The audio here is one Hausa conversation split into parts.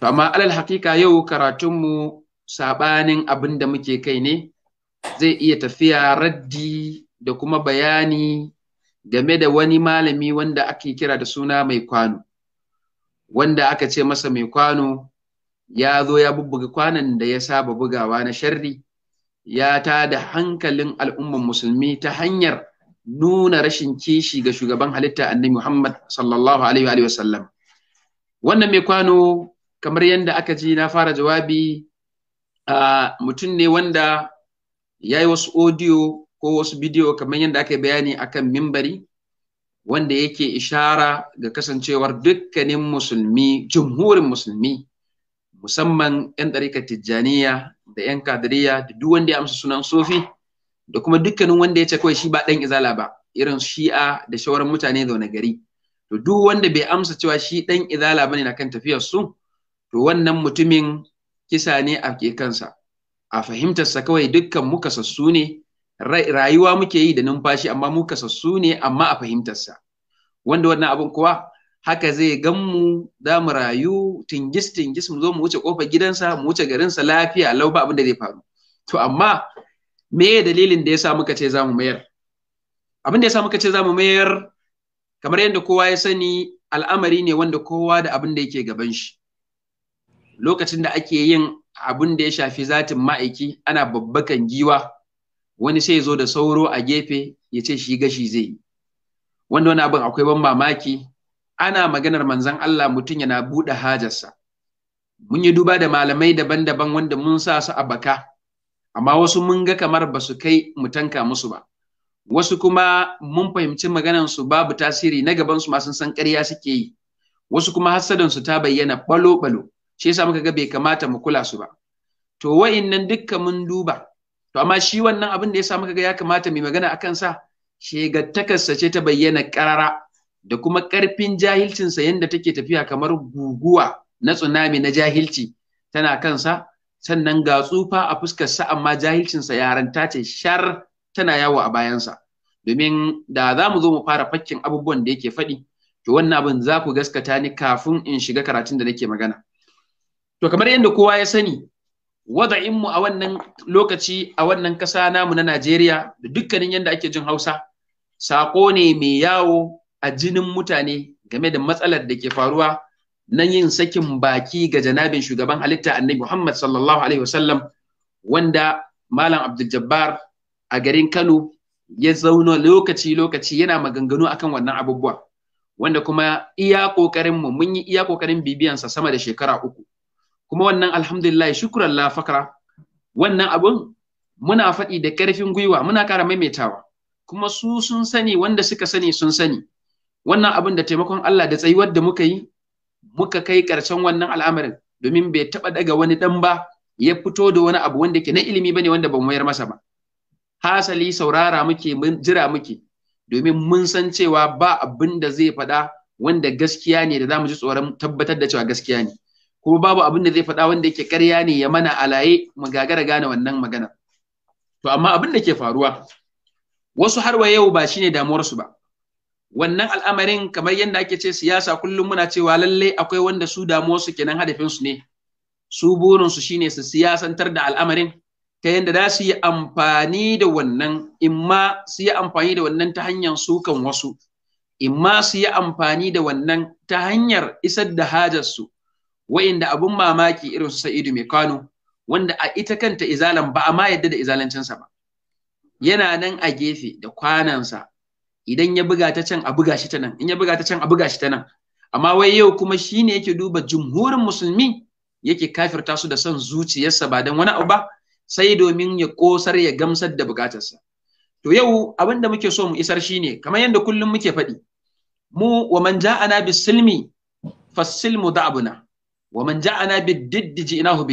amma alal haƙiƙa yau karatunmu saɓanin abin da muke kai ne zai iya tafiya raddi da kuma bayani game da wani malami wanda ake kira da suna mai kwano wanda aka ce masa mai kwano ya zo ya bubbuga kwanan da ya saba bugawa na sharri ya ta da hankalin al'umman musulmi ta hanyar nuna rashin kishi ga shugaban halitta annabi Muhammad sallallahu alaihi wa wannan mai kwano kamar yadda aka ji na fara jawabi mutum ne wanda ya yi wasu audio ko wasu bidiyo kamar yadda aka bayani akan mimbari wanda yake ishara ga kasancewar dukkanin musulmi jumhurin musulmi musamman 'yan ɗarikar tijjaniya da 'yan kadiriya da duk wanda ya amsa sunan sofi da kuma dukkanin wanda ya ce kawai shi ba ɗan izala ba irin shi'a da shawarar mutane zaune gari to duk wanda bai amsa cewa shi ɗan izala ba ne na kan tafiyar su to wannan mutumin kisa ne a ke kansa a fahimtarsa kawai dukkan muka sassu ne rayuwa muke yi da numfashi amma muka sassu ne amma a fahimtarsa wanda wannan abin kuwa haka zai gan mu za mu rayu tingis tingis mu zo mu wuce kofar gidansa mu wuce garinsa lafiya lau abin da zai faru to amma me dalilin da yasa muka ce za mu mayar abin da yasa muka ce za mu mayar kamar yadda kowa ya sani al'amari ne wanda kowa da abin da yake gaban shi lokacin da ake yin abin da ya shafi zatin ma'aiki ana babbakan giwa wani sai zo da sauro a gefe ya ce shi gashi zai yi wanda wani abin akwai ban mamaki ana maganar manzan Allah mutum yana buɗe hajarsa mun yi duba da malamai daban-daban wanda mun sa su a baka amma wasu mun ga kamar ba su kai mu tanka musu ba wasu kuma mun fahimci maganar su babu tasiri na gaban su ma san ƙarya suke yi wasu kuma hasadan su ta bayyana balo-balo shi yasa muka ga bai kamata mu kula su ba to wa'innan dukkan mun duba to amma shi wannan abin da yasa muka ga ya kamata mu magana akan sa takarsa ce ta bayyana karara da kuma karfin jahilcin sa yanda take tafiya kamar guguwa na tsunami na jahilci tana kansa sannan ga tsufa a fuskarsa amma jahilcin sa yaranta ce shar tana yawo a bayansa domin da za mu zo mu fara fakkin abubuwan da yake faɗi to wannan abin za ku gaskata ni kafin in shiga karatun da nake magana. to kamar yadda kowa ya sani wada'in mu a wannan lokaci a wannan kasa namu na Najeriya da dukkanin yadda ake jin Hausa sako ne mai yawo a jinin mutane game da matsalar da ke faruwa na yin sakin baki ga janabin shugaban halitta annabi Muhammad sallallahu alaihi wasallam wanda Malam Abdul a garin Kano ya zauna lokaci lokaci yana maganganu akan wannan abubuwa wanda kuma iya kokarin mu mun yi iya kokarin bibiyansa sama da shekara uku kuma wannan alhamdulillah shukran la fakra wannan abun muna faɗi da ƙarfin gwiwa muna ƙara maimaitawa kuma su sun sani wanda suka sani sun sani wannan abin da taimakon Allah da tsayuwar da muka yi muka kai ƙarshen wannan al'amarin domin bai taɓa daga wani ɗan ba ya fito da wani abu wanda ke na ilimi bane wanda ba mu mayar masa ba hasali saurara muke mun jira muke domin mun san cewa ba abin da zai faɗa wanda gaskiya ne da zamu ji tsoron tabbatar da cewa gaskiya ne ko babu abin da zai faɗa wanda yake ƙarya ne ya mana alaye mu gagara gane wannan magana to amma abin da ke faruwa wasu har wa yau ba shine damuwar su ba wannan al'amarin kamar yadda ake ce siyasa kullum muna cewa lalle akwai wanda su damuwarsu kenan hadafinsu ne su burinsu shine su siyasantar da al'amarin ta yadda za su yi amfani da wannan imma su yi amfani da wannan ta hanyar sukan wasu imma su yi amfani da wannan ta hanyar isar da hajarsu wa'inda abun mamaki irin su Sa'idu mai kwano, wanda a ita kanta izalan ba a ma yadda da izalancinsa ba yana nan a gefe da kwanansa idan ya buga ta can a buga shi ta nan in ya buga ta can a buga shi ta nan amma wai yau kuma shine yake duba jumhurin musulmi yake kafirta su da son zuciyarsa ba dan wani abu ba sai domin ya kosar ya gamsar da bukatarsa to yau abin da muke so mu isar shine kamar yadda kullum muke faɗi mu wa man ja'ana bisilmi fasilmu da'abuna wa man ja'ana bid ina ji'nahu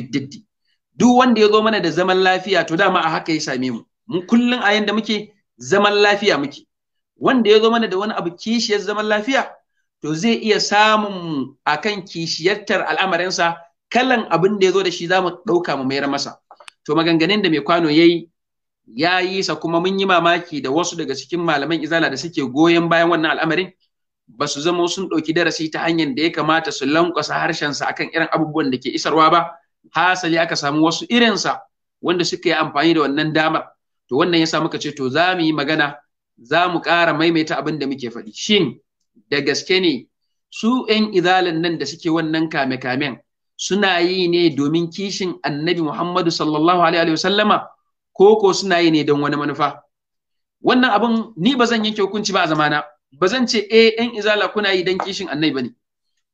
duk wanda ya zo mana da zaman lafiya to dama a haka ya same mu mun kullun a yanda muke zaman lafiya muke wanda ya zo mana da wani abu kishiyar zaman lafiya to zai iya samun mu akan kishiyartar al'amarinsa kalan abin da ya zo da shi zamu ɗauka mu mayar masa to maganganun da mai kwano yayi ya yi sa kuma mun yi mamaki da wasu daga cikin malaman izala da suke goyon bayan wannan al'amarin ba su zama sun ɗauki darasi ta hanyar da ya kamata su lankwasa harshen sa akan irin abubuwan da ke isarwa ba hasali aka samu wasu irin sa wanda suka yi amfani da wannan damar to wannan yasa muka ce to za mu yi magana za mu ƙara maimaita abin da muke faɗi shin da gaske ne su 'yan izalan nan da suke wannan kame-kamen suna yi ne domin kishin annabi Muhammadu sallallahu alaihi wasallama ko ko suna yi ne don wani manufa wannan abin ni ba zan yanke hukunci ba a zamana ba zan ce eh ɗan izala kuna yi dan kishin annai ne,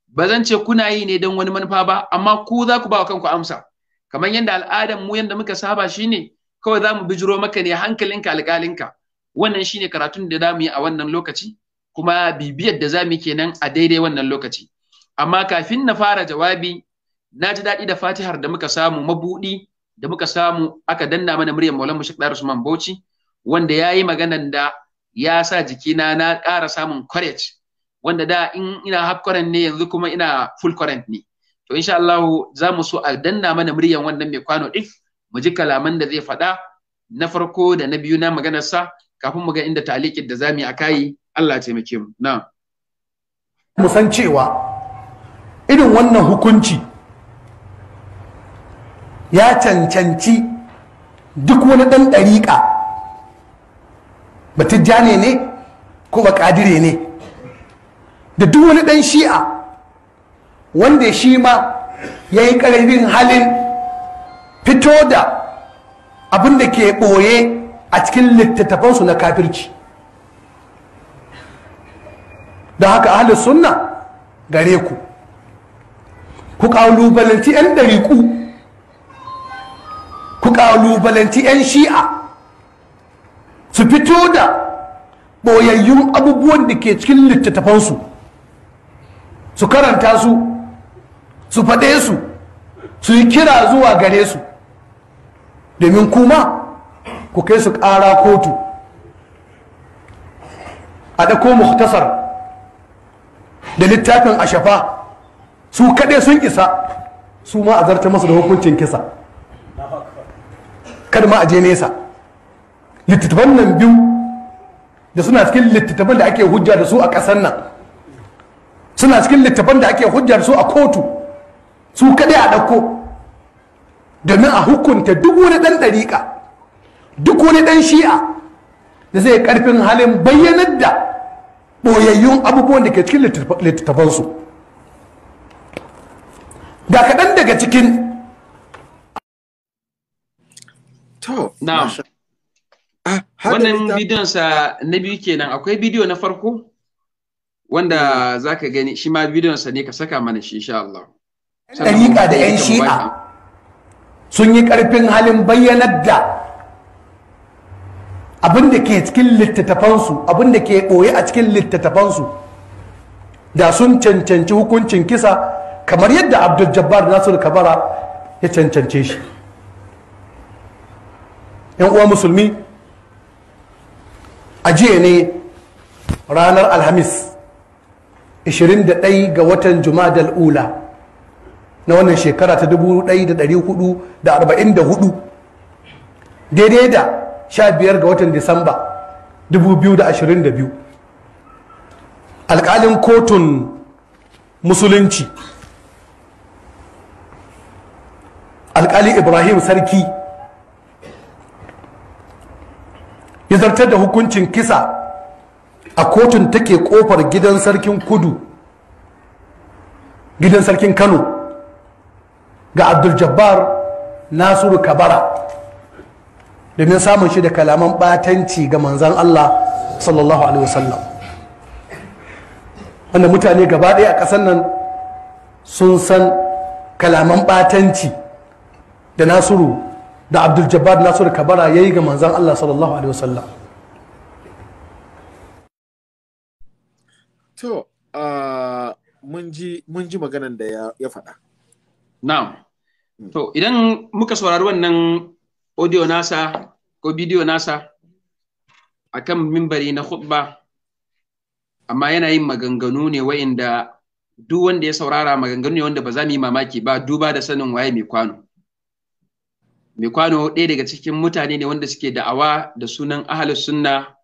ba zan ce kuna yi ne dan wani manufa ba amma ku za ku ba wa kanku amsa kamar yadda al'adan mu yadda muka saba shine kawai zamu mu bijiro maka ne hankalinka alƙalinka wannan shine karatun da za yi a wannan lokaci kuma bibiyar da zamu yi kenan a daidai wannan lokaci amma kafin na fara jawabi na ji daɗi da fatihar da muka samu mabuɗi da muka samu aka danna mana muryar Maulana Bashir Dar Usman Bauchi wanda ya yi maganan da ya sa jikina na ƙara samun courage wanda da in ina half current ne yanzu kuma ina full current ne to insha Allah za mu so a danna mana muryan wannan mai kwano din mu ji kalaman da zai faɗa na farko da na biyu na maganar sa kafin mu ga inda talikin da zamu yi akai Allah ya taimake mu na mu san cewa irin wannan hukunci ya cancanci duk wani ɗan ɗariƙa Batijja ne ko ba kadire ne da duk wani dan shi'a wanda shi ma ya yi karfin halin fito da abin da ke ɓoye a cikin littattafansu na kafirci da haka ahalin sunna gare ku ku ƙalubalanci 'yan ɗariƙu ku ƙalubalanci 'yan shi'a su fito da ɓoyayyun abubuwan da ke cikin littattafansu su karanta su su faɗe su su yi kira zuwa gare su domin kuma ku kai su ƙara kotu a ɗako muktasar da littafin a shafa su kaɗe sun isa su ma a zarta masu da hukuncin kisa kada ma a je nesa littattafan nan biyu da suna cikin littattafan da ake hujja da su a ƙasar nan suna cikin littattafan da ake hujja da su a kotu su kaɗai a ɗauko domin a hukunta duk wani ɗan ɗariƙa duk wani ɗan shi'a da zai ƙarfin halin bayyanar da ɓoyayyun abubuwan da ke cikin littattafansu da kaɗan daga cikin Ah, wannan bidiyon sa na biyu kenan akwai bidiyo na farko wanda za ka gani shi ma bidiyon sa ne ka saka mana shi insha Allah ɗariƙa da 'yan shi'a sun yi ƙarfin halin bayyanar da abin da ke cikin littattafansu abin da ke ɓoye a cikin littattafansu da sun cancanci hukuncin kisa kamar yadda abdul jabbar nasiru kabara ya cancance shi 'yan uwa musulmi a jiya ne ranar alhamis 21 ga watan jumadal ula na wannan shekara ta 1444 daidai da 15 ga watan disamba 2022 alkalin kotun musulunci alkali ibrahim sarki ya zartar da hukuncin kisa a kotun take kofar gidan sarkin kudu gidan sarkin kano ga abdul-jabbar nasiru kabara domin samun shi da kalaman batanci ga manzan allah sallallahu alaihi wasallam wanda mutane gaba ɗaya a ƙasar nan sun san kalaman batanci da nasiru da abdul jabbar da kabara ya yi ga manzan allah sallallahu alaihi wasallam to mun ji maganan da ya faɗa na'am hmm. to idan muka saurari wannan audio nasa ko bidiyo nasa akan mimbari na khutba amma yana yin maganganu ne wa'inda duk wanda ya saurara maganganu ne wanda ba za mu yi mamaki ba duba da sanin waye mai kwano mai kwano ɗaya daga cikin mutane ne wanda suke da'awa da sunan ahalus sunna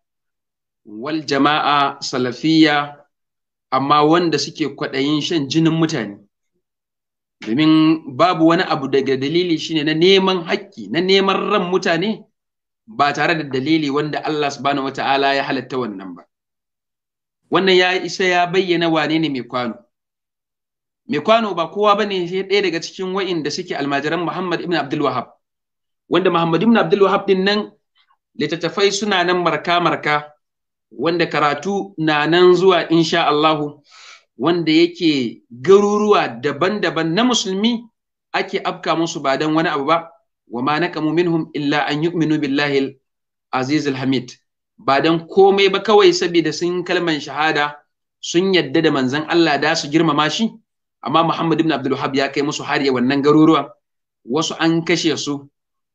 wal jama'a salafiyya amma wanda suke kwaɗayin shan jinin mutane domin babu wani abu daga dalili shine na neman haƙƙi na neman ran mutane ba tare da dalili wanda Allah subhanahu wata'ala ya halatta wannan ba wannan ya isa ya bayyana wane ne mai kwano mai kwano ba kowa bane sai ɗaya daga cikin wa'inda suke almajiran Muhammad ibn Abdul Wahab wanda Muhammad ibn Abdul Wahab din nan littattafai suna nan marka marka wanda karatu na nan zuwa insha Allahu wanda yake garuruwa daban-daban na musulmi ake afka musu ba dan wani abu ba wa ma min minhum illa an yu'minu billahi aziz alhamid ba dan komai ba kawai saboda sun kalman shahada sun yadda da manzon Allah da su girmama shi amma Muhammad ibn Abdul Wahab ya kai musu har ya wannan garuruwa wasu an kashe su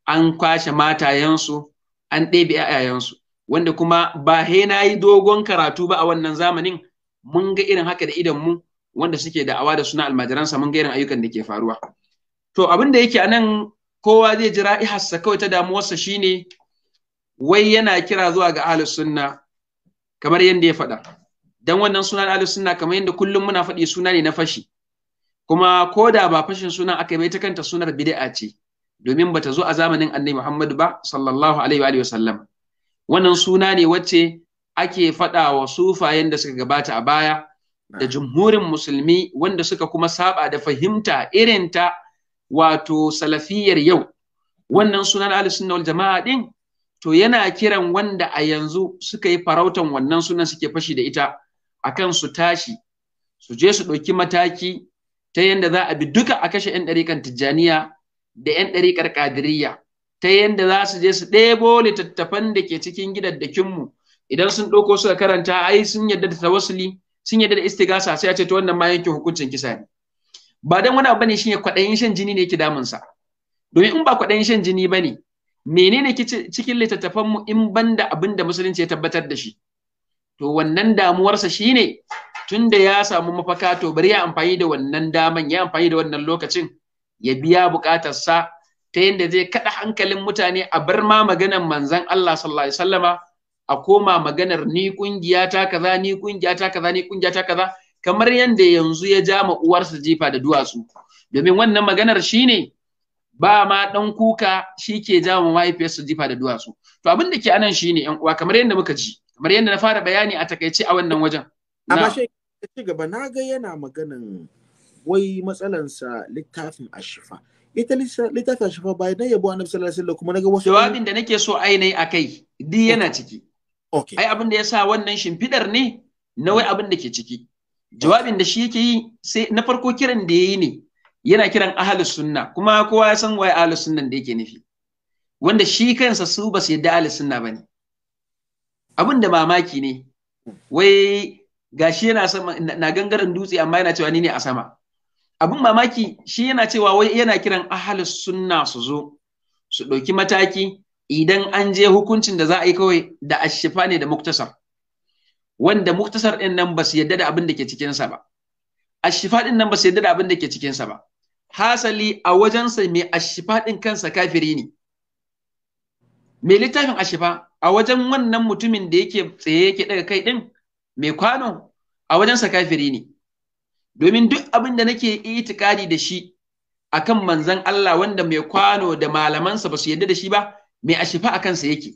an kwashe matayensu an ɗebe ‘ya'yayensu wanda kuma ba he na yi dogon karatu ba a wannan zamanin mun ga irin haka da idan mu wanda suke da'awa da suna almajiransa mun ga irin ayyukan da ke faruwa to abin da yake nan, kowa zai jira ihassa kawai ta damuwarsa shine wai yana kira zuwa ga ahlus sunna kamar yadda ya faɗa dan wannan sunan ahlus sunna kamar yadda kullum muna faɗi suna ne na fashi kuma ko da ba fashin sunan aka yi mai ta kanta sunar bid'a ce domin bata zo a zamanin annabi Muhammadu ba sallallahu alaihi wa sallam wannan suna ne wacce ake faɗa wa sufayen da suka gabata a baya da jumhurin musulmi wanda suka kuma saba da fahimta irinta wato salafiyar yau wannan sunan alisunna wal jama'a din to yana kiran wanda a yanzu suka yi farautan wannan sunan suke fashi da ita akan su tashi su je su ɗauki mataki ta yadda za a bi duka a kashe 'yan kan tijjaniya da 'yan ɗariƙar ƙadiriya ta yadda za su je su ɗebo littattafan da ke cikin gidaddakinmu idan sun ɗauko suka karanta ai sun yadda da tawassuli sun yadda da istigasa sai a ce to wannan ma yanke hukuncin kisa ne ba dan wani abu bane shine kwaɗayin shan jini ne yake damun sa domin in ba kwaɗayin shan jini ba bane menene cikin littattafan mu in banda abin da musulunci ya tabbatar da shi to wannan damuwarsa shine tunda ya samu mafaka to bari ya amfani da wannan daman ya amfani da wannan lokacin ya biya buƙatarsa ta yadda zai kaɗa hankalin mutane a bar ma maganar manzan Allah sallallahu alaihi sallama a koma maganar ni kungiya ta kaza ni kungiya ta kaza ni kungiya ta kaza kamar yadda yanzu ya ja ma uwarsa jifa da duwatsu domin wannan maganar shine ba ma dan kuka shi ke ja ma mahaifiyarsa jifa da duwatsu to abin da ke anan shine yan uwa kamar yadda muka ji kamar yadda na fara bayani a takaice a wannan wajen amma shi ci gaba na ga yana maganan wai matsalansa littafin ashifa ita littafin ashifa ba na yabo annabi sallallahu alaihi wasallam kuma naga wasu jawabin da nake so ai a akai duk yana ciki okay ai abin da yasa wannan shimfidar ne na wai abin da ke ciki jawabin da shi yake yi sai na farko kiran da yayi ne yana kiran ahlus sunna kuma kowa ya san wai ahlus sunnan da yake nufi wanda shi kansa su ba su yadda ahlus sunna bane abin da mamaki ne wai gashi yana sama na gangaren dutse amma yana cewa ni ne a sama abin mamaki shi yana cewa wai yana kiran ahalus sunna su zo su ɗauki mataki idan an je hukuncin da za a yi kawai da ashifa ne da muktasar wanda muktasar ɗin nan ba su yadda da abin da ke cikinsa ba ashifa ɗin nan ba su yadda da abin da ke cikinsa ba hasali a wajensa mai ashifa ɗin kansa kafiri ne mai littafin ashifa a wajen wannan mutumin da yake tsaye yake daga kai ɗin mai kwano a wajensa kafiri ne domin duk abin da nake itikadi da shi akan manzan Allah wanda mai kwano da malamansa ba su yadda da shi ba mai ashifa a kansa yake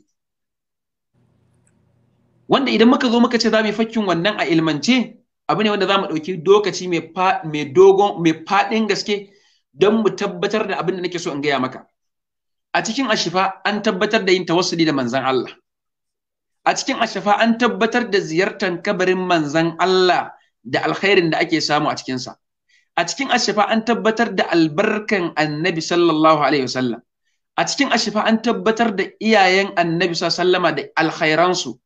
wanda idan muka zo muka ce za mu yi fakkin wannan a ilmance abu ne wanda za mu ɗauki lokaci mai dogon mai faɗin gaske don mu tabbatar da abin da nake so in gaya maka a cikin ashifa an tabbatar da yin tawassuli da manzan Allah a cikin ashifa an tabbatar da ziyartar kabarin manzan Allah da alkhairin da ake samu a cikinsa. A cikin ashifa an tabbatar da albarkan annabi sallallahu alaihi wasallam. A cikin ashifa an tabbatar da iyayen annabi sallama da alkhairansu.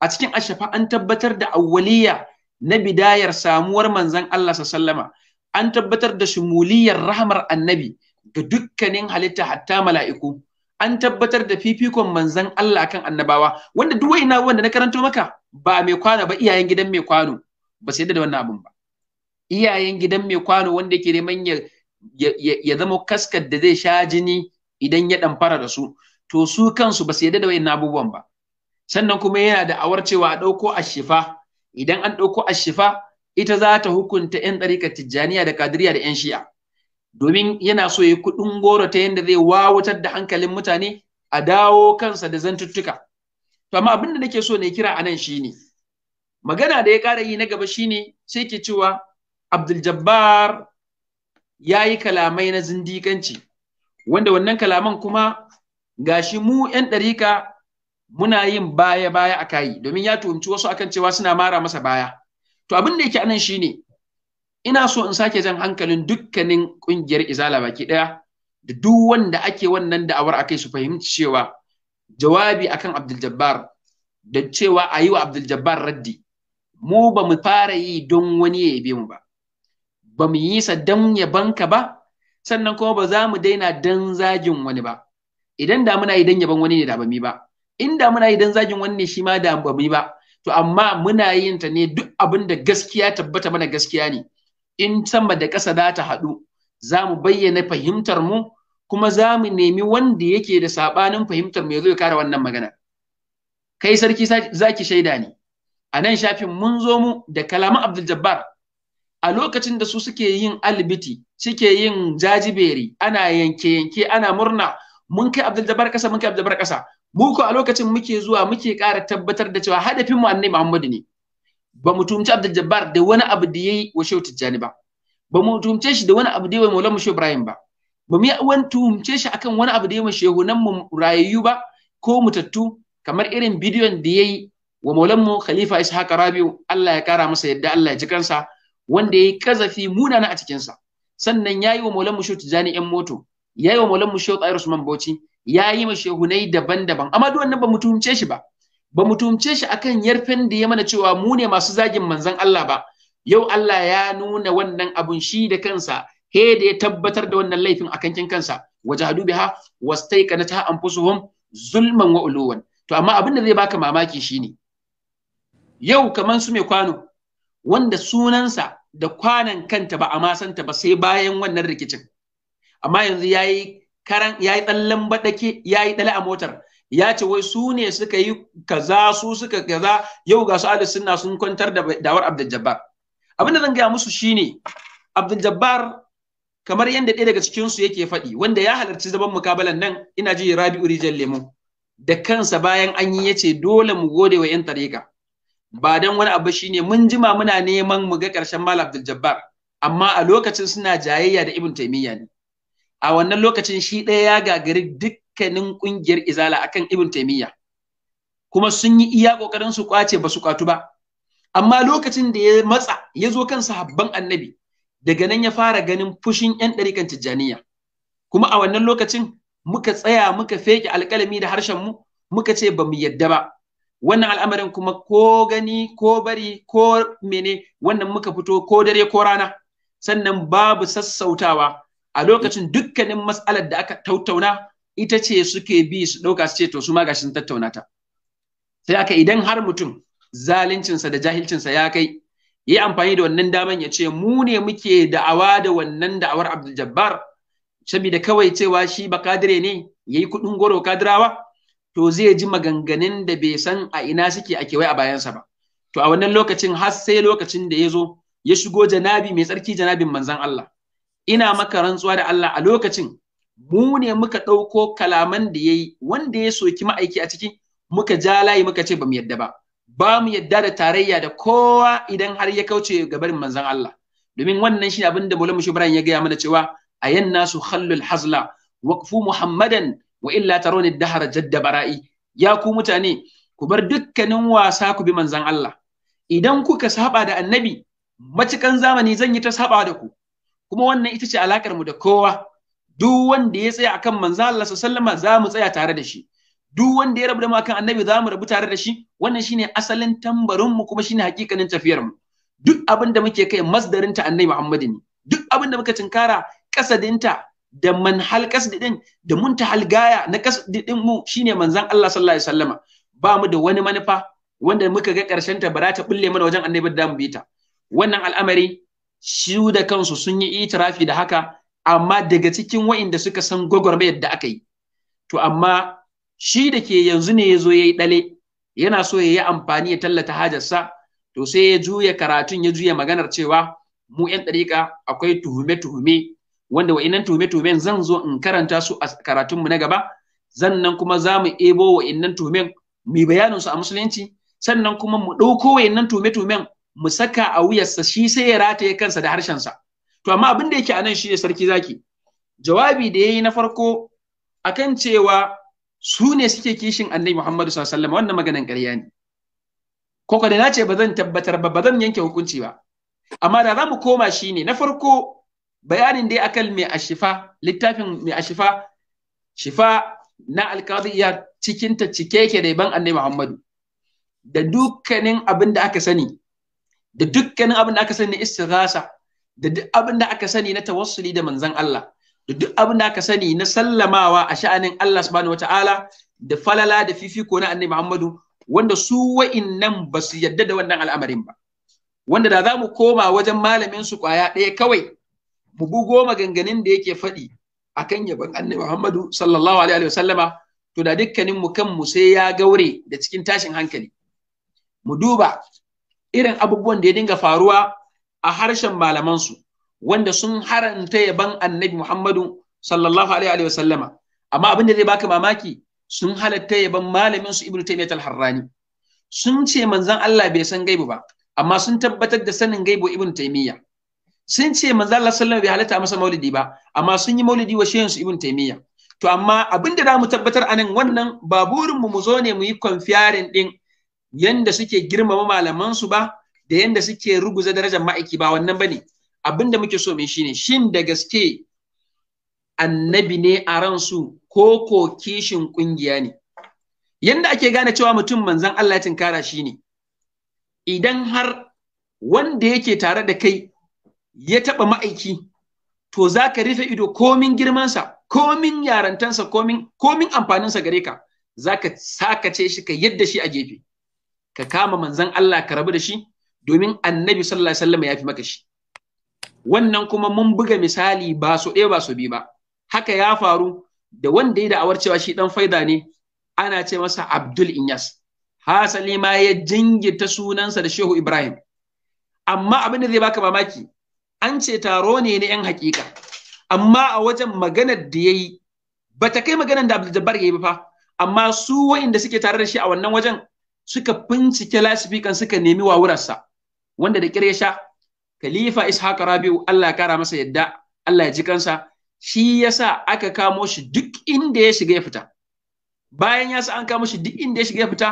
A cikin ashifa an tabbatar da awwaliya na bidayar samuwar manzan Allah sallama. An tabbatar da shumuliyar rahmar annabi ga dukkanin halitta hatta mala'iku. An tabbatar da fifikon manzan Allah kan annabawa wanda duk wanda na karanto maka ba mai kwano ba iyayen gidan mai kwano. ba su yadda da wannan abun ba iyayen gidan mai kwano wanda ke neman ya zama kaskar da zai sha jini idan ya damfara da su to su kansu ba su yadda da wayannan abubuwan ba sannan kuma yana da awar cewa a ɗauko ashifa idan an ɗauko ashifa ita za ta hukunta 'yan ɗarikar tijjaniya da kadiriya da 'yan shi'a domin yana so ya kuɗin goro ta yadda zai wawutar da hankalin mutane a dawo kansa da zantuttuka to amma abin da nake so ne kira anan ne. magana da ya ƙara yi na gaba shine sai ke cewa Abdul Jabbar ya yi kalamai na zindikanci, wanda wannan kalaman kuma gashi mu 'yan ɗarika muna yin baya-baya a kayi domin ya tuhumci wasu akan cewa suna mara masa baya. To abin da yake anan shine ina so in sake jan hankalin dukkanin ƙungiyar izala baki ɗaya da duk wanda ake wannan da'awar akai su fahimci cewa jawabi akan Abdul Jabbar da cewa a yi wa Abdul Jabbar raddi mu ba mu fara yi don wani ya yabe mu ba ba mu yi sa don banka ba sannan kuma ba za mu daina don zagin wani ba idan da muna yi don yaban wani ne da ba mu ba in da muna yi don zagin wani ne shi ma da ba mu ba to amma muna yin ta ne duk abin da gaskiya tabbata mana gaskiya ne in sama da ƙasa za ta haɗu za mu bayyana fahimtar mu kuma za mu nemi wanda yake da saɓanin fahimtar mu ya zo ya kare wannan magana kai sarki zaki shaida ne a nan shafin mun zo mu da kalaman Abdul Jabbar a lokacin da su suke yin albiti suke yin jajiberi ana yanke yanke ana murna mun kai Abdul Jabbar kasa mun kai Abdul Jabbar kasa mu ko a lokacin muke zuwa muke ƙara tabbatar da cewa hadafin mu annabi Muhammadu ne ba mu tumci Abdul Jabbar da wani abu da yayi wa Shehu Tijjani ba ba mu tumce shi da wani abu da yayi wa Maulana Shehu Ibrahim ba ba mu yi wani tumce shi akan wani abu da yayi wa Shehu nan mu rayayyu ba ko mutattu kamar irin bidiyon da yayi wa maulanmu khalifa ishaq rabiu Allah ya kara masa yadda Allah ya ji kansa wanda yi kazafi munana a cikinsa. sa sannan yayi wa maulanmu shehu tijani yan moto yayi wa maulanmu shehu tsari usman bauchi yi ma shehunai daban-daban amma duk wannan ba mu tuhumce shi ba ba mu tuhumce shi akan yarfen da ya mana cewa mu ne masu zagin manzon Allah ba yau Allah ya nuna wannan abun shi da kansa he da ya tabbatar da wannan laifin akan kin kansa wajahadu biha wastaiqanatha anfusuhum zulman wa uluwan to amma abin da zai baka mamaki shine yau kaman su mai kwano wanda sunansa da kwanan kanta ba a masanta ba sai bayan wannan rikicin amma yanzu yayi karan yayi tsallan ya yayi dala a motar ya ce wai su ne suka yi kaza su suka kaza yau ga su ahlus sunna sun kwantar da dawar Abdul abin da zan gaya musu shine Abdul Jabbar kamar yadda ɗaya daga su yake faɗi wanda ya halarci zaman mukabalan nan ina ji rabi'u rijal lemu da kansa bayan an yi yace dole mu gode wa 'yan tarika ba dan wani abu shine mun jima muna neman mu ga ƙarshen Malam Abdul Jabbar amma a lokacin suna jayayya da Ibn Taymiyya ne a wannan lokacin shi ɗaya ya gagari dukkanin ƙungiyar Izala akan Ibn Taymiyya kuma sun yi iya ƙoƙarin su kwace ba su kwatu ba amma lokacin da ya matsa ya zo kan sahabban annabi daga nan ya fara ganin fushin 'yan ɗarikan tijjaniya kuma a wannan lokacin muka tsaya muka feke alƙalami da harshen mu muka ce ba mu yadda ba wannan al'amarin kuma ko gani ko bari ko mene wannan muka fito ko dare ko rana sannan babu sassautawa a lokacin dukkanin matsalar da aka tattauna ita ce suke bi su ɗauka su ce to su ma gashin tattauna ta sai aka idan har mutum zaluncinsa da jahilcinsa ya kai yi amfani da wannan daman ya ce mu ne muke da'awa da wannan da'awar Abdul Jabbar saboda kawai cewa shi ba kadire ne yayi kudin goro kadirawa to zai ji maganganun da bai san a ina suke a kewaye a bayansa ba to a wannan lokacin har sai lokacin da ya zo ya shigo janabi mai tsarki janabin manzan Allah ina maka rantsuwa da Allah a lokacin mu ne muka ɗauko kalaman da ya yi wanda ya soki ma'aiki a ciki muka ja layi muka ce ba mu yadda ba ba mu yadda da tarayya da kowa idan har ya kauce ga barin manzan Allah domin wannan shi abin da Maulana Shibran ya gaya mana cewa ayan nasu khallul hazla waqfu muhammadan wa illa tarawni dahara jadda bara'i ya ku mutane ku bar dukkanin wasa ku bi manzan Allah idan kuka saba da annabi macikan zamani zan yi ta saba da ku kuma wannan ita ce alakar mu da kowa duk wanda ya tsaya akan manzan Allah sallama za mu tsaya tare da shi duk wanda ya rabu da mu akan annabi za mu rabu tare da shi wannan shine asalin tambarinmu mu kuma shine hakikanin tafiyar mu duk abin da muke kai masdarin ta annabi Muhammad ne duk abin da muka tinkara kasadinta da manhal kasdi din da muntahal gaya na kasdi din mu shine manzon Allah sallallahu alaihi wasallama ba mu da wani manufa wanda muka ga karshen ta bara ta bulle mana wajen annabi da mu bita wannan al'amari su da kansu sun yi itirafi da haka amma daga cikin wa'inda suka san gwagwarmayar da aka yi to amma shi da ke yanzu ne ya zo ya yi ɗale yana so ya yi amfani ya tallata hajarsa to sai ya juya karatun ya juya maganar cewa mu 'yan ɗariƙa akwai tuhume-tuhume wanda wa'innan tuhume-tuhumen zan zo in karanta su a karatunmu na gaba zannan kuma za mu ebo wa'innan tuhumen mu bayanin su a musulunci sannan kuma mu ɗauko wa'innan tuhume-tuhumen mu saka a wuyarsa shi sai ya rataye kansa da harshen sa. to amma abin da yake a nan shi ne sarki zaki jawabi da yayi na farko akan cewa su ne suke kishin annabi Muhammadu sallallahu alaihi wasallam wannan maganan ƙarya ne koko da nace ba zan tabbatar ba ba zan yanke hukunci ba amma da za mu koma shi ne na farko bayanin dai akan mai ashifa littafin mai ashifa shifa na alkadiyya cikin ta cike yake da ban annabi Muhammadu da dukkanin abin da aka sani da dukkanin abin da aka sani na istighasa da duk abin da aka sani na tawassuli da manzon Allah da duk abin da aka sani na sallamawa a sha'anin Allah subhanahu wataala da falala da fifiko na annabi Muhammadu wanda su wa'innan ba su yadda da wannan al'amarin ba wanda da za mu koma wajen malamin su kwaya ɗaya kawai mu bugo maganganun da yake faɗi kan yabon annabi Muhammadu sallallahu alaihi wasallama to da dukkanin mu kan mu sai ya gaure da cikin tashin hankali mu duba irin abubuwan da ya dinga faruwa a harshen malamansu wanda sun haranta yaban annabi Muhammadu sallallahu alaihi wasallama amma abin da zai baka mamaki sun halatta yaban malamin su Ibn Taymiyyah al-Harrani sun ce manzon Allah bai san gaibu ba amma sun tabbatar da sanin gaibu Ibn Taymiyyah sun ce manzo Allah sallallahu alaihi halatta masa maulidi ba amma sun yi maulidi wa shehin su ibn taymiya to amma abin da mu tabbatar anan wannan ba burin mu mu zo ne mu yi confiaring din yanda suke girmama malaman su ba da yanda suke ruguza darajar ma'aiki ba wannan bane da muke so mu shine shin da gaske annabi ne a ransu ko ko kishin kungiya ne yanda ake gane cewa mutum manzon Allah ya tinkara shi ne idan har wanda yake tare da kai ya taɓa ma'aiki to za ka rufe ido komin girmansa komin yarantansa komin komin amfaninsa gare ka za ka sakace shi ka yadda shi a gefe ka kama manzan Allah ka rabu da shi domin annabi sallallahu alaihi wasallam ya fi maka shi wannan kuma mun buga misali ba so ɗaya ba so biyu ba haka ya faru da wanda ya da'awar cewa shi dan faida ne ana ce masa Abdul Inyas hasali ma ya jingita sunansa da Shehu Ibrahim amma abin da zai baka mamaki an ce taro ne na 'yan hakika amma a wajen maganar da ya yi ba ta kai maganar da abdul ya yi ba fa amma su wa'inda suke tare da shi a wannan wajen suka bincike lasifikan suka nemi wawurarsa wanda da ya sha khalifa ishaq rabiu Allah ya kara masa yadda Allah ya ji kansa shi yasa aka kamo shi duk inda ya shiga ya fita bayan ya an kamo shi duk inda ya shiga ya fita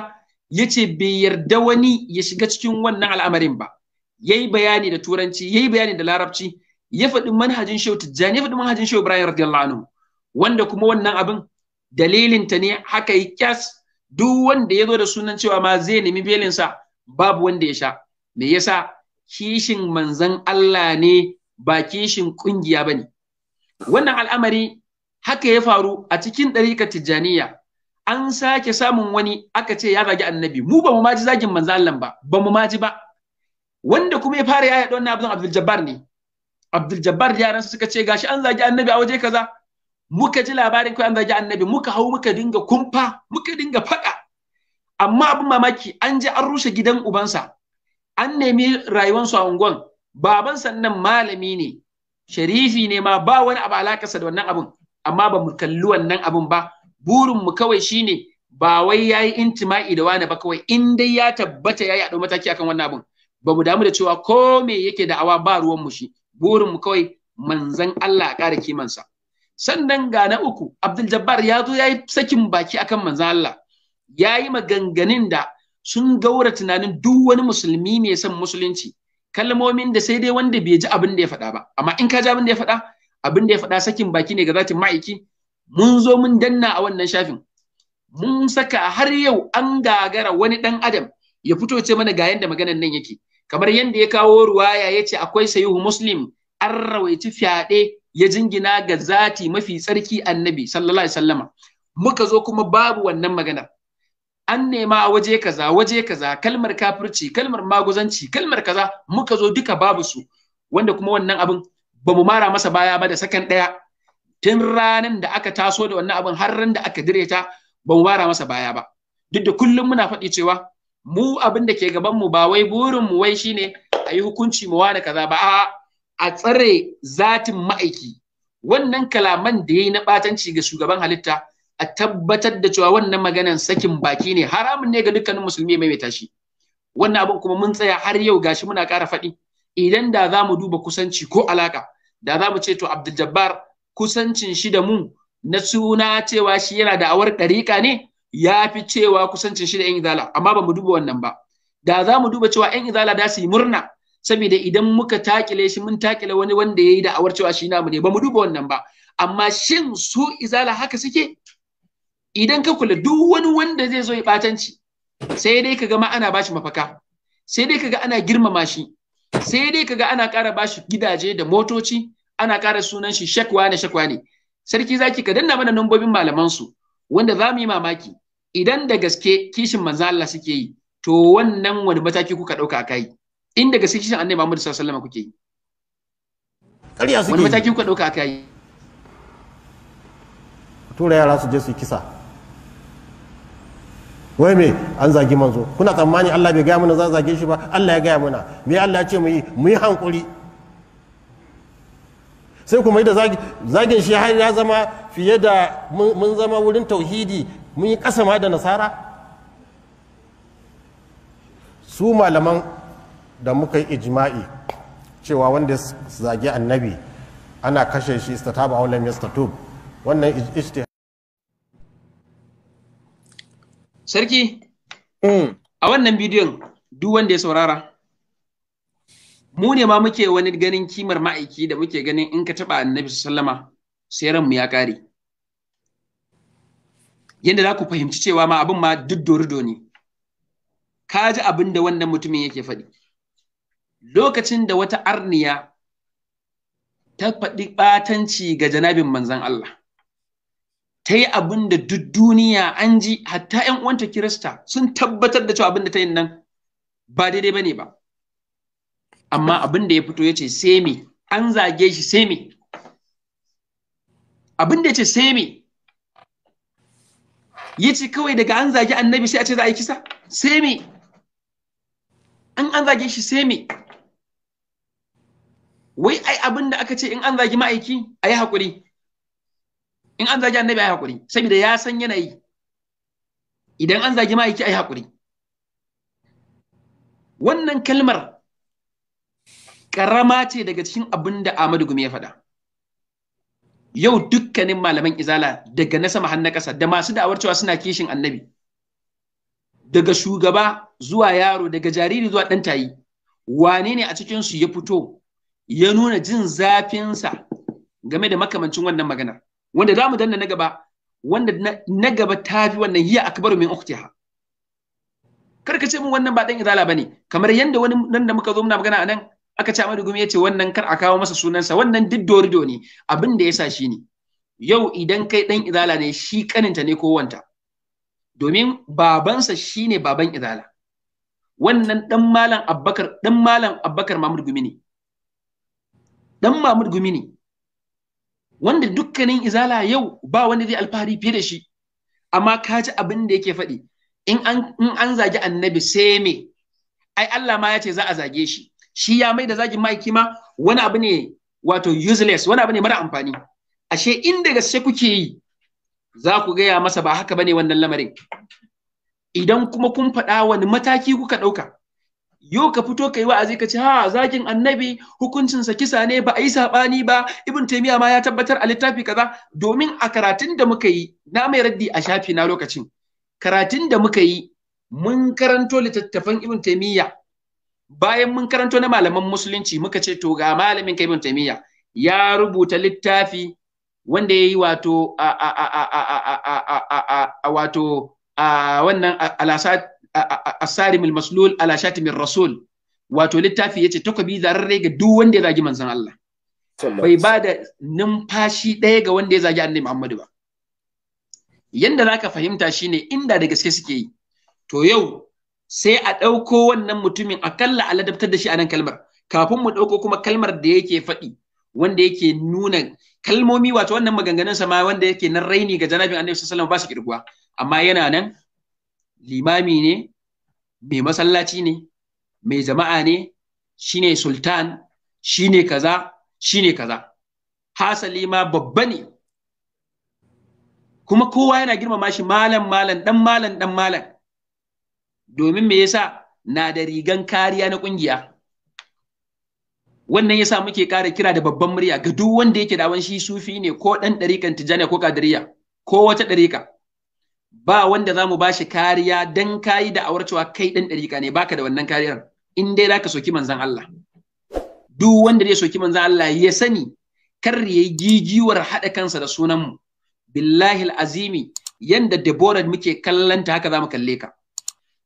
yace bai yarda wani ya shiga cikin wannan al'amarin ba yayi bayani da turanci yayi bayani da larabci ya faɗi manhajin Shehu Tijjani ya faɗi manhajin Shehu Ibrahim radiyallahu anhu wanda kuma wannan abin dalilin ta ne haka yi kyas duk wanda ya zo da sunan cewa ma zai nemi belinsa babu wanda ya sha me yasa kishin manzan Allah ne ba kishin kungiya ba ne wannan al'amari haka ya faru a cikin ɗarikar tijjaniya an sake samun wani aka ce ya zagi annabi mu ba mu ma ji zagin manzan Allah ba ba mu ma ji ba wanda kuma ya fara yaya wannan abin Abdul Jabbar ne Abdul Jabbar yaran suka ce gashi an zagi annabi a waje kaza muka ji labarin kai an zagi annabi muka hau muka dinga kumfa muka dinga faɗa amma abin mamaki an je an rushe gidan ubansa an nemi rayuwansu a unguwan baban sannan malami ne sharifi ne ma ba wani abu alakarsa da wannan abun amma ba mu kalli wannan abun ba burin mu kawai shine ba wai yayi intima'i da wani ba kawai in dai ya tabbata yayi a mataki akan wannan abun ba mu damu da cewa ko me yake da awa ba ruwan mu shi burin mu kawai manzan Allah a ƙara kimansa sannan ga na uku Abdul Jabbar ya zo ya yi sakin baki akan manzan Allah yayi maganganun da sun gaura tunanin duk wani musulmi mai son musulunci kalmomin da sai dai wanda bai ji abin da ya faɗa ba amma in ka ji abin da ya faɗa abin da ya faɗa sakin baki ne ga zatin ma'aiki mun zo mun danna a wannan shafin mun saka har yau an gagara wani ɗan adam ya fito ce mana ga yanda maganar nan yake kamar yadda ya kawo ruwaya ya ce akwai sayuhu muslim an rawaici fyaɗe ya jingina ga zati mafi tsarki annabi sallallahu alaihi wasallama muka zo kuma babu wannan magana. an nema a waje kaza waje kaza kalmar kafirci kalmar maguzanci kalmar kaza muka zo duka babu su wanda kuma wannan abin ba mu mara masa baya ba da sakan ɗaya tun ranar da aka taso da wannan abin har ran da aka direta, ta ba mu mara masa baya ba duk da kullum muna faɗi cewa mu abin da ke gaban mu ba wai burin mu wai shine a yi hukunci mu wani kaza ba a tsare zatin ma'aiki wannan kalaman da yayi na ɓatanci ga shugaban halitta a tabbatar da cewa wannan maganan sakin baki ne haramun ne ga dukkanin musulmi mai tashi wannan abin kuma mun tsaya har yau gashi muna ƙara faɗi idan da za mu duba kusanci ko alaka da za mu ce to Abdul Jabbar kusancin shi da mu na suna cewa shi yana da awar ɗariƙa ne ya fi cewa kusancin shi da yan izala amma ba mu duba wannan ba da za mu duba cewa yan izala da su yi murna saboda idan muka takile shi mun takile wani wanda ya yi da'awar cewa shi namu ne ba mu duba wannan ba amma shin su izala haka suke idan ka kula duk wani wanda zai zo ya batanci sai dai ka ma ana bashi mafaka sai dai ka ga ana girmama shi sai dai ka ga ana ƙara bashi gidaje da motoci ana ƙara sunan shi shakwa ne shakwa ne sarki zaki ka danna mana nambobin malaman su wanda za mu yi mamaki idan da gaske kishin manzo Allah suke yi to wannan wani mataki kuka dauka a kai in da gaske kishin annabi Muhammad sallallahu alaihi wasallam kuke yi kariya suke wani mataki kuka dauka a tura yara su je su kisa wai me an zagi manzo kuna tsammani Allah bai gaya mana za zage shi ba Allah ya gaya mana me Allah ya ce mu yi mu yi hankuri sai kuma yi da zagin shi har ya zama fiye da mun zama wurin tauhidi mun yi ƙasa ma da nasara su malaman da muka yi ijima'i cewa wanda zage annabi ana kashe shi ba wa lam yastatub wannan ijtihad sarki mm, a wannan bidiyon duk wanda ya saurara mu ne ma muke wani ganin kimar ma'aiki da muke ganin in ka taba annabi sallama sai mu ya kare yadda za ku fahimci cewa ma abin ma duk dorido ne ka ji abin da wannan mutumin yake faɗi lokacin da wata arniya ta faɗi ɓatanci ga janabin manzan Allah ta yi abin da duk duniya an ji hatta 'yan uwanta kirista sun tabbatar da cewa abin da ta yi nan ba daidai ba ne ba amma abin da ya fito ya ce sai me an zage shi sai me abin da ya ce sai me ya ce kawai daga an zage annabi sai a ce za a yi kisa sai me an an zage shi sai me wai ai abin da aka ce in an zagi ma'aiki a yi haƙuri in an zagi annabi a yi haƙuri saboda ya san yanayi idan an zagi ma'aiki a yi haƙuri wannan kalmar karama ce daga cikin abin da Ahmadu Gumi ya faɗa. Yau dukkanin malaman izala daga na sama hannun ƙasa da masu da'awar cewa suna kishin annabi. Daga shugaba zuwa yaro daga jariri zuwa ɗan tayi wane ne a cikinsu ya fito ya nuna jin zafinsa game da makamancin wannan maganar? wanda za mu danna na gaba wanda na gaba ta fi wannan hiya akbaru min uktiha kar ce min wannan ba dan izala ba ne, kamar yadda wani nan da muka zo muna magana anan aka ci madugumi ya ce wannan kar a kawo masa sunansa wannan duk dorido ne abin da ya sa shi ne yau idan kai dan izala ne shi kaninta ne ko wanta domin babansa ne baban izala wannan dan malam abbakar dan malam abbakar mamud Gumi ne dan mamud Gumi ne wanda dukkanin izala yau ba wani zai alfahari fiye da shi amma ka ji abin da yake faɗi in an zagi annabi sai me ai Allah ma ya ce za a zage shi shi ya mai da zagin ma'aiki ma wani abu ne wato useless wani abu ne mara amfani ashe inda gaske kuke yi za ku gaya masa ba haka bane wannan lamarin idan kuma kun faɗa wani mataki kuka ɗauka yau ka fito ka yi wa'azi ka ce ha zagin annabi hukuncinsa kisa ne ba a yi saɓani ba ibn taimiyya ma ya tabbatar a littafi kaza domin a karatun da muka yi na mai raddi a shafi na lokacin karatun da muka yi mun karanto littattafan ibn taimiyya bayan mun karanto na malaman musulunci muka ce to ga malamin kai taimiyya ya rubuta littafi wanda ya yi wato a a a a a a a wato a wannan maslul ala rasul wato littafi yace takobi zararre ga duk wanda ya zagi manzon Allah bai ba da numfashi ɗaya ga wanda ya zagi annabi Muhammadu ba yanda zaka fahimta shine inda da gaske suke yi to yau sai a ɗauko wannan mutumin akalla a ladabtar da shi a nan kalmar kafin mu ɗauko kuma kalmar da yake faɗi wanda yake nuna kalmomi wato wannan maganganun sa ma wanda yake nan raini ga janabin annabi sallallahu alaihi wasallam ba su kirguwa amma yana nan limami ne mai masallaci ne mai jama'a ne shine sultan shine kaza shine kaza hasali ma babba ne kuma kowa yana girmama shi malam malam dan malam dan malam domin me yasa na da rigan kariya na kungiya wannan yasa muke kara kira da babban murya ga duk wanda yake da shi sufi ne ko dan dariƙan tijaniya ko kadiriya ko wata ɗarika? ba wanda zamu shi kariya dan kayi da awar cewa kai ɗan ɗarika ne baka da wannan kariyar in dai zaka soki manzon Allah duk wanda zai soki manzon Allah ya sani kar yayi gigiwar haɗa kansa da sunan mu billahi azimi yanda Deborah muke kallanta haka zamu kalle ka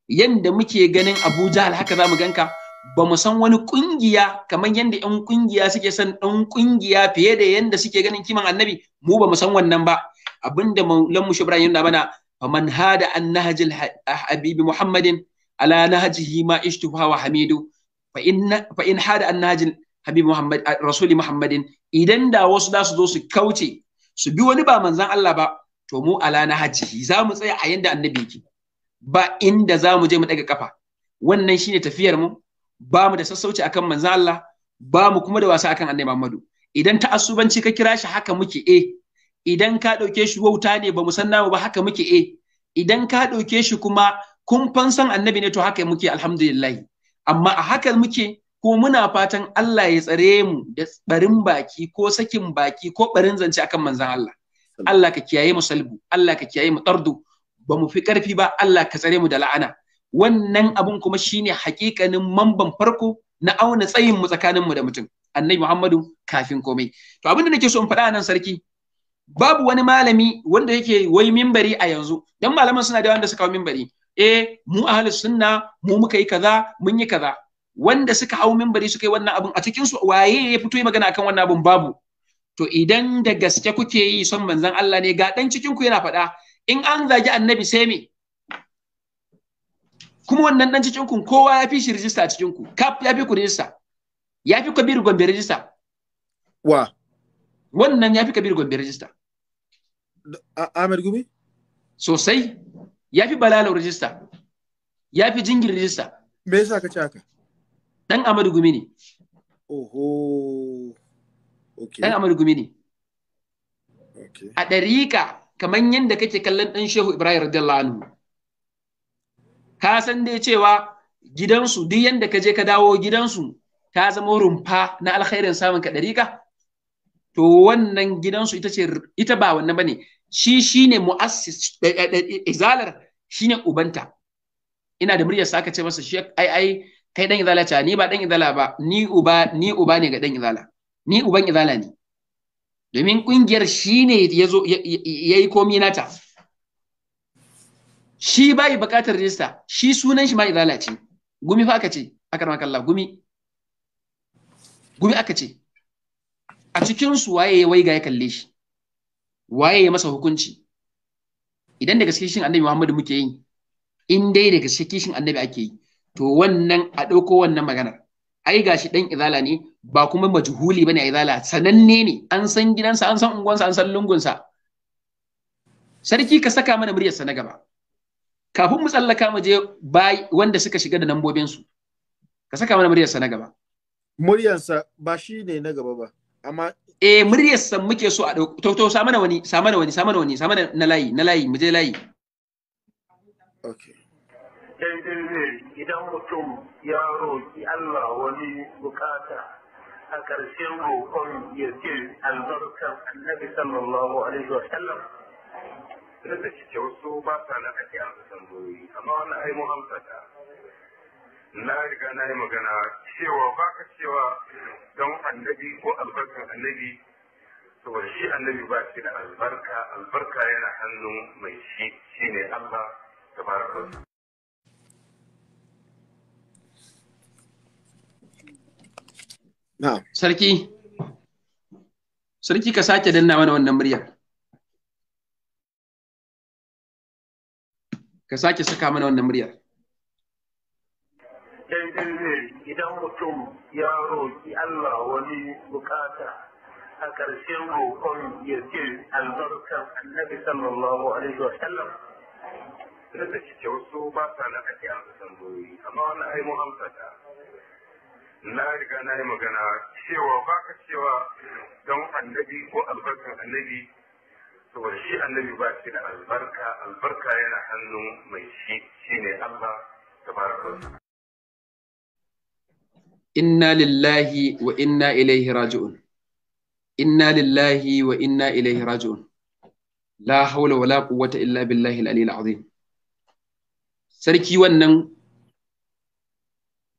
yanda muke ganin Abuja Jahal haka za mu ganka ba mu san wani kungiya kamar yadda yan kungiya suke son ɗan kungiya fiye da yadda suke ganin kiman annabi mu ba mu san wannan ba abinda maulan mu shibran yana mana man hada an nahjil habibi muhammadin ala nahjihi ma ishtuha wa hamidu fa in fa in hada an nahjil habibi muhammad rasuli muhammadin idan da wasu da su zo su kauce su bi wani ba manzan Allah ba to mu ala nahjihi za mu tsaya a yanda annabi yake ba inda za mu je mu daga kafa wannan shine tafiyar mu ba mu da sassauci akan manzon Allah ba mu kuma da wasa akan annabi Muhammadu idan ta asubanci ka kira shi haka muke eh idan ka ɗauke shi wauta ne ba mu san namu ba haka muke eh idan ka ɗauke shi kuma kun fansan annabi ne to haka muke alhamdulillah amma a haka muke ko muna fatan Allah ya tsare mu da barin baki ko sakin baki ko barin zance akan manzon Allah Allah ka kiyaye mu salbu Allah ka kiyaye mu tardu ba mu fi ƙarfi ba Allah ka tsare mu da la'ana wannan abun kuma shine hakikanin mamban farko na auna tsayin mu tsakanin mu da mutum annabi Muhammadu kafin komai to abin da nake so in faɗa nan sarki babu wani malami wanda yake wai mimbari a yanzu dan malaman suna da wanda suka hau mimbari eh mu ahlus sunna mu muka yi kaza mun yi kaza wanda suka hau mimbari suka yi wannan abun a cikin su waye ya fito yi magana akan wannan abun babu to idan da gaske kuke yi son manzon Allah ne ga dan cikin ku yana faɗa in an zagi annabi sai me kuma wannan dan cikin ku kowa ya fi shi rijista a cikin ku kaf ya fi ku rijista ya fi kabiru gombe rijista wa wannan ya fi kabiru gombe rijista Ahmed Gumi sosai ya fi balalo rijista ya fi jingir rijista me yasa ka ce haka dan Ahmed Gumi ne oho okay dan Ahmed Gumi ne okay a dariƙa kamar yadda kake kallon ɗan shehu ibrahim radiyallahu anhu ka san dai cewa gidansu duk yadda ka je ka dawo gidansu ta zama rumfa na alkhairin samun ka ɗarika to wannan gidansu ita ce ita ba wannan bane shi shine mu'assis eh, eh, eh, izalar shine ubanta ina da muryar sa ce masa shi ai ai kai dan izala ta ni ba dan izala ba ni uba ni uba ne ga dan izala ni uban izala ne domin kungiyar shi ne ya yi komi nata shi bai bukatar rijista shi sunan shi ma izala ce gumi fa aka ce aka ramaka Allah gumi gumi aka ce a cikin su waye ya waiga ya kalle shi waye ya masa hukunci idan daga cikin annabi Muhammadu muke yi in dai daga cikin annabi ake yi to wannan a ɗauko wannan maganar ai gashi ɗan izala ne ba kuma majhuli bane a izala sananne ne an san gidansa an san unguwansa an san lungunsa sarki ka saka mana muryarsa na gaba kafin mu tsallaka mu je bai wanda suka shiga da nambobin su ka saka mana muryarsa na gaba muryarsa ba shi ne na gaba ba amma eh muryarsa muke so a dauko to to sa mana wani sa mana wani sa mana wani sa mana na layi na layi mu je layi okay idan mutum ya roki Allah wani bukata a ƙarshen roƙon ya ce albarkar annabi allahu alaihi wa sallam cike wasu ba sa na amma na riga na yi magana cewa ba ka cewa don annabi ko albarkar annabi saboda shi annabi ba shi da albarka albarka yana hannun mai shi shine Allah tabaraka Sarki, sarki ka sake danna mana wannan muryar. Ka sake saka mana wannan muryar. Daidai ne idan mutum ya roƙi Allah wani bukata a ƙarshen roƙon ya ce albarkar annabi sallallahu alaihi wa sallam. Duk da wasu ba sa na a amsa tambayoyi, amma wani ai mu amsa na riga na yi magana cewa ba ka cewa don annabi ko albarkar annabi saboda shi annabi ba shi da albarka albarka yana hannun mai shi shi ne Allah tabaraka inna lillahi wa inna ilaihi raji'un inna lillahi wa inna ilaihi raji'un la haula la quwwata illa billahi al-aliyyil azim sarki wannan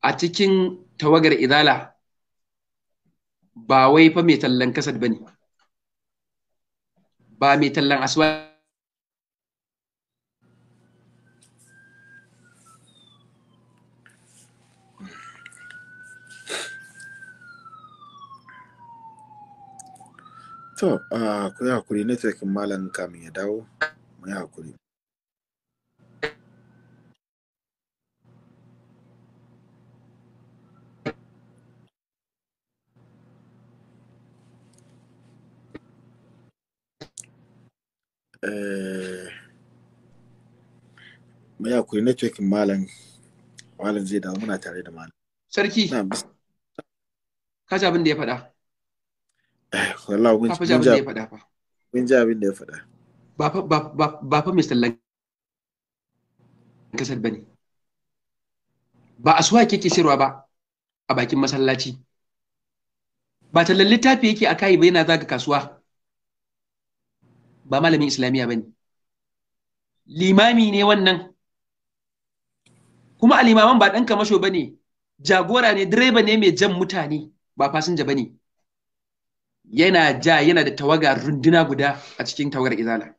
a cikin tawagar idala ba wai fa mai tallan kasad bane ba mai tallan aswa To, a ah, kuri hakuri cikin malam kamin ya dawo, mu yi hakuri. Eh, mai hakuri network malam malam zai dawo muna tare da malam sarki ka ji abin da ya faɗa eh, wallahi mun ji abin da ya faɗa fa mun ji abin da ya faɗa ba fa ba fa Mr. kasar bane ba a suwa kike sirwa ba a bakin masallaci ba tallan littafi yake a kai ba yana zaga kasuwa ba malamin islamiyya ne. limami ne wannan kuma alimaman ba ɗan kamasho bane jagora ne direba ne mai jan mutane ba fasinja bane yana ja yana da tawaga runduna guda a cikin tawagar izala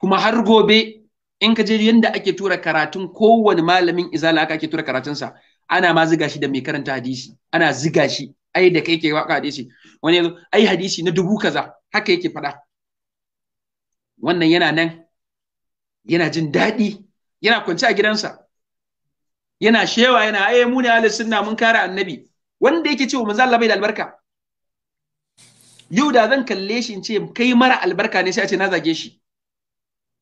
kuma har gobe in ka je yadda ake tura karatun kowane malamin izala aka ake tura karatunsa ana ma ziga shi da mai karanta hadisi ana ziga shi ai da kai ke waka hadisi wani ai hadisi na dubu kaza haka yake faɗa wannan yana nan yana jin daɗi yana kwance a gidansa yana shewa yana aye mu ne ahli sunna mun kare annabi wanda yake cewa manzo Allah bai da albarka yau da zan kalle shi in ce kai mara albarka ne sai a ce na zage shi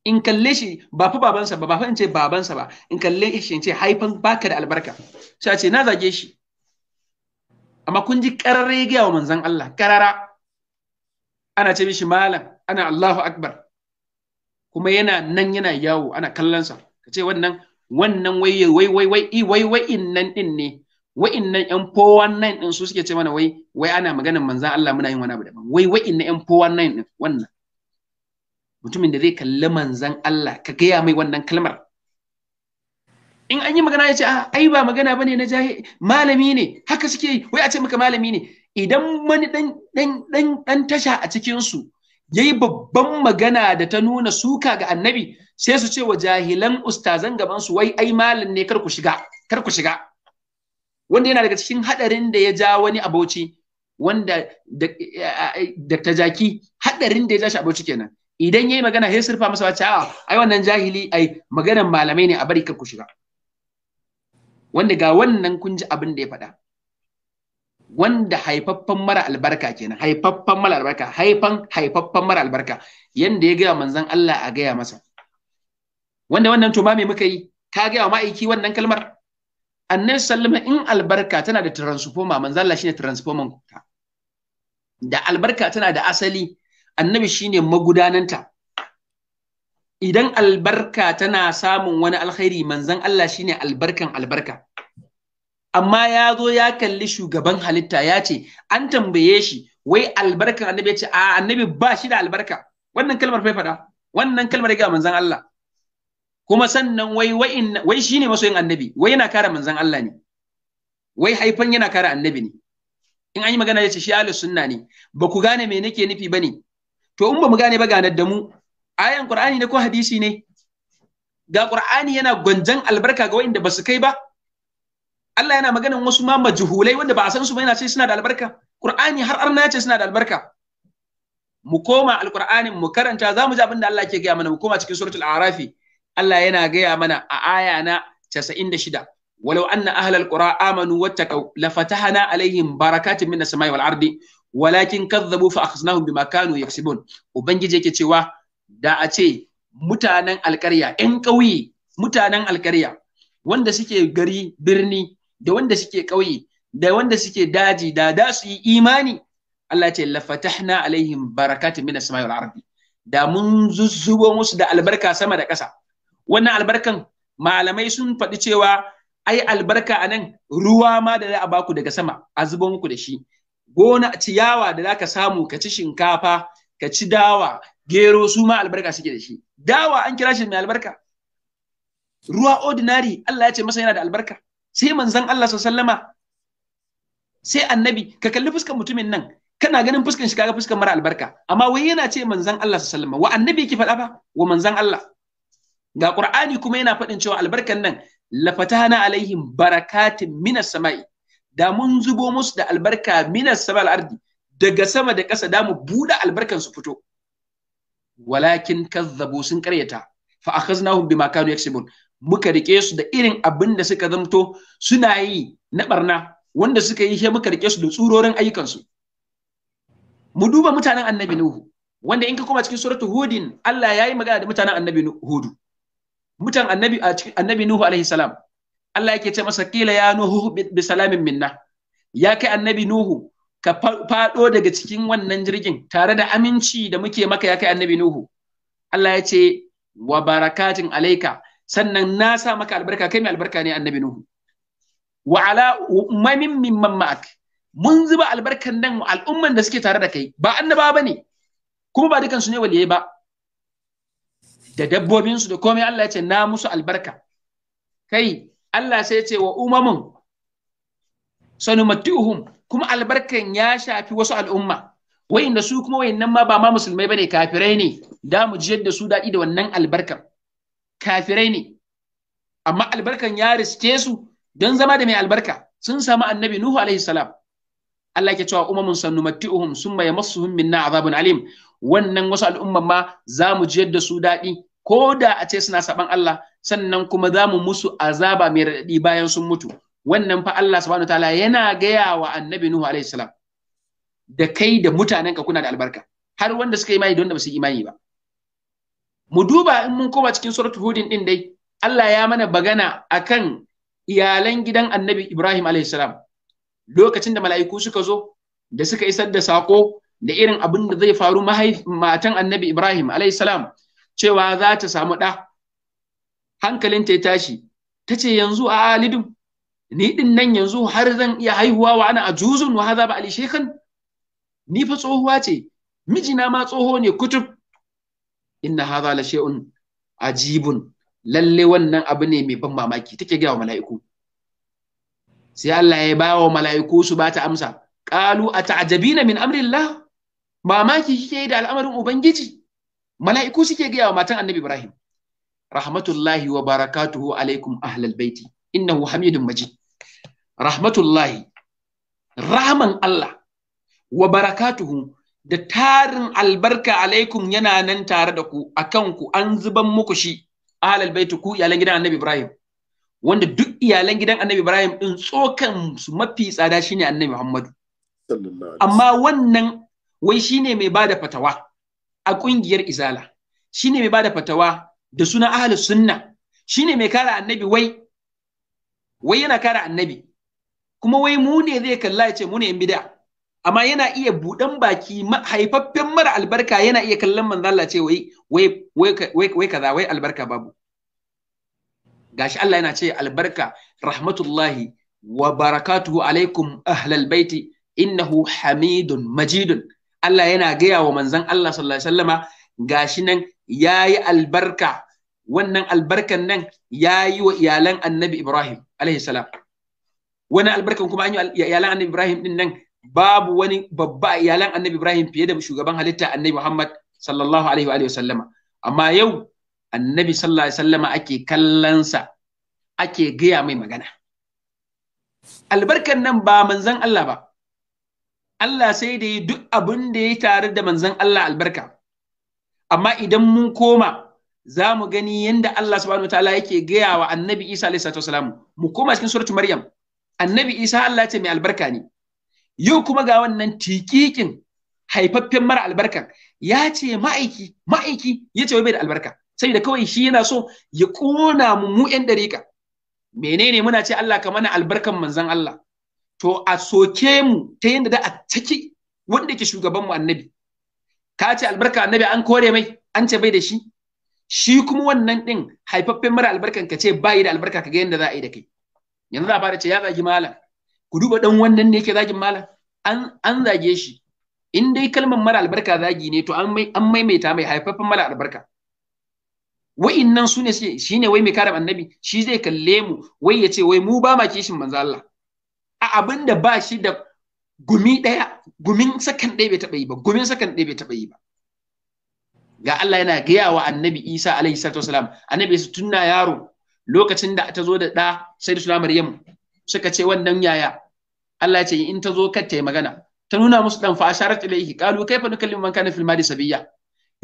in kalle shi ba fa babansa ba ba fa in ce babansa ba in kalle shi in ce haifan baka da albarka sai a ce na zage shi amma kun ji kararre gaya wa manzon Allah karara ana ce mishi malam ana Allahu akbar kuma yana nan yana yawo ana kallonsa ka ce wannan wannan wai wai wai wai wai wai innan din ne wa'innan yan nan din su suke ce mana wai wai ana maganar manzan Allah muna yin wani abu daban wai wa'innan yan nan din wannan mutumin da zai kalli manzan Allah ka gaya mai wannan kalmar in an yi magana ya ce a ah, ai ba magana bane na jahi malami ne haka suke yi wai a ce maka malami ne idan wani dan dan dan tasha a cikin su yayi babban magana da ta nuna suka ga annabi sai su ce wa jahilan ustazan gaban su wai ai malam ne kar ku shiga kar ku shiga wanda yana daga cikin hadarin da ya ja wani aboci wanda da eh, ta jaki hadarin da ya ja shi aboci kenan idan yayi magana sai surfa masa wace a ai wannan jahili ai maganar malamai ne a bari kar ku shiga wanda ga wannan kun ji abin da ya faɗa wanda haifaffen mara albarka kenan haifaffen mara albarka haifan haifaffen mara albarka yanda ya gaya manzon Allah a gaya masa wanda wannan to ma muka yi ka gaya wa ma'aiki wannan kalmar annabi sallama in albarka tana da transformer manzon Allah shine transformer ta da albarka tana da asali annabi shine magudananta idan albarka tana samun wani alkhairi manzan Allah shine albarkan albarka amma ya zo ya kalli shugaban halitta ya ce an tambaye shi wai albarkar annabi ya ce a annabi ba shi da albarka wannan kalmar fai faɗa wannan kalmar ga manzan Allah kuma sannan wai wai shine masoyin annabi wai yana kare manzan Allah ne wai haifan yana kare annabi ne in an yi magana ya ce shi ahlus sunna ne ba ku gane me nake nufi bane to in ba mu gane ba ganar da mu ayan qur'ani ne ko hadisi ne ga qur'ani yana gwanjan albarka ga wa'inda ba su kai ba Allah yana maganin wasu ma majhulai wanda ba a san su ba yana ce suna da albarka Qur'ani har arna ya ce suna da albarka mu koma alqur'ani mu karanta za mu ji abin da Allah ke gaya mana mu koma cikin suratul arafi Allah yana gaya mana a aya na 96 ولو أن أهل القرى آمنوا alaihim لفتحنا minas samai wal ardi walakin kadzabu fa فأخذناهم bima kanu yaksubun. Ubangiji yake cewa da a ce mutanen alkarya ƴan ƙauye mutanen alkarya wanda suke gari birni da wanda suke ƙauye da wanda suke daji da da su yi imani Allah ce la fatahna alaihim barakatun min as-sama'i wal ardi da mun zuzzubo musu da albarka sama da ƙasa wannan albarkan malamai sun faɗi cewa ai albarka anan ruwa ma da za a baku daga sama a zubo muku da shi gona ciyawa da zaka samu ka ci shinkafa ka ci dawa gero su ma albarka suke da shi dawa an kira shi mai albarka ruwa ordinary Allah ya ce masa yana da albarka sai manzon Allah sallama sai annabi ka kalli fuskar mutumin nan kana ganin fuskar shi kaga fuskan mara albarka amma wai yana ce manzon Allah sallama wa annabi ki faɗa ba wa manzon Allah ga qur'ani kuma yana faɗin cewa albarkan nan lafatana alaihim barakatin minas sama'i da mun zubo musu da albarka minas sama'al ardi daga sama da ƙasa da mu buɗe albarkan su fito walakin kazzabu sun ƙaryata fa akhaznahum bima kanu yaksubun muka rike su da irin abin da suka zamto suna yi na barna wanda suka yi sai muka rike su da tsurorin ayyukansu mu duba mutanen annabi nuhu wanda in ka koma cikin suratul hudin Allah ya yi magana da mutanen annabi hudu mutan annabi annabi nuhu alaihi salam Allah yake ce masa kila ya nuhu bi salamin minna ya kai annabi nuhu ka fado daga cikin wannan jirgin tare da aminci da muke maka ya kai annabi nuhu Allah ya ce wa barakatin alaika sannan na sa maka albarka kai mai albarka ne annabi nuhu wa ala ummamin mimman ma'ak mun zuba albarkan nan al'umman da suke tare da kai ba annaba ne. kuma ba dukansu ne waliyai ba da dabbobinsu da komai Allah ya ce na musu albarka kai Allah sai ya ce wa umamin sanumattuhum kuma albarkan ya shafi wasu al'umma wayanda su kuma wayannan ma ba ma musulmai bane kafirai ne da mu jiyar da su daɗi da wannan albarkan kafirai ne amma albarkan ya riske su don zama da mai albarka sun samu annabi nuhu alaihi salam Allah ke cewa umamun sannumatti'uhum summa yamassuhum minna azabun alim wannan wasu al'umman ma za mu jiyar da su daɗi ko da a ce suna saban Allah sannan kuma za mu musu azaba mai raɗaɗi bayan sun mutu wannan fa Allah subhanahu ta'ala yana gaya wa annabi Nuhu alaihi salam da kai da mutanenka kuna da albarka har wanda suka yi imani da ba su imani ba mu duba in mun koma cikin suratul hudin din dai Allah ya mana bagana akan iyalan gidan annabi Ibrahim alaihissalam lokacin da mala'iku suka zo da suka isar da sako da irin abin da zai faru matan annabi Ibrahim alaihissalam cewa za ta samu ɗa hankalinta ya tashi ta ce yanzu a alidu ni din nan yanzu har zan iya haihuwa wa ana ajuzun wa hadha ba ali shekhan ni fa tsohuwa ce mijina ma tsoho ne kutub inna hadha la shay'un ajibun lalle wannan abu ne mai ban mamaki take gaya wa mala'iku sai Allah ya ba wa mala'iku su ba ta amsa qalu ata'jabina min amrillah mamaki kike yi da al'amarin ubangiji mala'iku suke gaya matan annabi ibrahim rahmatullahi wa barakatuhu alaikum ahlal baiti innahu hamidun majid rahmatullahi rahman Allah wa barakatuhu da tarin albarka alaikum yana nan tare da ku a kanku an zuban muku shi ahlal baitu ku iyalan gidan annabi ibrahim wanda duk iyalan gidan annabi ibrahim din tsokan su mafi tsada shine annabi muhammadu amma wannan wai shine mai bada fatawa a kungiyar izala shine mai bada fatawa da suna ahlus sunna shine mai kare annabi wai wai yana kara annabi kuma wai mu ne zai kalla ya ce mu ne yan bid'a amma yana iya buɗan baki haifaffen mara albarka yana iya kallon manzo ce wai wai wai kaza wai albarka babu gashi Allah yana ce albarka rahmatullahi wa barakatuhu alaikum ahlal baiti innahu hamidun majidun Allah yana gaya wa manzan Allah sallallahu alaihi wasallama gashi nan yayi albarka wannan albarkan nan yayi wa iyalan annabi Ibrahim alaihi salam wannan albarkan kuma an yi iyalan annabi Ibrahim din nan babu wani babba iyalan annabi Ibrahim fiye da shugaban halitta annabi Muhammad sallallahu alaihi wa sallama amma yau annabi sallallahu alaihi sallama ake kallansa ake gaya mai magana albarkan nan ba manzan Allah ba Allah sai da yi duk abin da ya tare da manzan Allah albarka amma idan mun koma za mu gani yadda Allah subhanahu wataala yake gaya wa annabi Isa alaihi salatu mu koma cikin suratu Maryam annabi Isa Allah ce mai albarka ne yau kuma ga wannan tikikin haifaffen mara albarka, ya ce ma'aiki ma'aiki ya ce bai da albarka saboda kawai shi yana so ya kona mu mu yan dariƙa menene muna ce Allah ka mana albarkan manzon Allah to a soke mu ta yanda da a ciki wanda ke shugaban mu annabi ka ce albarka annabi an kore mai an ce bai da shi shi kuma wannan ɗin haifaffen mara albarkan ka ce bai da albarka ka ga yadda za a yi da kai yanzu za a fara ce ya zagi malam ku duba dan wannan ne yake zagin malam an an zage shi in dai kalmar mara albarka zagi ne to an mai an maimaita mai haifaffen mara albarka wa'innan su ne shine wai mai kare annabi shi zai kalle mu wai ya ce wai mu ba ma kishin manzo Allah a abin da ba shi da gumi daya, gumin sakan ɗaya bai taɓa yi ba gumin sakan ɗaya bai taɓa yi ba ga Allah yana gaya wa annabi Isa alaihi salatu wasalam annabi Isa tunna yaro lokacin da ta zo da ɗa sai da suna Maryamu suka ce wannan yaya Allah ya ce in ta zo kar ta yi magana ta nuna musu dan fa asharat ilayhi qalu kayfa nukallimu man kana fil madi sabiyya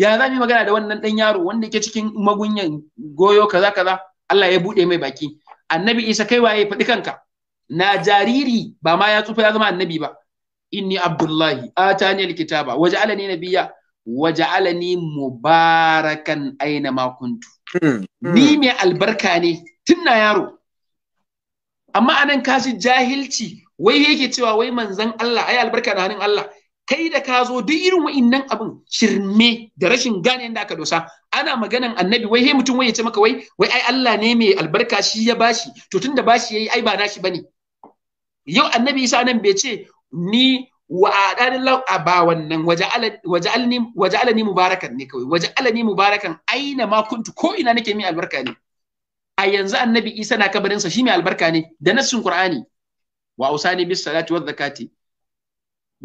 ya za mu magana da wannan dan yaro wanda yake cikin magunyan goyo kaza kaza Allah ya bude mai baki annabi Isa kai waye faɗi kanka na jariri ba ma ya tsufa ya zama annabi ba inni abdullahi atani alkitaba waja'alani nabiyya waja'alani mubarakan aina ma kuntu hmm, hmm. ni mai albarka ne tun yaro amma anan ka ji jahilci wai yake cewa wai manzan Allah ai albarka da hannun Allah kai da ka zo duk irin wa'innan abin shirme da rashin gane yadda aka dosa ana maganan annabi wai he mutum wai ya ce maka wai wai ai Allah ne mai albarka shi ya bashi to tunda bashi yayi ai ba na nashi bane yau annabi Isa nan bai ce ni wa a ba wannan waje alani mubarakan ne kawai Alani mubarakan aina ma kuntu ko ina nake mai albarka ne a yanzu annabi isa na kabarinsa shi mai albarka ne da nassin qur'ani wa usani bis salati waz zakati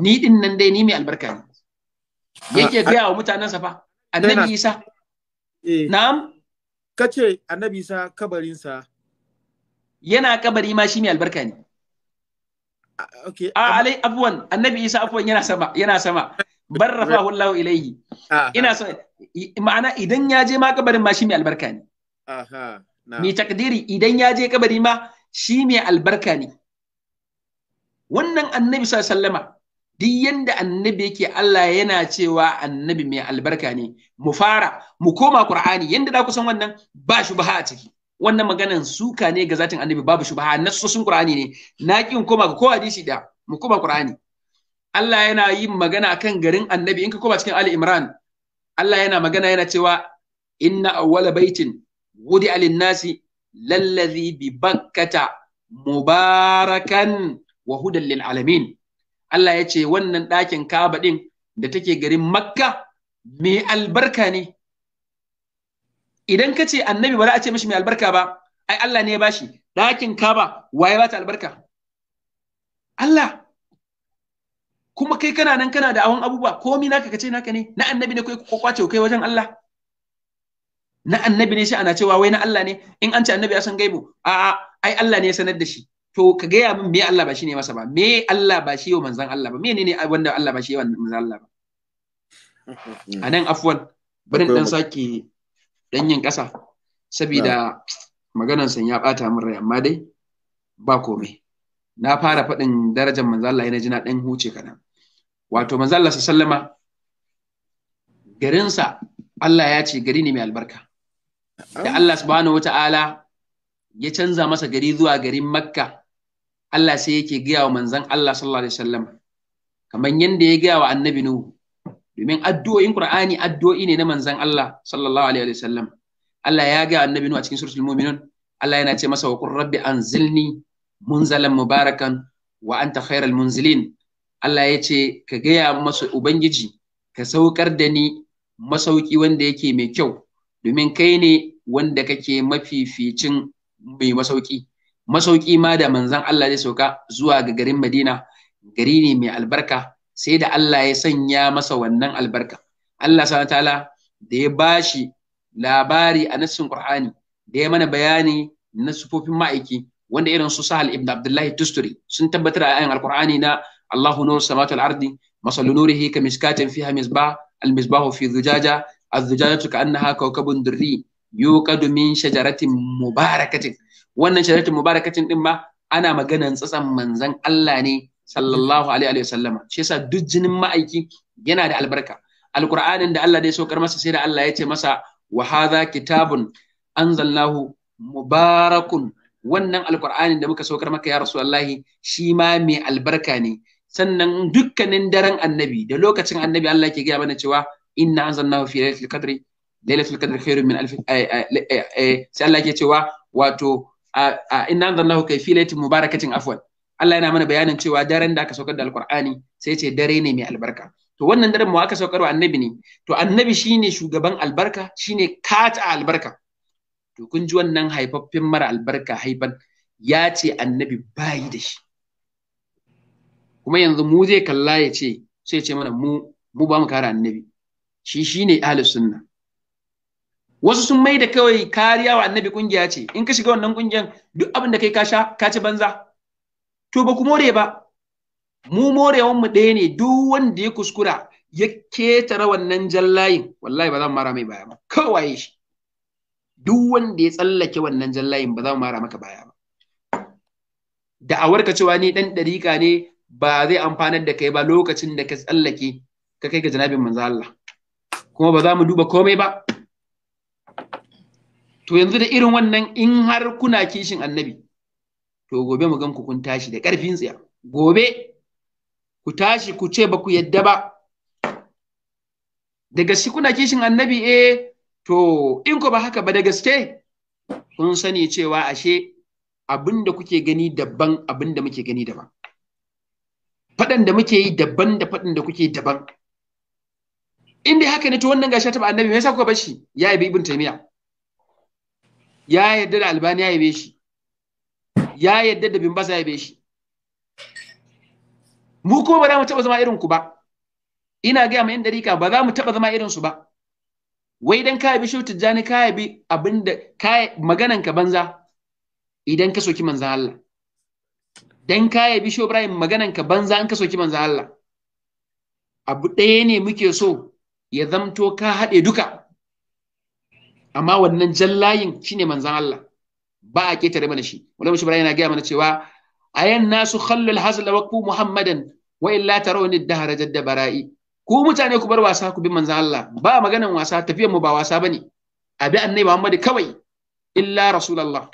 ni din nan dai ni mai albarka ne yake ah, ah. gaya wa mutanensa fa annabi isa eh. na'am kace annabi isa kabarinsa yana kabari ma shi mai albarka ne ah, okay a alai abuwan annabi isa abuwan yana sama yana sama barrafahu Allah ilayhi ina so ma'ana idan ya je ma kabarin ma shi mai albarka ne aha mai takdiri idan ya je kabari ma shi mai albarka ne wannan annabi sallama duk yanda annabi yake Allah yana cewa annabi mai albarka ne mu fara mu koma Qur'ani yanda da ku san wannan ba baha a ciki wannan maganan suka ne ga zatin annabi babu na nassosin Qur'ani ne na ƙin koma ga ko dishi da mu koma Qur'ani Allah yana yin magana akan garin annabi in ka koma cikin Ali Imran Allah yana magana yana cewa inna awwala baitin wudi alin nasi lallazi bi bakkata mubarakan wa hudan lil alamin Allah ya ce wannan ɗakin kaba ɗin da take garin makka mai albarka ne idan ka ce annabi ba za a ce mishi mai albarka ba ai Allah ne ya bashi ɗakin kaba waye ba ta albarka Allah kuma kai kana nan kana da awon abubuwa komi naka ce naka ne na annabi ne kai ko kwace kai wajen Allah na annabi ne shi ana cewa wai na Allah ne in an ce annabi ya san gaibu a ai Allah ne ya sanar da shi to ka gaya min me Allah ba shi ne masa ba me Allah ba shi yau manzan Allah ba menene wanda Allah ba shi yau manzan Allah ba mm-hmm. a nan afwan barin dan sake yin ƙasa saboda maganan san ya bata min rai amma dai ba komai na fara faɗin darajar manzan Allah yana jina dan huce kaɗan wato manzan Allah sallama garinsa Allah ya ce gari ne mai albarka da Allah subhanahu wata'ala ya canza masa gari zuwa garin Makka Allah sai yake gaya wa manzon Allah sallallahu alaihi wasallam kamar yanda ya gaya wa annabi Nuhu domin addu'o'in Qur'ani addu'o'i ne na manzon Allah sallallahu alaihi wasallam Allah ya gaya annabi Nuhu a cikin suratul mu'minun Allah yana ce masa wa qur rabbi anzilni munzalan mubarakan wa anta khairal munzilin Allah ya ce ka gaya masa ubangiji ka saukar da ni masauki wanda yake mai kyau domin kai ne wanda kake mafificin mai masauki masauki ma da manzan Allah zai sauka zuwa ga garin Madina gari ne mai albarka sai da Allah ya sanya masa wannan albarka Allah subhanahu ta'ala da ya bashi labari a nassin Qur'ani da ya mana bayani na sufofin ma'aiki wanda irin su Sahal ibn Abdullahi Tusturi sun tabbatar a ayan Al-Qur'ani na Allahu nuru samawati ardi masalu nurihi ka miskatin fiha misbah al misbahu fi az-zujajatu ka'annaha kawkabun durri yuqadu min shajaratin mubarakatin wannan shajaratin mubarakatin din ma ana maganan tsatsan manzan Allah ne sallallahu alaihi wa sallama shi yasa duk jinin ma'aiki yana da albarka alqur'anin da Allah ya saukar masa sai da Allah ya ce masa wa hadha kitabun anzalnahu mubarakun wannan alqur'anin da muka saukar maka ya rasulullahi shi ma mai albarka ne sannan dukkanin daren annabi da lokacin annabi Allah ke gaya mana cewa inna anzalnahu fi laylatil qadri lailatul qadri khairun min alf sai Allah yake cewa wato inna anzalnahu kai fi mubarakatin afwan Allah yana mana bayanin cewa daren da aka saukar da alqur'ani sai ce dare ne mai albarka to wannan daren mu aka saukarwa annabi ne to annabi shine shugaban albarka shine kata albarka to kun ji wannan haifaffen mara albarka haifan ya ce annabi bayi da shi kuma yanzu mu zai kalla ya ce sai ce mana mu mu ba mu kare annabi shi shi ahlus sunna wasu sun mai da kawai kariya wa annabi kungiya ce in ka shiga wannan kungiyan duk abin da kai ka sha ka ci banza to ba ku more ba mu morewan mu ɗaya ne duk wanda ya kuskura ya ketara wannan jallayin wallahi ba zan mara mai baya ba kawai shi duk wanda ya tsallake wannan jallayin ba zan mara maka baya ba Da awar ka cewa ni dan dariƙa ne ba zai amfanar da kai ba lokacin da ka tsallake ka kai ga janabin manzo Allah kuma ba za mu duba komai ba to yanzu da irin wannan in har kuna kishin annabi to gobe mu gan ku kun tashi da ƙarfin tsaya. gobe ku tashi ku ce ba ku yadda ba da gaske kuna kishin annabi eh to in ku ba haka ba da gaske kun sani cewa ashe abin da kuke gani daban abin da muke gani daban faɗan da muke yi daban da faɗin da kuke daban in dai haka ne to wannan gashi ta ba annabi me yasa kuka bashi? ya yi ibn taymiya ya yadda da albani ya yabe shi ya yadda da bin ya yabe shi mu ko ba za mu taba zama irin ku ba ina gaya ma yan dariƙa ba za mu taba zama irin su ba wai dan ka yabi shutu jani ka yabi abinda ka maganan ka banza idan ka soki manzan Allah dan ka yabi shu Ibrahim maganan ka banza an ka soki manzan Allah abu ɗaya ne muke so ya zamto ka haɗe duka amma wannan jallayin shine manzan Allah ba a ketare mana shi mashi bari yana gaya mana cewa a yan nasu khallul hazla wa ku muhammadan wa illa da harajar da bara'i ku mutane ku bar wasa ku bi manzan Allah ba maganan wasa tafiyar mu ba wasa ba bane bi annabi Muhammad kawai illa rasulullah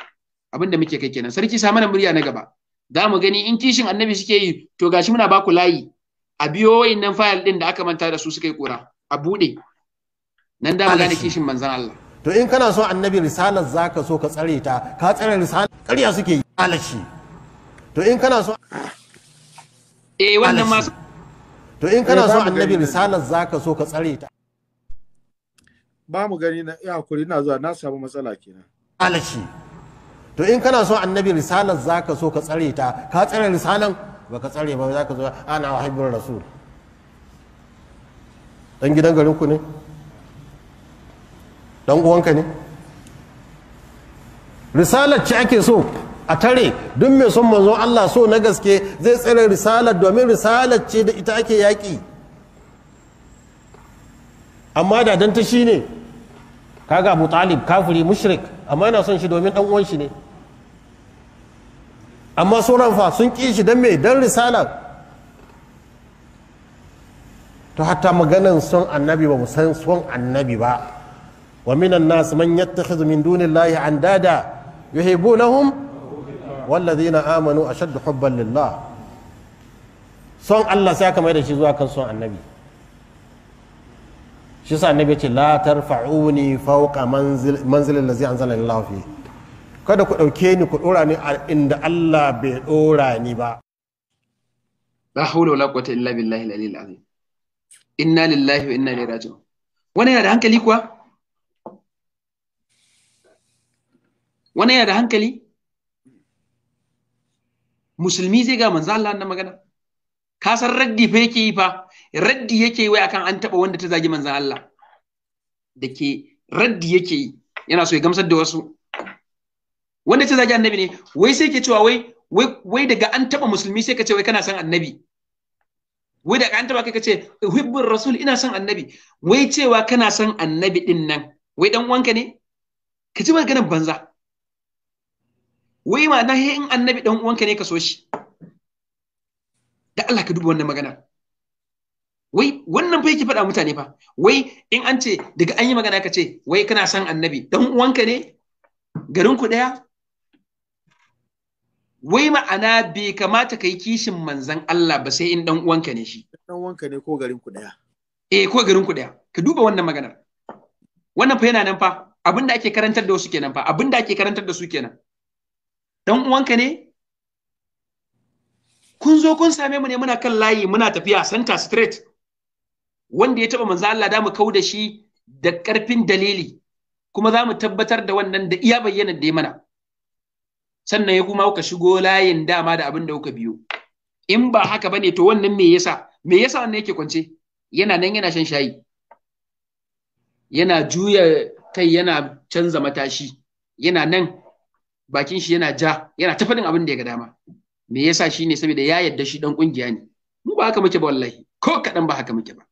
abinda muke kai kenan sarki sa mana murya na gaba za mu gani in kishin annabi suke yi to gashi muna ba ku layi a biyo wainnan fayal ɗin da aka manta da su suka yi kura a buɗe nan da gane kishin manzan Allah to in kana so annabi risalar zaka so ka tsare ta ka tsare risalar ƙarya suke yi alashi to in kana so eh wannan ma to in kana eh, so annabi risalar zaka so ka tsare ta ba mu gani na ya kuri na zuwa na samu matsala kenan alashi to in kana so annabi risalar zaka so ka tsare ta ka tsare risalan baka tsare ba zaka zo ana wahibul rasul dan gidan garinku ne dan uwanka ne risalar ce ake so a tare duk mai son manzon Allah so na gaske zai tsere risalar domin risalar ce da ita ake yaƙi amma da dan ta shine kaga Abu Talib kafiri mushrik amma yana son shi domin dan uwan shi ne amma sauran fa sun ƙi shi dan mai dan risalar to hatta maganan son annabi ba mu san son annabi ba wa minan nas man yattakhidhu min dunillahi andada yuhibbunahum walladhina amanu ashaddu hubban lillah son Allah sai aka mai da shi zuwa kan son annabi shi sa annabi ce la tarfa'uni fawqa manzilin lazi anzala Allah fi kada ku dauke ni ku dora ni inda Allah bai dora ni ba la hawla wala quwwata illa billahi al-aliyyil azim inna lillahi wa inna ilaihi raji'un wannan yana da hankali kuwa wannan yana da hankali musulmi zai ga manzo Allah na magana ka san raddi fa yake yi fa raddi yake wai akan an taba wanda ta zagi manzo Allah da ke raddi yake yi yana so ya gamsar da wasu wanda ta zagi annabi ne wai sai ke cewa wai wai daga an taba musulmi sai ka ce wai kana san annabi wai da an taba kai kace hibbur rasul ina son annabi wai cewa kana son annabi din nan wai dan uwanka ne ka ji maganar banza wai ma na in annabi dan uwanka ne ka so shi da Allah ka duba wannan magana wai wannan fa yake faɗa mutane fa wai in an ce daga an yi magana ka ce wai kana son annabi dan uwanka ne garin ku daya wai ma'ana bai kamata ka yi kishin manzan Allah ba sai in dan uwanka ne shi dan uwanka ne ko garin ku daya eh ko garin ku daya ka duba wannan maganar wannan fa yana nan fa abin da ake karantar da wasu kenan fa abin da ake karantar da su kenan dan uwanka ne kun zo kun same mu ne muna kan layi muna tafiya center straight wanda ya taba manzan Allah da mu kau da shi da karfin dalili kuma za mu tabbatar da wannan da iya bayyana da mana sannan ya kuma kuka shigo layin dama da abin da kuka biyo in ba haka bane to wannan me yasa me yasa wannan yake kwance yana nan yana shan shayi yana juya kai yana canza matashi yana nan bakin shi yana ja yana ta fadin abin da ya ga dama me yasa shi ne saboda ya yadda shi dan kungiya ne mu ba haka muke ba wallahi ko kaɗan ba haka muke ba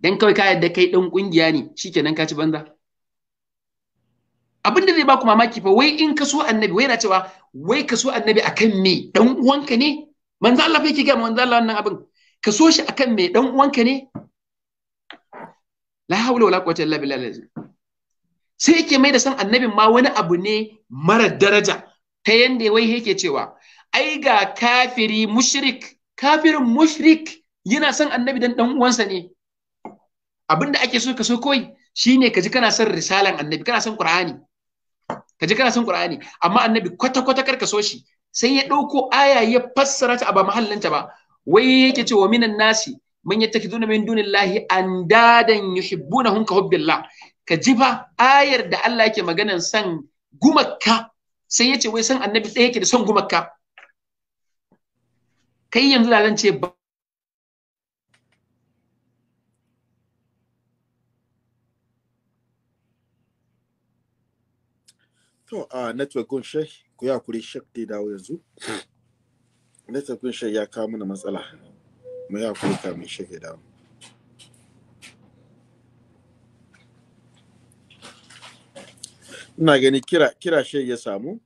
dan kawai ka yadda kai dan kungiya ne shikenan ka ci banza abin da zai ba ku mamaki fa wai in ka so annabi wai yana cewa wai ka so annabi akan me dan uwanka ne manzo Allah fa yake ga manzo Allah wannan abin ka shi akan me dan uwanka ne la hawla wala quwwata illa billah sai yake mai da san annabin ma wani abu ne mara daraja ta yanda wai yake cewa ai ga kafiri mushrik kafirin mushrik yana son annabi dan dan uwansa ne da ake so ka so koi shine ka ji kana son risalan annabi kana son qur'ani ka ji kana son Qur'ani amma annabi kwata kwata karka so shi sai ya dauko aya ya fassara ta a ba mahallinta ba wai yake wa minan nasi man yattakiduna min dunillahi andadan yuhibbunahum ka hubbillah ka ji fa ayar da Allah yake maganan san gumakka sai ya ce wai san annabi ɗaya yake da son gumakka kai yanzu da zan ce ba to a network gun shek, ku ya kuri shek da dawo yanzu network gun shek ya kawo mana matsala mu ya kuri kamin shek ya dawo ina gani kira kira shek ya samu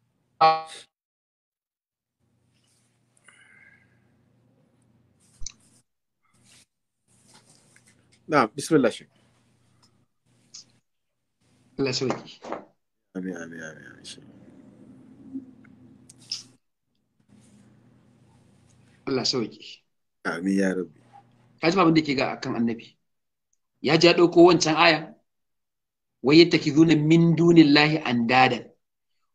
na bismillah shek. Allah sarki Amin, amin, amin, amin. Allah sauki. Amin ya rabbi. Ka ji abin da ke ga akan annabi. Ya ji ya ɗauko wancan aya. Wai ya taki zuna min dunillahi andadan.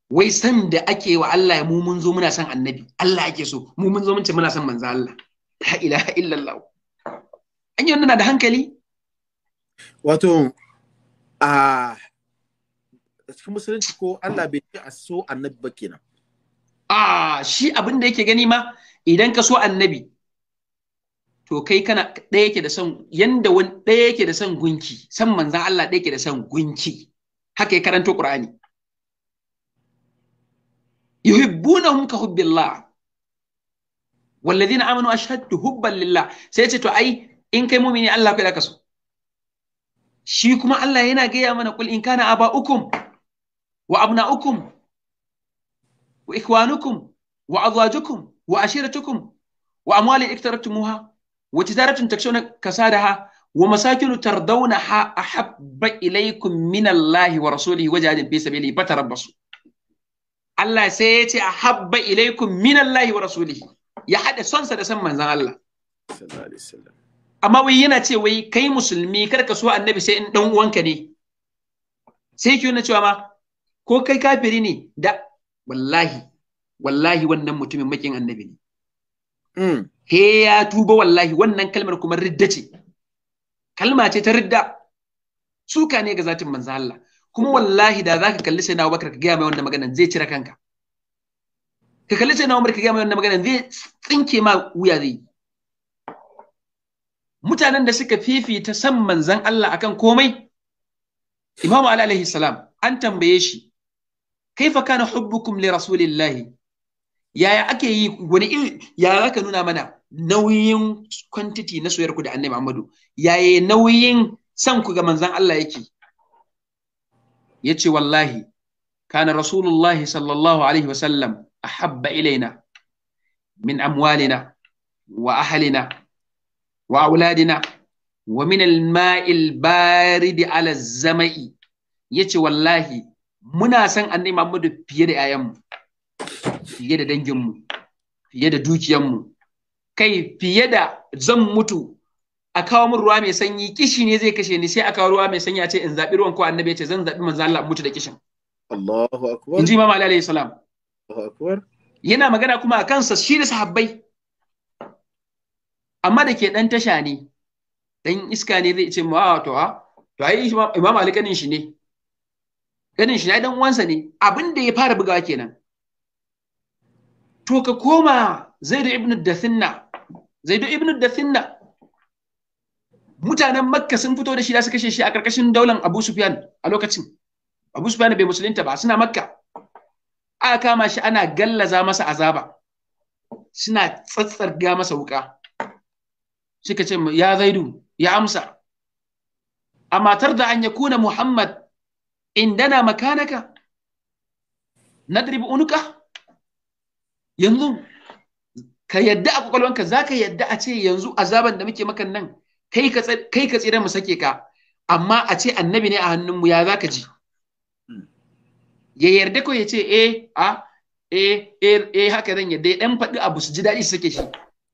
Wai san da ake wa Allah mu mun zo muna son annabi. Allah ake so. Mu mun zo mun ce muna son manzo Allah. La ilaha illallah. An yi wannan da hankali? Wato, ah, cikin musulunci ko Allah bai ce a so annabi ba kenan a shi abin da yake gani ma idan ka so annabi to kai kana ɗaya yake da son yanda wani ɗaya yake da son gunki san manzan Allah ɗaya yake da son gunki haka ya karanto Qur'ani yuhibbunahum ka hubbillah walladhina amanu ashaddu hubban lillah sai ce to ai in kai mumini Allah kai da ka so shi kuma Allah yana gaya mana kul in kana aba'ukum wa abna'ukum wa ikwanukum wa azwajukum wa ashiratukum wa amwalin iktarattumuha wa tijaratun takshawna kasadaha wa masakinu tardawnaha ahabba ilaykum min Allahi wa Allah sai ya ce ahabba ilaykum min Allahi wa rasulihi ya hada sonsa da san manzan Allah amma wai yana ce wai kai musulmi kar ka so annabi sai in dan uwanka ne sai ki yana cewa ma ko kai kafiri ne da wallahi wallahi wannan mutumin makin annabi ne mm. he ya tuba wallahi wannan kalmar kuma ridda ce kalma ce ta ridda suka ne ga zatin manzo Allah kuma wallahi da zaka kalli sai na Abubakar ka gaya mai wannan maganan zai cire kanka ka kalli sai na Umar ka gaya mai wannan maganan zai tsinke ma wuya zai mutanen da suka fifita san manzon Allah akan komai Imam Ali alaihi salam an tambaye shi kaifa kana hubbukum li rasulillahi yaya ake yi wani iri yaya aka nuna mana nauyin kwantiti na soyar ku da annabi Amadu? yaya nauyin sanku ga manzon Allah yake yace wallahi kana rasulullahi sallallahu alaihi wasallam ahabba ilaina min amwalina wa ahlina wa auladina wa min al-ma'il baridi ala zamai yace wallahi muna san annabi Muhammadu fiye da 'ya'yanmu fiye da danginmu fiye da dukiyanmu kai fiye da zan mutu a kawo min ruwa mai sanyi kishi ne zai kashe ni sai a kawo ruwa mai sanyi a ce in zabi ruwan ko annabi ya ce zan zabi manzo Allah mutu da kishin Allahu akbar inji Imam Ali alayhi salam Allahu akbar yana magana kuma a kansa shi da sahabbai amma da ke dan tasha ne dan iska ne zai ce ma ah, to ha to ai Imam Ali kanin shi ne ganin shi ya dan uwansa ne abin da ya fara bugawa kenan to ka koma zaidu ibn dathinna zaidu ibn dathinna mutanen makka sun fito da shi da su kashe shi a karkashin daular abu sufyan a lokacin abu sufyan bai musulunta ba suna makka aka kama shi ana gallaza masa azaba suna tsatsarga masa wuka suka ce ya zaidu ya amsa a matar da an ya kuna muhammad indana makanaka nadribu unuka yanzu ka yadda a kwakwalwanka za ka yadda a ce yanzu azaban da muke makan nan kai ka tsira mu sake ka amma a ce annabi ne a hannunmu ya za ka ji ya yarda ko ya ce eh a eh eh haka zan yadda ya dan faɗi abu su ji daɗi su sake shi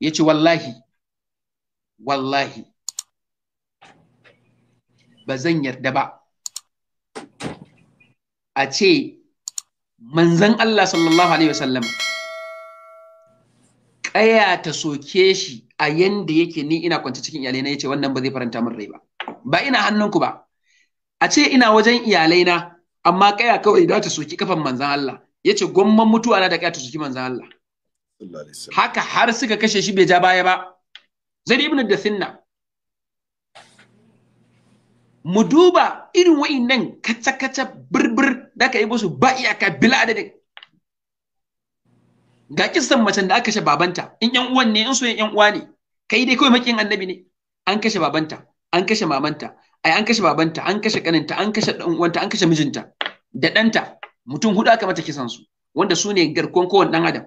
ya ce wallahi wallahi ba zan yarda ba a ce manzan Allah sallallahu alaihi wasallam ƙaya ta soke shi a yanda yake ni ina kwance cikin iyalai na ce wannan ba zai faranta min rai ba ba ina hannunku ba a ce ina wajen iyalai na amma ƙaya kawai da ta soki kafan manzan Allah Ya ce, gwamman mutuwa na da ƙaya ta soki manzan Allah haka har suka kashe shi bai ja baya ba zai ibn da sinna mu duba irin wa'innan kaca-kaca bir da ka yi musu ba iyaka bila adadin ga kisan macen da aka kashe babanta in yan uwan ne in soyayyen yan uwa ne kai dai kawai makin annabi ne an kashe babanta an kashe mamanta ai an kashe babanta an kashe kaninta an kashe dan uwanta an kashe mijinta da danta mutum hudu aka mata kisan su wanda su ne garkon kowane dan adam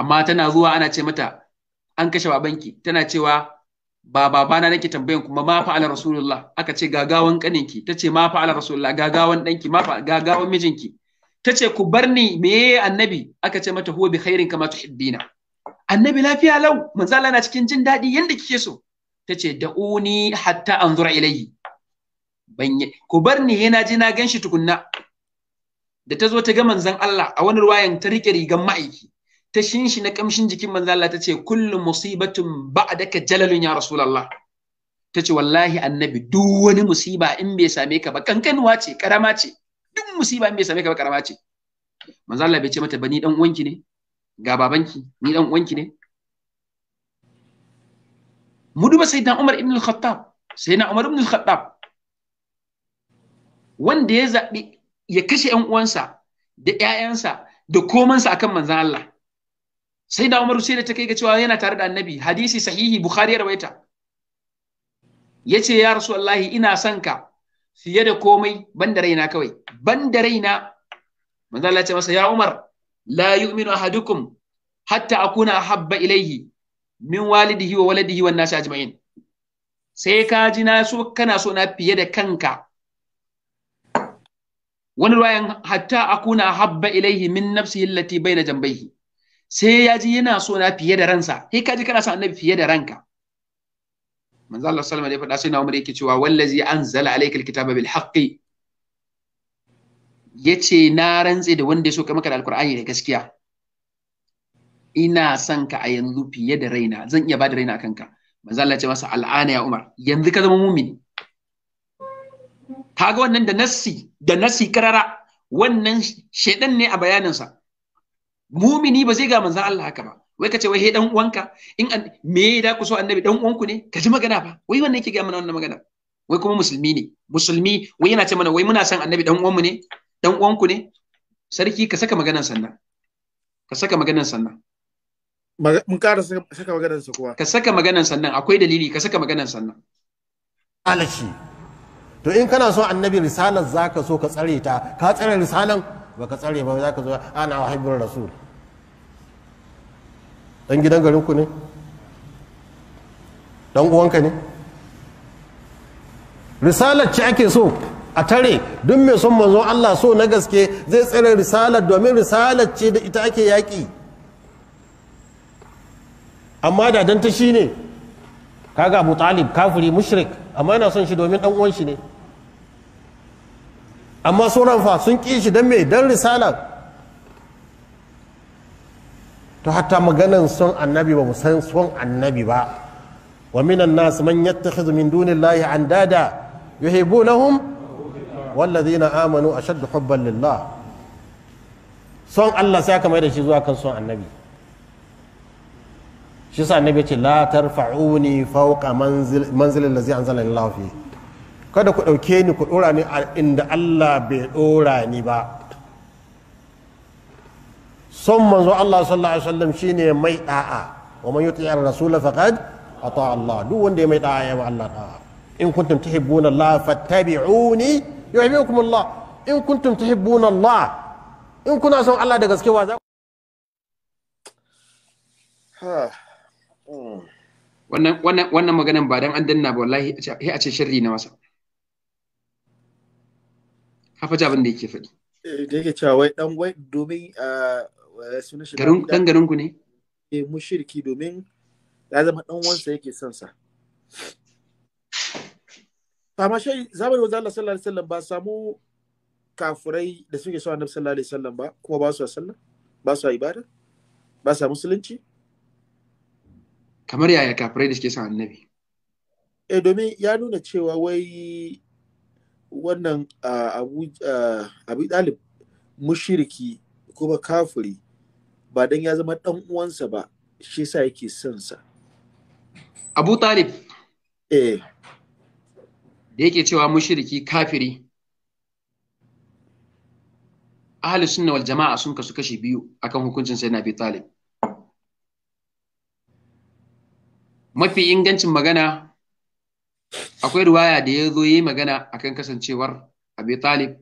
amma tana zuwa ana ce mata an kashe babanki tana cewa ba babana nake tambayan kuma ma ala rasulullah aka ce gagawan kaninki tace ma ala rasulullah gagawan danki ma gagawan mijinki tace ku barni meye annabi aka ce mata huwa bi khairin kama tuhibbina annabi lafiya lau manzo Allah na cikin jin dadi yanda kike so tace da'uni hatta anzura ilayhi banye ku barni yana ji na ganshi tukunna da ta zo ta ga manzon Allah a wani ruwayan ta rike rigan ma'aiki ta shinshi na kamshin jikin manzo Allah tace kullu musibatun ba'daka jalalun ya rasulullah tace wallahi annabi duk wani musiba in bai same ka ba kankanuwa ce karama ce duk musiba in bai same ka ba karama ce manzo Allah bai ce mata ba ni dan uwanki ne ga babanki ni dan uwanki ne mu duba sayyidina Umar ibn al-Khattab sayyidina Umar ibn al-Khattab wanda ya zabi ya kashe 'yan uwansa da 'ya'yansa da komansa akan manzan Allah sai da Umar sai da ta kai ga cewa yana tare da annabi hadisi sahihi Bukhari ya rawaita yace ya Rasulullahi ina son ka fiye da komai banda raina kawai banda raina manzo Allah ya ce masa ya Umar la yu'minu ahadukum hatta akuna ahabba ilayhi min walidihi wa waladihi wan nasi ajma'in sai ka ji na so kana so na fiye da kanka wani ruwayan hatta akuna ahabba ilayhi min nafsihi allati baina jambayhi sai ya ji yana so na fiye da ransa sai ka ji kana son annabi fiye da ranka manzo Allah sallallahu alaihi wasallam ya faɗa sai Umar yake cewa wallazi anzala alayka alkitaba bil haqqi yace na rantse da wanda ya so ka maka da alqur'ani da gaskiya ina son ka a yanzu fiye da raina zan iya bada raina akan ka manzo Allah ya ce masa al'ana ya Umar yanzu ka zama mumini kaga wannan da nassi da nassi karara wannan shedan ne a bayanin sa. mumini ba zai ga manzan Allah haka ba wai kace wai he dan uwanka in an me da ku so annabi dan uwanku ne ka ji magana ba wai wannan yake ga mana wannan magana wai kuma musulmi ne musulmi wai yana ce mana wai muna son annabi dan uwanmu ne dan uwanku ne sarki ka saka maganar sannan ka saka maganar sannan mun ƙara saka maganar sa kuwa ka saka maganar sannan akwai dalili ka saka maganar sannan alashi to in kana so annabi risalar zaka so ka tsare ta ka tsare risalan baka tsare ba zaka zo ana wahibul rasul dan gidan garinku ne dan uwanka ne risalar ce ake so a tare duk mai son manzo Allah so na gaske zai tsare risalar domin risalar ce da ita ake yaƙi amma da dan shi ne kaga Abu Talib kafiri mushrik amma yana son shi domin dan uwan shi ne amma sauran fa sun ƙi shi dan me dan risalar to hatta maganan son annabi ba mu san son annabi ba wa minan nas man yattakhidhu min dunillahi andada yuhibbunahum walladhina amanu ashaddu hubban lillah son Allah sai aka mai da shi zuwa kan son annabi shi sa annabi ce la tarfa'uni fawqa manzilin allazi anzalani Allah fi kada ku dauke ni ku dora ni inda Allah bai dora ni ba son manzo Allah sallallahu alaihi wasallam shine mai da'a wa man yuti ar-rasul faqad ata Allah duk wanda ya mai da'a ya wa Allah da'a in kuntum tuhibbuna Allah fattabi'uni yuhibbukum Allah in kuntum tuhibbuna Allah in kuna son Allah da gaske wa za hmm. wannan wannan wannan maganan ba dan an danna ba wallahi sai a ce sharri na masa hafa jabin da yake faɗi eh, da yake cewa wai dan wai domin ah, sunan shi garin dan garin ku ne eh mushriki domin ya zama dan wansa yake son sa amma shai zamanin wanzu Allah sallallahu alaihi wasallam ba samu kafurai da suke so annabi sallallahu alaihi wasallam ba kuma ba su sallah ba su ibada ba su musulunci kamar yaya kafurai da suke son annabi eh domin ya nuna cewa wai wannan ah, abu dalib ah, mushiriki kuma kafuri ba dan ya zama dan uwansa ba shi yasa yake son sa Abu Talib eh da yake cewa mushriki kafiri ahli sunna wal jama'a sun kasu kashi biyu akan hukuncin sai na bi Talib mafi ingancin magana akwai ruwaya da ya zo yi magana akan kasancewar Abi Talib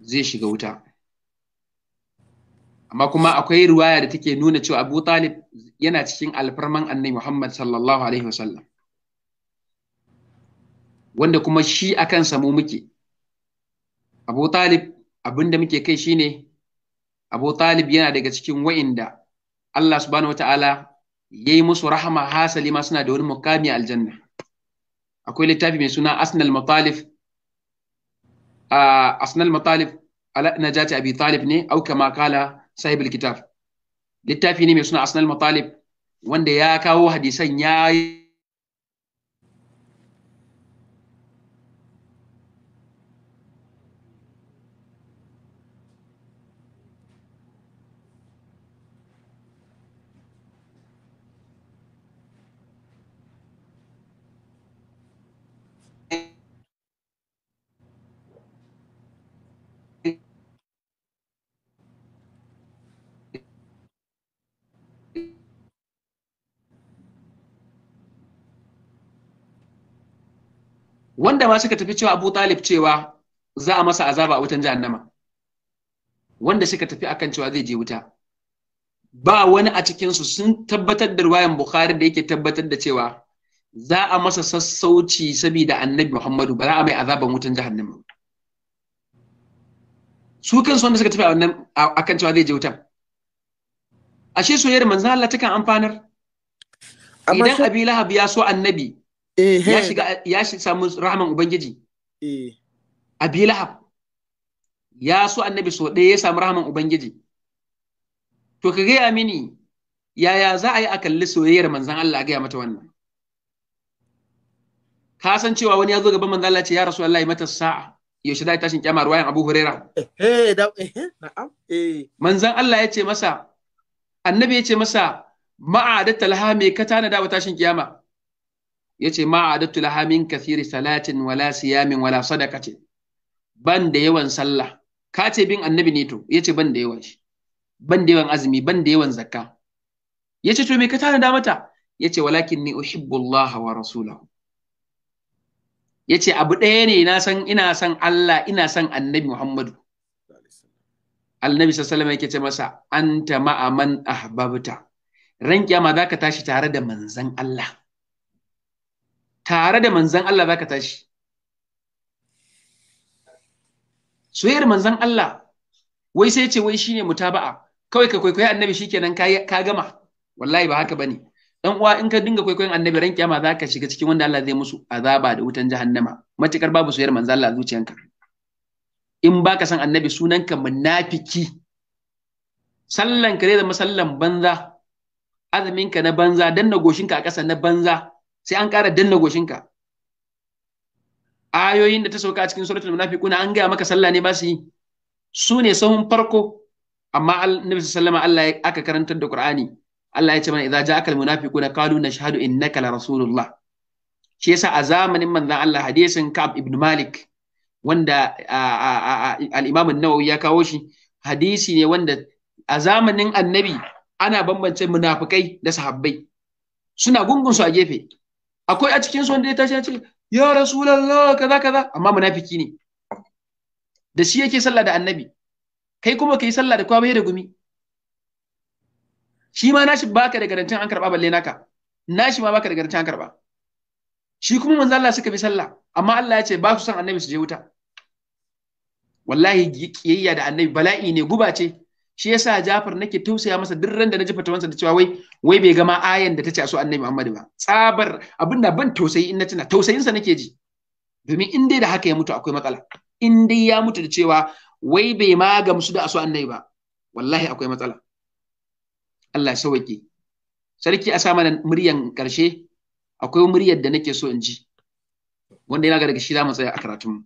zai shiga wuta amma kuma akwai riwaya da take nuna cewa Abu Talib yana cikin alfarman Annabi Muhammad sallallahu alaihi wasallam wanda kuma shi akan samu muke Abu Talib abinda muke kai shine Abu Talib yana daga cikin wa'inda Allah subhanahu wataala yayi musu rahama hasali ma suna da wani mukami aljanna akwai littafi mai suna Asnal Matalif ah, Asnal Matalif ala najati Abi Talib ne au kama kala sahibul kitab littafi ne mai suna asnal matalib wanda ya kawo hadisan ya wanda ma suka tafi cewa Abu Talib cewa za a masa azaba a wutan jahannama wanda suka tafi akan cewa zai je wuta ba wani a cikinsu sun tabbatar da ruwayan Bukhari da yake tabbatar da cewa za a masa sassauci saboda annabi Muhammadu ba za a mai azaban wutan jahannama su kansu wanda suka tafi a wannan akan cewa zai je wutan ashe soyayyar manzo Allah kan amfanar idan Abi Lahab ya so annabi ya shiga ya samu rahman ubangiji e. abi lahab ya so annabi so ɗaya ya samu rahman ubangiji to ka gaya mini yaya za a yi a kalli soyayyar manzan Allah a gaya mata wannan ka san cewa wani ya zo gaban manzan Allah ce ya rasu Allah ya mata sa'a yaushe da tashin kyamar ruwayan Abu hurera e. manzan Allah ya ce masa annabi ya ce masa ma'a lahame me ka tana da tashin kiyama yace ma adatu laha min kathiri salatin wala siyamin wala sadaqatin ban da yawan sallah ka ce bin annabi ne to yace ban da yawan shi ban da yawan azumi ban da yawan zakka yace to me ka tana da mata yace walakin ni uhibbu Allah wa rasulahu yace abu ɗaya ne na san ina san Allah ina san annabi Muhammadu Annabi sallallahu alaihi yake ce masa anta ma'a man ahbabta ran kiyama zaka tashi tare da manzon Allah tare da manzan Allah za ka tashi soyayyar manzan Allah wai sai ce wai shine mutaba'a kawai ka kwaikwayi annabi kenan ka gama wallahi ba haka ba ne. dan uwa in ka dinga kwaikwayon annabi ran za ka shiga cikin wanda Allah zai musu azaba da wutan jahannama matukar babu soyayyar manzan Allah a zuciyanka in baka san annabi sunanka munafiki sallan ka zai zama sallan banza azumin ka na banza danna goshin ka a ƙasa na banza sai an ƙara danna goshinka ayoyin da ta sauka a cikin suratul munafiquna an gaya maka sallah ne ba su yi su ne sahun farko amma annabi sallama Allah ya aka karantar da Qur'ani Allah ya ce mana idza ja'akal munafiquna qalu nashhadu innaka la rasulullah shi yasa a zamanin manzon Allah hadisin Ka'ab ibn Malik wanda al-Imam an-Nawawi ya kawo shi hadisi ne wanda a zamanin annabi ana bambance munafikai da sahabbai suna gungun su a gefe akwai a cikin su wanda ya tashi ya ce ya rasulallah kaza kaza amma munafiki ne da shi yake sallah da annabi kai kuma kai sallah da kwabai da gumi shi ma nashi baka da garantin an karba balle naka nashi ma baka da garantin an karba shi kuma manzo Allah suka bi sallah amma Allah ya ce ba su san annabi su je wuta wallahi kiyayya da annabi bala'i ne guba ce shi yasa Jafar nake tausaya masa duk ran da naji fatawansa da cewa wai wai bai gama ayan da tace a so Annabi Muhammad ba tsabar abin da ban tausayi in na tuna tausayin sa nake ji domin in dai da haka ya mutu akwai matsala in dai ya mutu da cewa wai bai ma gamsu da a so Annabi ba wallahi akwai matsala Allah ya sauke sarki a sa mana muryan karshe akwai muryar da nake so in ji wanda yana ga daga shi za mu tsaya a karatunmu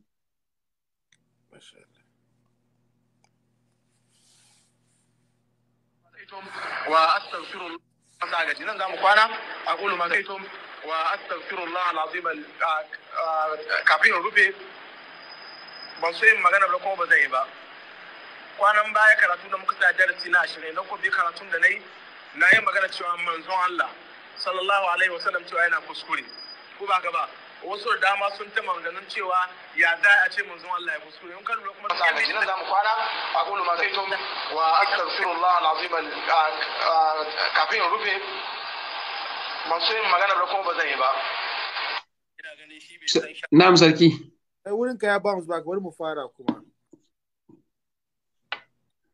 wa astaghfirullah masa gaji nan zamu kwana aqulu ma kaitum wa astaghfirullah alazim kafin rufe ban so yin magana ba kuma ba zan yi ba kwanan baya karatu da muka tsaya darasi na ashirin na kuma karatun da na yi na yi magana cewa manzon Allah sallallahu alaihi cewa yana kuskure ko ba ka ba wasu da dama sun ta maganganun cewa ya za a ce manzon Allah ya musu in ka lura kuma da hadisi nan zamu kwana aqulu ma saytum wa astaghfirullah alazim kafin rufe masu yin magana da kuma ba zan yi ba na'am sarki ai eh, wurin ka ya ba mu bari mu fara kuma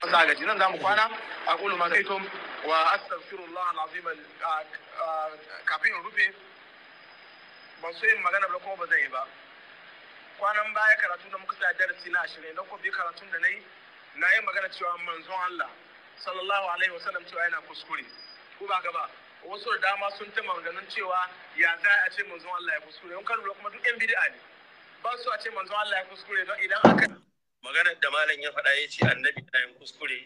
Allah gaji nan zamu kwana a aqulu ma saytum wa astaghfirullah alazim kafin rufe ba so yin magana ba kuma ba zai yi ba kwanan baya karatu da muka sa darasi na ashirin na kofi karatun da na yi na yi magana cewa manzon Allah sallallahu alaihi wasallam cewa yana kuskure ko ba gaba wasu da dama sun ta maganganun cewa ya za a ce manzon Allah ya kuskure in kan kuma duk yan bid'a ne ba su a ce manzon Allah ya kuskure don idan aka magana da malam ya faɗa ya ce annabi na yin kuskure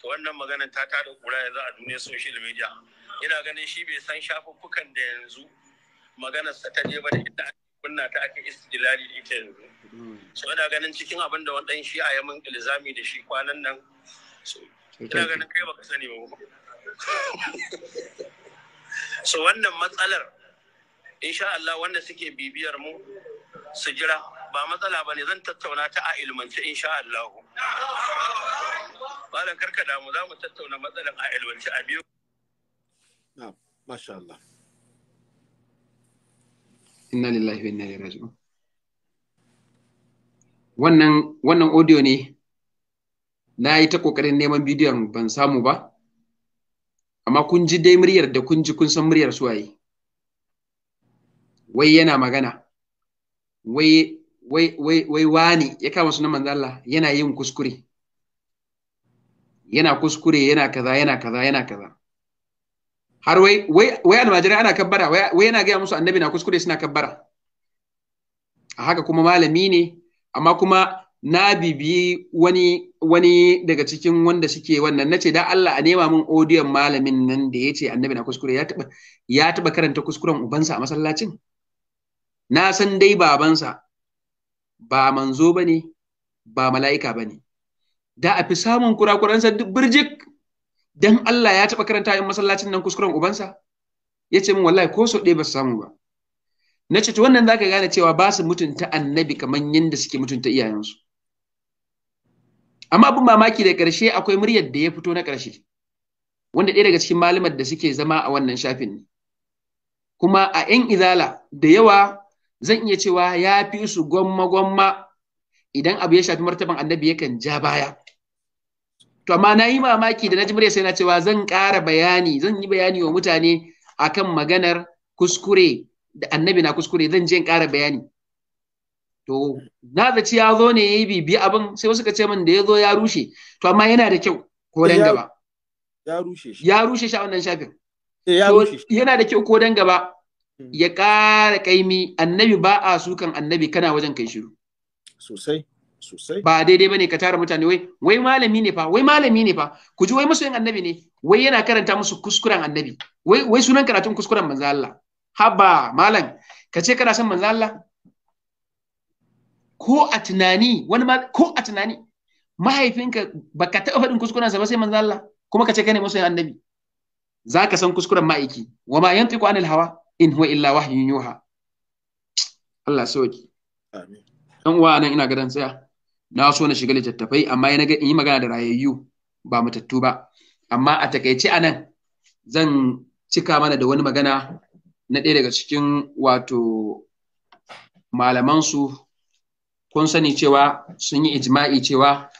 to wannan maganar ta tada kura yanzu a duniyar social media ina ganin shi bai san shafuffukan da yanzu maganar sa ta je ba da ita kunna ta ake istidlali ita yanzu so ina ganin cikin abin da wani ɗan shi a yamin ilzami da shi kwanan nan so ina ganin kai baka sani ba so wannan matsalar insha Allah wanda suke bibiyar mu su jira ba matsala bane zan tattauna ta a ilmance insha Allah malam karka damu za mu tattauna matsalar a ilmance a biyu masha Allah inna lillahi wa inna ilaihi raji'un wannan wannan audio ne na yi ta kokarin neman bidiyon ban samu ba amma kun ji dai muryar da kun ji kun san muryar su waye. wai yana magana wai wai wai wai wani ya kama sunan manzo Allah yana yin kuskure yana kuskure yana kaza yana kaza yana kaza har wai wai a almajirai ana kabbara wai yana gaya musu annabi na kuskure suna kabbara a haka kuma malami ne amma kuma na bibi wani wani daga cikin wanda suke wannan nace da Allah a nema min odiyon malamin nan da ya ce annabi na kuskure ya taba ya taba karanta kuskuren ubansa a masallacin na san dai babansa ba manzo bane ba mala'ika bane da a fi samun kurakuransa duk birjik dan Allah ya taɓa karanta in masallacin nan kuskuren ubansa ya ce min wallahi ko so ɗaya ba su samu ba na ce wannan zaka gane cewa ba su mutunta annabi kamar yadda suke mutunta iyayensu amma abin mamaki da ƙarshe akwai muryar da ya fito na ƙarshe wanda ɗaya daga cikin malumar da suke zama a wannan shafin ne kuma a 'yan izala da yawa zan iya cewa ya fi su gwamma-gwamma idan abu ya shafi martaban annabi yakan ja baya to amma na yi mamaki da na ji murya sai na cewa zan ƙara bayani zan yi bayani wa mutane akan maganar kuskure da annabi na kuskure zan je in ƙara bayani to na zaci ya zo ne ya yi bibi abin sai wasu ka ce min da ya zo ya rushe to amma yana da kyau ko dan gaba ya rushe shi ya rushe shi a wannan shafin ya rushe yana da kyau ko dan gaba hmm. ya ƙara kaimi annabi ba a sukan annabi kana wajen kai shiru sosai sosai ba daidai bane ka tara mutane wai wai malami ne fa wai malami ne fa ku ji wai masoyin annabi ne wai yana karanta musu kuskuren annabi wai wai sunan karatun kuskuren manzo Allah haba malam ka ce kana son manzo Allah ko a tunani wani ma ko a tunani mahaifinka baka taɓa faɗin sa ba sai manzo Allah kuma ka ce kai ne masoyin annabi za ka san kuskuren ma'aiki wa ma yantiku anil hawa in huwa illa wahyun yuha Allah sauki amin dan uwa nan ina gadan tsaya na so na shiga littattafai amma ga in yi magana da rayayyu ba matattu ba amma a takaice a nan, zan cika mana da wani magana na ɗaya daga cikin wato malamansu kun sani cewa sun yi ijma'i cewa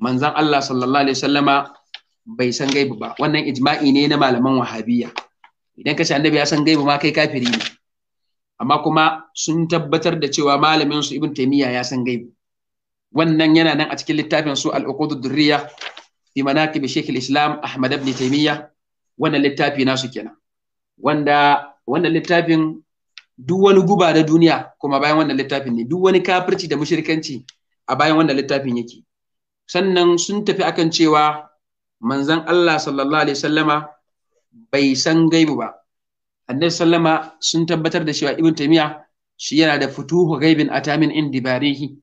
manzan Allah sallallahu alaihi sallama bai san gaibu ba wannan ijma'i ne na malaman wahabiyya idan ka ce annabi ya san gaibu ma kai kafiri ne amma kuma sun tabbatar da cewa malamin su ibn taymiya ya san gaibu wannan yana nan a cikin littafin su al-uqud durriya fi manaqib shaykh al-islam ahmad ibn taymiya wannan littafi nasu kenan wanda wannan littafin duk wani guba da duniya kuma bayan wannan littafin ne duk wani kafirci da mushrikanci a bayan wannan littafin yake sannan sun tafi akan cewa manzon Allah sallallahu alaihi wasallama bai san gaibu ba annabi sallama sun tabbatar da cewa ibn taymiya shi yana da futuhu gaibin atamin indibarihi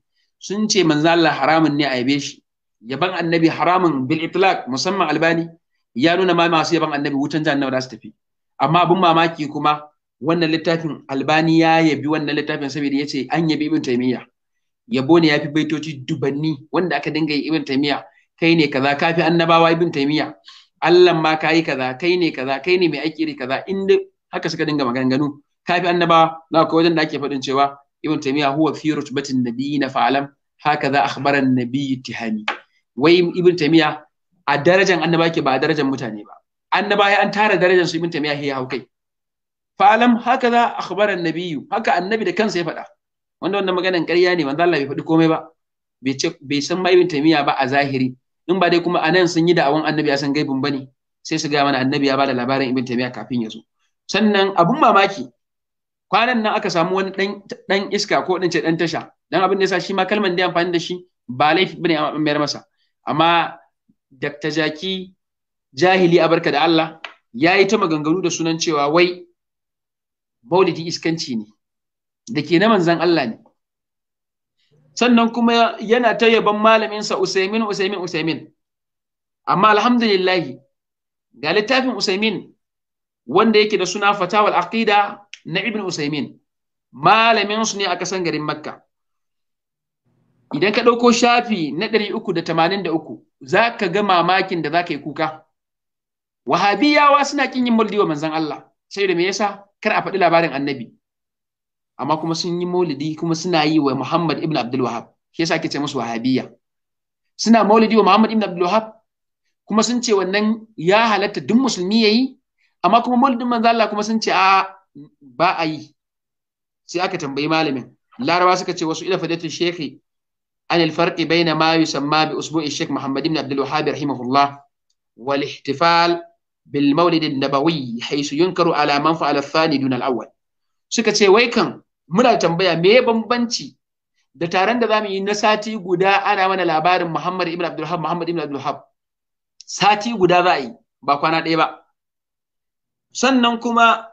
sun ce manzo Allah haramun ne a yabe shi yaban annabi haramun bil itlaq musamman albani ya nuna ma masu yaban annabi wutan jahannama da su tafi amma abin mamaki kuma wannan littafin albani ya yabi wannan littafin saboda ya ce an yabi ibn taymiya yabo ne ya fi baitoci dubanni wanda aka dinga yi ibn taymiya kai ne kaza kafi annabawa ibn taymiya Allah ma kai kaza kai ne kaza kai ne mai aiki kaza inda haka suka dinga maganganu kafi annabawa na akwai wajen da ake faɗin cewa ibn taymiya huwa fi rutbatin nabiyina fa'alam hakaza akhbara an-nabiy tihami wai ibn taymiya a darajan annaba ke ba a darajan mutane ba annaba ya an tara darajan su ibn taymiya ya hau kai fa'alam hakaza akhbara an-nabiy haka annabi da kansa ya faɗa wanda wannan maganan ƙarya ne manzo Allah bai faɗi komai ba bai san ma ibn taymiya ba a zahiri in ba dai kuma anan sun yi da'awan annabi ya san gaibin bane sai su ga mana annabi ya da labarin ibn taymiya kafin ya zo sannan abun mamaki kwanan nan aka samu wani dan iska ko ɗan ce dan tasha dan abin da yasa shi ma kalman da amfani da shi ba laifi bane a mayar masa amma Dr. Jaki jahili a barka da Allah ya yi ta maganganu da sunan cewa wai maulidi iskanci ne da ke na manzan Allah ne sannan kuma yana ta yaban malaminsa Usaimin Usaimin Usaimin amma lillahi ga littafin Usaimin wanda yake da suna fatawal aqida na ibn usaymin malamin su ne a kasan garin makka idan ka ɗauko shafi na ɗari uku da tamanin da uku za ka ga mamakin da za ka yi kuka wahabiyawa suna kin yin maulidi wa manzon Allah sai da me yasa kar a faɗi labarin annabi amma kuma sun yi maulidi kuma suna yi wa Muhammad ibn Abdul Wahab shi yasa ake ce musu wahabiyya suna maulidi wa Muhammad ibn Abdul Wahab kuma sun ce wannan ya halatta duk musulmi yayi amma kuma maulidin Manzan Allah kuma sun ce a ba a yi sai aka tambayi malamin laraba suka ce wasu ila fadatu shekhi an alfarqi baina mayu, samma bi usbu'i shekh muhammad ibn abdul wahhab rahimahullah wal ihtifal bil maulid an-nabawi haythu yunkaru ala man fa'ala thani dun al-awwal suka ce wai kan muna tambaya me bambanci da taron da zamu yi na sati guda ana mana labarin muhammad ibn abdul muhammad ibn abdul sati guda za a yi ba kwana ɗaya ba sannan kuma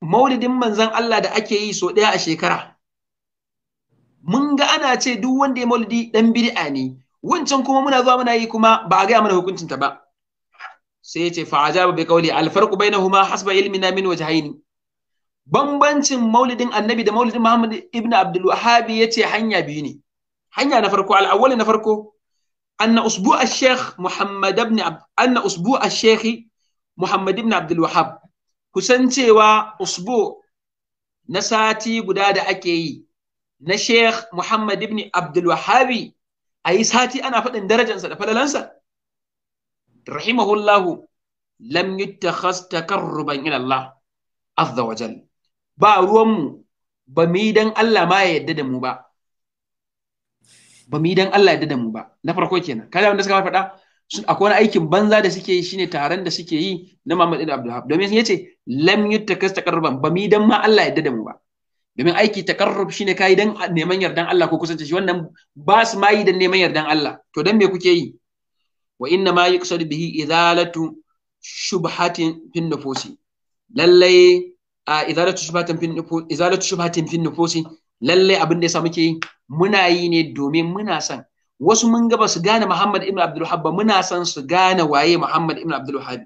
maulidin manzan Allah da ake yi so ɗaya a shekara mun ga ana ce duk wanda ya maulidi dan bid'a ne wancan kuma muna zuwa muna yi kuma ba a gaya mana hukuncin ta ba sai ya ce fa ajaba bi qawli al na bainahuma hasba ilmina min haini. bambancin maulidin annabi da maulidin Muhammad ibn Abdul Wahhab yace hanya biyu ne hanya na farko al na farko anna usbu' al-shaykh Muhammad ibn anna kusan cewa usbu na sati guda da ake yi na Sheikh Muhammad ibn Abdul a yi sati ana faɗin darajansa da falalansa rahimahullahu lam yutakhas takarruban ila Allah azza wa jal ba ruwanmu ba mu yi dan Allah ma ya yadda da mu ba ba mu yi dan Allah ya yadda da mu ba na farko kenan kada wanda suka faɗa akwai wani aikin banza da suke yi shine taron da suke yi na Muhammad ibn Abdul Wahhab domin yace lam yuttakas taqarruban ba mi dan ma Allah yadda da mu ba domin aiki takarrub shine kai dan neman yardan Allah ko kusance shi wannan ba su ma yi dan neman yardan Allah to dan me kuke yi wa inna ma yuqsadu bihi idalatu shubhatin fin nufusi lallai a idalatu shubhatin fin nufusi idalatu shubhatin fin nufusi lallai abin da yasa muke yi? muna yi ne domin muna san wasu mun ga ba su gane Muhammad ibn Abdul Wahhab muna san su gane waye Muhammad ibn Abdul Wahhab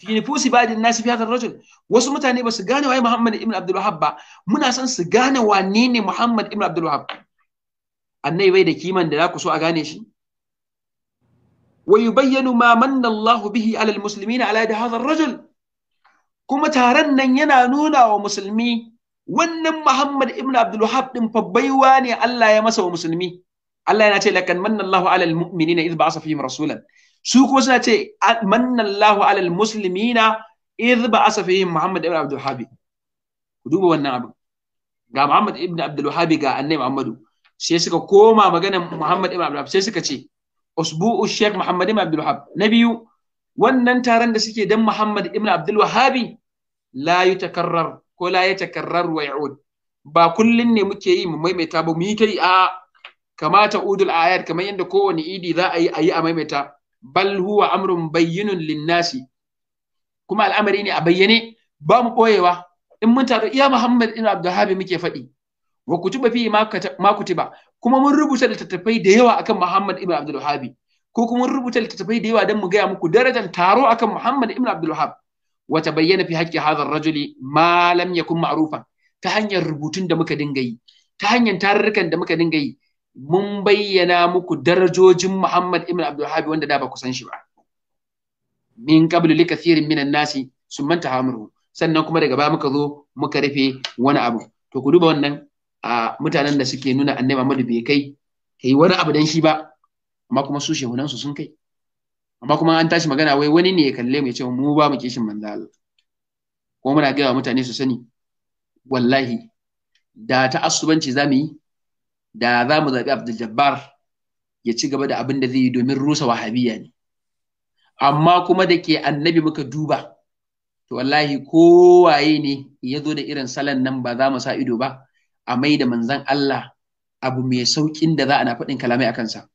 fi nufusi ba nasi fi hadar rajul wasu mutane ba su gane waye Muhammad ibn Abdul ba muna son su gane wane ne Muhammad ibn Abdul Wahhab annai bai da kiman da za so a gane shi wa yubayyanu ma manna Allah bihi ala almuslimina ala yadi hadha rajul kuma taron nan yana nuna wa musulmi wannan Muhammad ibn Abdul Wahhab din fa baiwa ne Allah ya masa wa musulmi Allah yana ce lakan manna Allah ala almu'minina idh ba'atha fihim rasulan su kuma suna ce mannallahu alal muslimina idh ba asa fihim muhammad ibn abdul wahabi ku duba wannan abu ga muhammad ibn abdul wahabi ga annabi muhammadu sai suka koma maganar muhammad ibn abdul sai suka ce usbu'u sheikh muhammad ibn abdul wahab na biyu wannan taron da suke dan muhammad ibn abdul wahabi la yutakarrar ko la yatakarrar wa ya'ud ba kullun ne muke yi mu maimaita ba mu yi kai a kamata udul ayat kamar yadda kowane idi za a yi a yi a maimaita bal huwa amrun bayyinun linnasi kuma al'amari ne a bayyane ba mu boyewa in mun taru iya Muhammad ibn Abdulhabi muke faɗi wa kutuba fi ma kutuba kuma mun rubuta littattafai da yawa akan Muhammad ibn Abdullahi, ko kuma mun rubuta littattafai da yawa don mu gaya muku darajar taro akan Muhammad ibn Abdullahi wa tabayyana fi haqqi hadha ar-rajuli ma lam yakun ma'rufan ta hanyar rubutun da muka dinga yi ta hanyar tarurrukan da muka dinga yi mun bayyana muku darajojin Muhammad ibn Abdul Wahhab wanda da ba ku san shi ba min kabilu li kathirin minan nasi manta hamuru. sannan kuma daga baya muka zo muka rufe wani abu to ku duba wannan a mutanen da suke nuna annabi Muhammad bai kai kai wani abu dan shi ba amma kuma su shehunan su sun kai amma kuma an tashi magana wai wani ne ya kalle mu ya ce mu ba mu kishin manzo Allah Ko muna ga mutane su sani wallahi da ta asubanci zamu yi da za mu zaɓi Abdul Jabbar ya ci gaba da abin da zai yi domin rusa wahabiyya ne amma kuma da ke annabi muka duba to wallahi kowaye ne ya zo da irin salon nan ba za mu sa ido ba a mai da manzan Allah abu mai sauƙin da za a na faɗin kalamai a kansa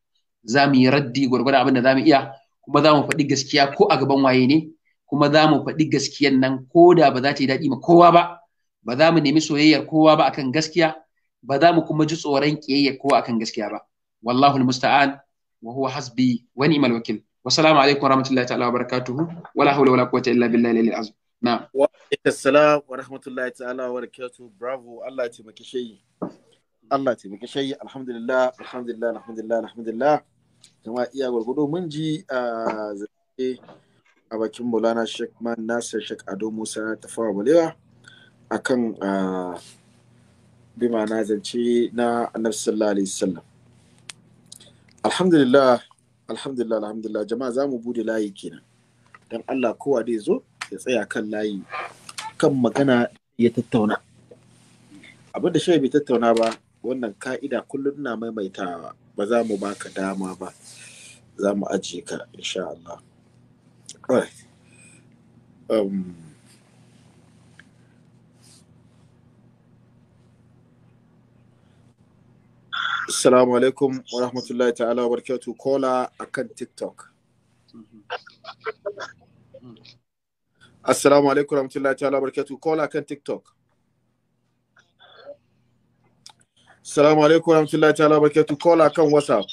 za mu yi raddi gwargwadon abin da za mu iya kuma za mu faɗi gaskiya ko a gaban waye ne kuma za mu faɗi gaskiyan nan ko da ba za ta yi daɗi ma kowa ba ba za mu nemi soyayyar kowa ba akan gaskiya ba za mu kuma ji tsoron kiyayya ko akan gaskiya ba wallahu Musta'an, wa huwa hasbi wa ni'mal wakil wa salamu alaikum warahmatullahi ta'ala wabarakatuh wala hawla wala quwwata illa billahi al-aliyyil azim na'am wa assalam wa rahmatullahi ta'ala wa barakatuh bravo Allah ya taimake shi Allah ya taimake shi alhamdulillah alhamdulillah alhamdulillah alhamdulillah kuma iya gwargwado mun ji a ah, zaɓe a bakin Maulana Sheikh Man Nasir Sheikh Ado Musa Tafawa Balewa akan ah, bi ma'ana zance na annabi alhamdulillah alhamdulillah alhamdulillah jama'a za mu bude layi kenan don Allah kowa dai zo ya tsaya kan layi kan magana ya tattauna abin da shi bai tattauna ba wannan ka'ida kullum na maimaitawa ba za mu baka dama ba za mu ajiye ka insha Allah Assalamu alaikum wa rahmatullahi ta'ala wa barakatu kola a kan TikTok. Assalamu alaikum wa rahmatullahi ta'ala wa barakatu kola a kan TikTok. Assalamu alaikum wa rahmatullahi ta'ala wa barakatu kola a kan WhatsApp.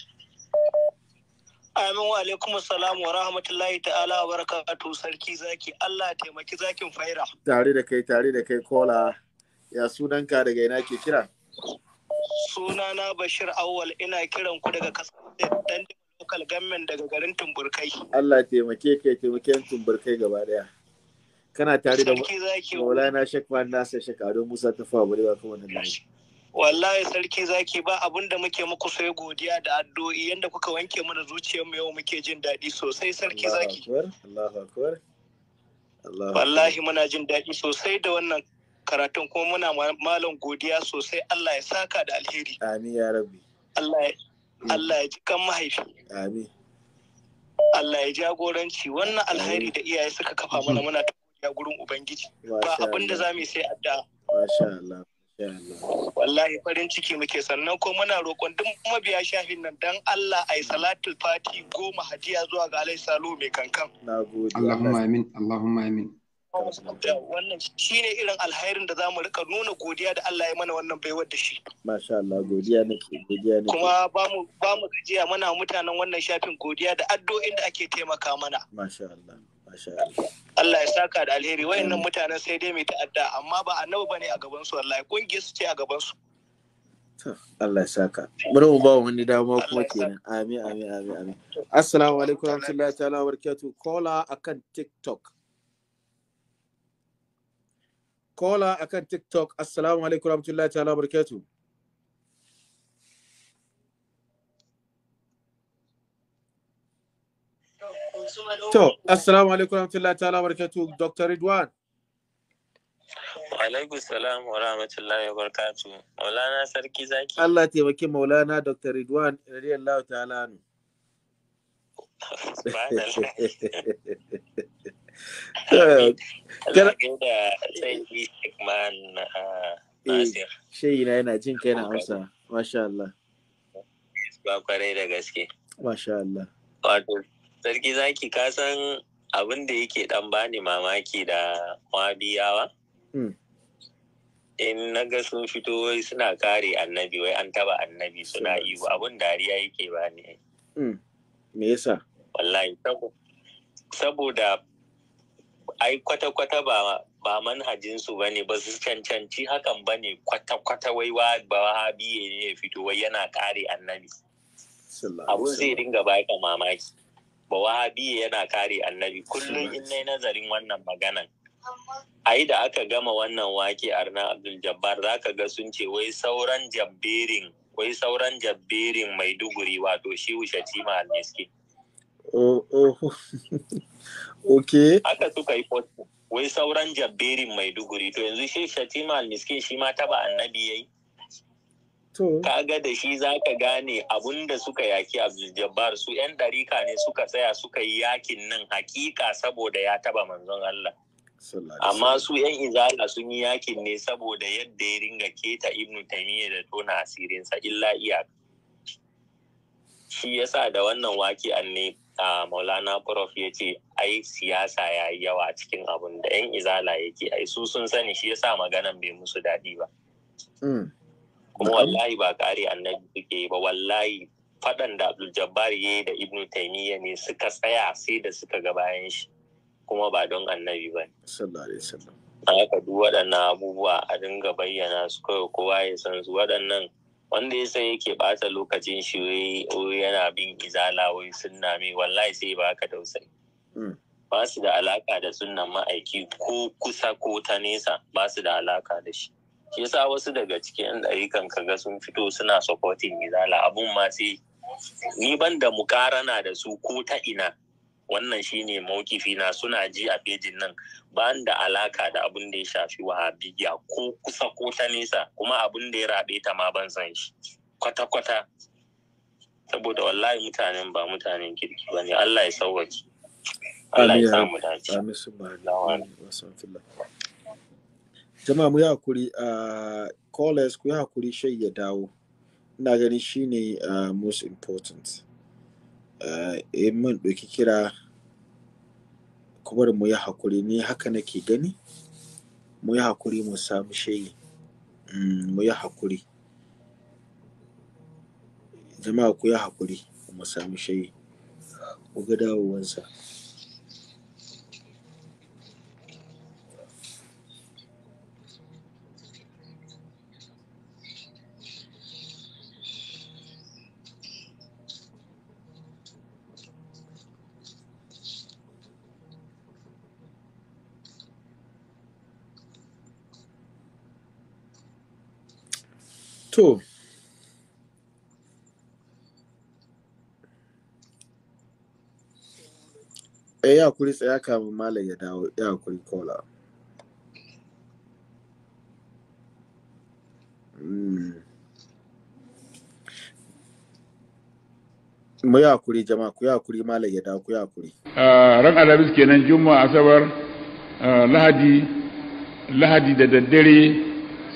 Amin wa alaikum salam wa rahmatullahi ta'ala wa barakatu sarki zaki Allah taimaki zakin faira. Tare da kai tare da kai kola ya sunanka daga ina ke kira. sunana Bashir Awwal ina kiran ku daga kasar dan local government daga garin Tumburkai. Allah taimake ka taimake Tumburkai gaba daya. Kana tare da Maulana Sheikh Nasa Sheikh Ado Musa ta fawa bari ba kuma nan. Wallahi sarki zaki ba abin da muke muku sai godiya da addu'o'i yanda kuka wanke mana mu yau muke jin daɗi sosai sarki zaki. Allahu akbar. Allahu akbar. Wallahi muna jin daɗi sosai da wannan karatun kuma muna malam godiya sosai Allah ya saka da alheri. Amin ya rabbi. Allah ya ji kan mahaifi. Amin. Allah ya jagoranci wannan alheri da iyaye suka kafa mana muna ta godiya gurin Ubangiji. Ba abin da za mu sai adda. Masha Allah. Wallahi farin ciki muke sannan ko muna roƙon duk mabiya shafin nan dan Allah ai salatul fati goma hadiya zuwa ga Alai Salo mai kankan. Allahumma amin, Allahumma amin. wannan shi ne irin alhairin da za mu rika nuna godiya da Allah ya mana wannan baiwar da shi. Masha Allah godiya ke, godiya ne. Kuma ba mu ba mu gajiya mana mutanen wannan shafin godiya da addu'o'in da ake taimaka mana. Masha Allah. Masha Allah. Allah ya saka da alheri wayannan mutanen sai dai mai ta'adda amma ba annabi bane a gaban su wallahi kungiyar su ce a gaban su. Allah ya saka. Bari mu ba wani dama kuma kenan. Amin amin amin amin. Assalamu alaikum warahmatullahi ta'ala wa barakatuh. Kola akan TikTok. kola akan tiktok assalamu alaikum rahmatullahi ta'ala barkatu to assalamu alaikum rahmatullahi ta'ala barkatu dr ridwan alaikum salam wa rahmatullahi wa barakatu maulana sarki zaki Allah taimaki maulana dr ridwan radiyallahu ta'ala nu Lado da Sanyi na Nasir. Shehi na yana jin kai na Hausa. Masha Allah. Ba kwarai da gaske. Masha Allah. Wato, sarki zaki ka san abin da yake dan bani mamaki da wabiyawa. Hmm. In na ga sun fito wai suna kare annabi wai an taba annabi suna iwo, abin dariya yake bani. Hmm. Me yasa? Wallahi, saboda ai kwata-kwata ba ba manhajinsu ba ne ba su cancanci hakan ba ne kwata-kwata wai ba wahabiye ne ya fito wai yana kare annabi abun zai dinga baka mamaki ba wahabiye yana kare annabi kullum in na nazarin wannan maganan ai da aka gama wannan wake arna abdul jabbar za ka ga sun ce wai sauran jabbirin wai sauran jabbirin maiduguri wato shi wuce cima ok haka suka yi posting wai sauran jabberin maiduguri to yanzu shi shatima almiskin shi ma taba annabi yayi kaga da shi zaka gane abun da suka yaki abdul su yan ɗarika ne suka tsaya suka yi yakin nan hakika saboda ya taba manzon Allah amma su yan izala sun yi yakin ne saboda yadda ya ringa keta ibnu taimiyya da tona asirinsa illa iyaka shi yasa da wannan waki nemi. maulana prof ya ce ai siyasa ya yi yawa cikin abun da yan izala yake ai su sun sani shi yasa maganan bai musu daɗi ba hmm. kuma wallahi ba kare annabi suke ba wallahi faɗan da abdul jabbar ya da ibnu taimiyya ne suka tsaya sai da suka ga bayan shi kuma ba don annabi ba ne haka duk waɗannan abubuwa a dinga bayyana su kawai kowa ya san su waɗannan wanda ya san yake ɓata lokacin shi yana bin izala wai sunna mai wallahi sai ba ka tausayi hmm. ba su da alaka da sunnan ma'aiki ko kusa ko ta nesa ba su da alaka da shi shi yasa wasu daga cikin yan ka ga sun fito suna supporting izala abun ma sai ni ban da mukarana da su ko ta ina wannan shine maukifi na suna ji a bejin nan ba da alaka da abin da ya shafi wahabiya ko kusa ko ta nesa kuma abin da ya rabe ta ma ban san shi kwata-kwata saboda wallahi mutanen ba mutanen kirki ba ne Allah ya sauwaki Allah ya samu dace mu ya hakuri a ah, callers ku yi hakuri shai ya dawo ina ganin shine ah, most important in eh, eh, man ɗauki kira kuma mu yi hakuri ni haka nake gani mu yi hakuri mu samu shayi mm, mu yi hakuri jama'a ku yi hakuri mu samu shayi ku ga dawowansa To, eh ya kuri tsaya kamun malam ya dawo ya kuri kola. Hmm. Mu ya kuri jama'a ku ya kuri malam ya dawo ku ya kuri. Ah, ran Alhamis kenan Juma'a Asabar ah, Lahadi Lahadi da daddare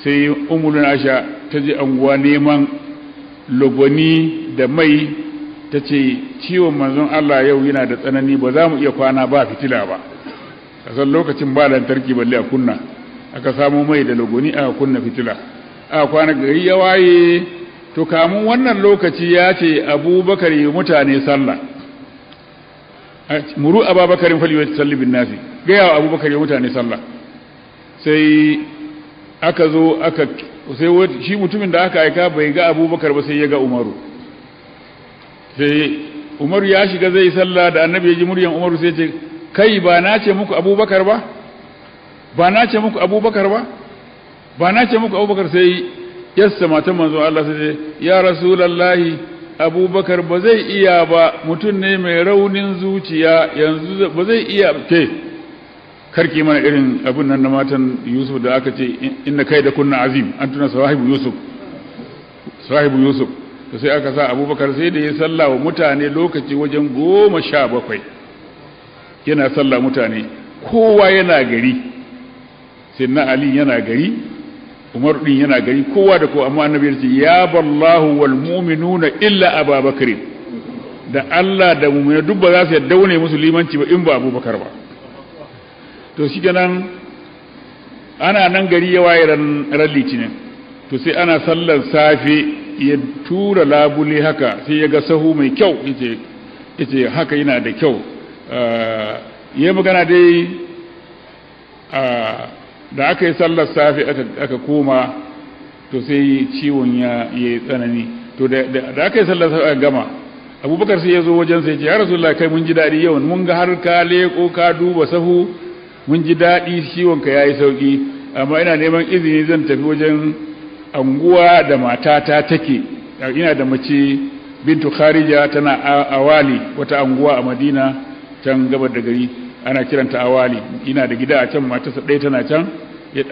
sai umulun Asha ta je anguwa neman logoni da mai ta ce ciwon manzon Allah yau yana da tsanani ba za mu iya kwana ba fitila ba kasan lokacin ba lantarki balle a kunna aka samu mai da logoni aka kunna fitila a kwana gari ya waye to kamun wannan lokaci ya ce abubakar yi mutane sallah muru ababakarin faliwai ta bin nasi gaya wa abubakar yi mutane sallah sai aka zo aka sai shi mutumin da aka aika bai ga abubakar ba sai ya ga umaru sai umaru ya shiga zai sallah da annabi ya ji muryan umaru sai ce kai ba na ce muku abubakar ba ba na ce muku abubakar ba ba na ce muku abubakar sai yassa matan manzo Allah sai ce ya rasulullahi abubakar ba zai iya ba mutum ne mai raunin zuciya yanzu ba zai iya ke karki mana irin abin nan na matan yusuf da aka ce inna kai da kunna azim an tuna sahibu yusuf sahibu yusuf to sai aka sa abubakar sai da ya salla wa mutane lokaci wajen goma sha bakwai yana salla mutane kowa yana gari sai na ali yana gari umar din yana gari kowa da kowa amma annabi ya ce ya ballahu wal mu'minuna illa ababakar da Allah da mu'mina duk ba za su yadda wani musulmanci ba in ba abubakar ba to shi ganan, ana nan gari ya waye ran litinin to sai ana sallar safe ya tura labule haka sai ya ga sahu mai kyau yace haka yana da kyau eh, ya magana dai eh, da aka yi sallar safe aka koma to sai ciwon ya yi tsanani to da aka yi sallar safe aka gama abubakar sai ya zo wajen sai ya ce ya rasu kai mun ji daɗi yau mun ga har ka leko ka duba sahu mun ji daɗi ciwonka ya yi sauƙi amma ina neman izini zan tafi wajen anguwa da matata take ina da mace bintu kharija tana awali wata anguwa a madina can gabar da gari ana kiranta awali ina da gida a can matarsa ɗaya tana can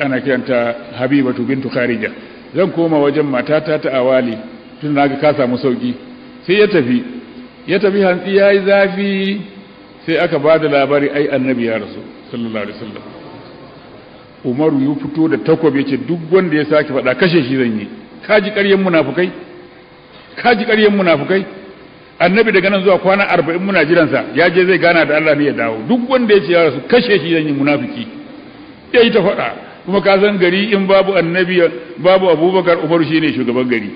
ana kiranta habibatu bintu kharija zan koma wajen matata ta awali tun na ga ka samu sauƙi sai ya tafi ya tafi hantsi ya yi zafi sai aka ba da labari ai annabi ya rasu sallallahu alaihi wasallam umaru ya fito da takobi ya ce duk wanda ya sake faɗa kashe shi zan yi kaji ƙaryen munafukai kaji ƙaryen munafukai annabi daga nan zuwa kwana arba'in muna jiran sa ya je zai gana da Allah ne ya dawo duk wanda ya ce ya rasu kashe shi zan yi munafiki ya ta faɗa kuma ka san gari in babu annabi babu abubakar umaru shi ne shugaban gari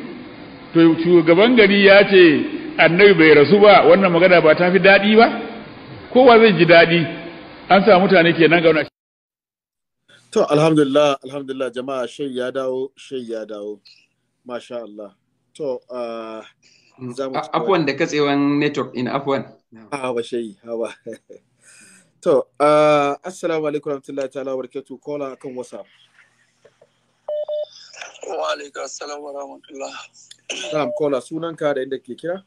to shugaban gari ya ce annabi bai rasu ba wannan magana ba ta fi daɗi ba kowa zai ji daɗi an sa mutane ke nan gauna to alhamdulillah alhamdulillah jama'a shai ya dawo shai ya dawo masha Allah to uh, afwan da katsewan network in afwan hawa shai hawa to uh, assalamu alaikum warahmatullahi ta'ala barakatuh kola akan whatsapp wa alaikum assalam wa rahmatullah salam kola sunanka da inda ke kira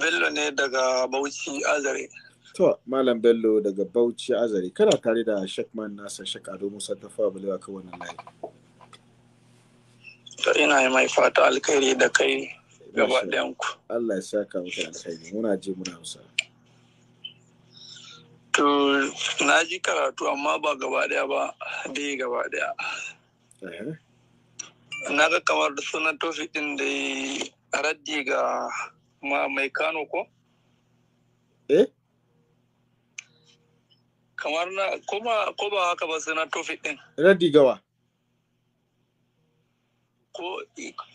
Bello ne daga Bauchi Azare. To, Malam Bello daga Bauchi Azare, kana tare da Shekman Nasa Shek Ado Musa ta Fabulu a kan wannan layi. To, ina yi mai fata alkhairi da kai gaba ku. Allah ya ka wuta alkhairi, muna ji muna musa. To, na ji karatu amma ba gaba daya ba, bi gaba daya. Na ga kamar da sunan tofi ɗin da ya raddi ga mai kano ko? Eh? Kamar na ko ba haka ba sai na tofi ɗin. Raddi gawa. Ko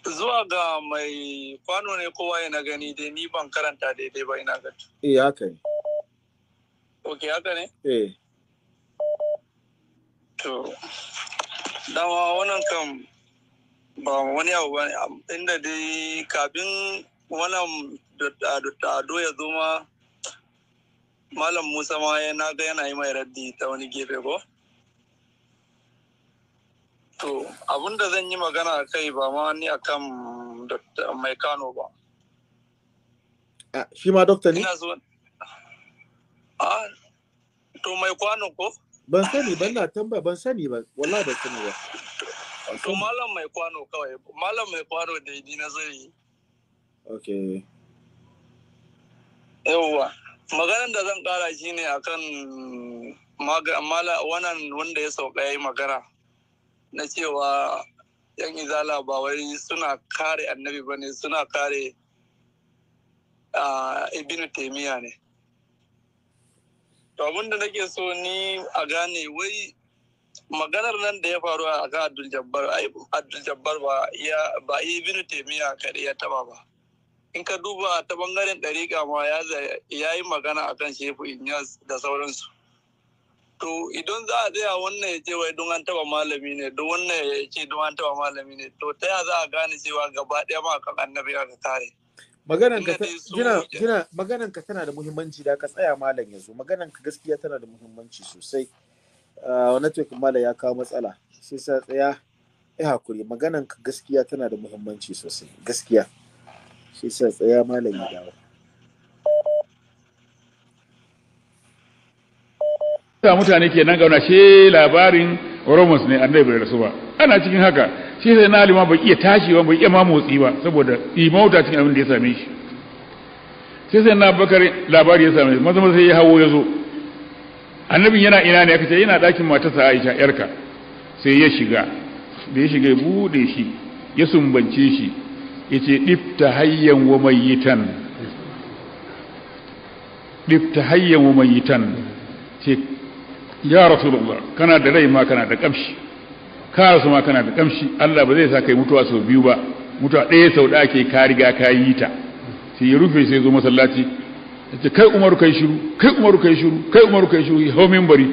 zuwa ga mai kwano ne kowa ya na gani dai ni ban karanta daidai ba ina gani. Eh haka ne. Ok haka ne? Eh. To, dama wannan kam ba wani abu ba inda dai kabin. malam ado ya zo ma malam musa ma na ga yana yi mai raddi ta wani gefe ko to da zan yi magana a kai ba ma ni akan mai kano ba shi ma dokta ne? to mai kwano ko? ban sani ban na tambaya ban sani ba wallahi ban sani ba to malam mai kwano kawai malam mai kwano da ni na zai okay yawwa maganar da zan kara shi ne akan wannan wanda ya sauka ya yi magana na cewa yan izala ba suna kare annabi ba ne suna kare ibn taimiyya ne to abinda nake so ni a gane wai maganar nan da ya faru a kan abdul jabbar ba iya ibn taimiyya kaɗai ya taba ba in ka duba ta bangaren ɗariƙa ma ya yi magana a kan shefu inyas da sauransu to idan za a tsaya wannan ya ce wai don an taba malami ne don wannan ya ce don an taba malami ne to ta ya za a gane cewa gaba ɗaya ma kan annabi aka kare maganan ka tana da muhimmanci da ka tsaya malam yanzu maganan ka gaskiya tana da muhimmanci sosai ah, wani tafi malam ya kawo matsala sai sa tsaya ya hakuri maganan ka gaskiya tana da muhimmanci sosai gaskiya shi sa tsaya malam ya dawo ta mutane ke nan gauna shi labarin romans ne annabi bai rasu ba ana cikin haka shi sai na alima bai iya tashi ba bai iya ma motsi ba saboda imauta cikin abin da ya same shi sai sai na bakar labari ya same shi mazama sai ya hawo ya zo annabin yana ina ne aka ce yana ɗakin matarsa aisha yarka sai ya shiga da ya shiga ya buɗe shi ya sumbance shi yace difta hayyan wa mayitan difta hayyan wa mayitan ce ya rasulullah kana da rai ma kana da kamshi ka rasu ma kana da kamshi Allah ba zai sa kai mutuwa sau biyu ba mutuwa ɗaya sau da ake ka riga ka yi ta sai ya rufe sai zo masallaci yace kai umaru kai shiru kai umaru kai shiru kai umaru kai shiru hau minbari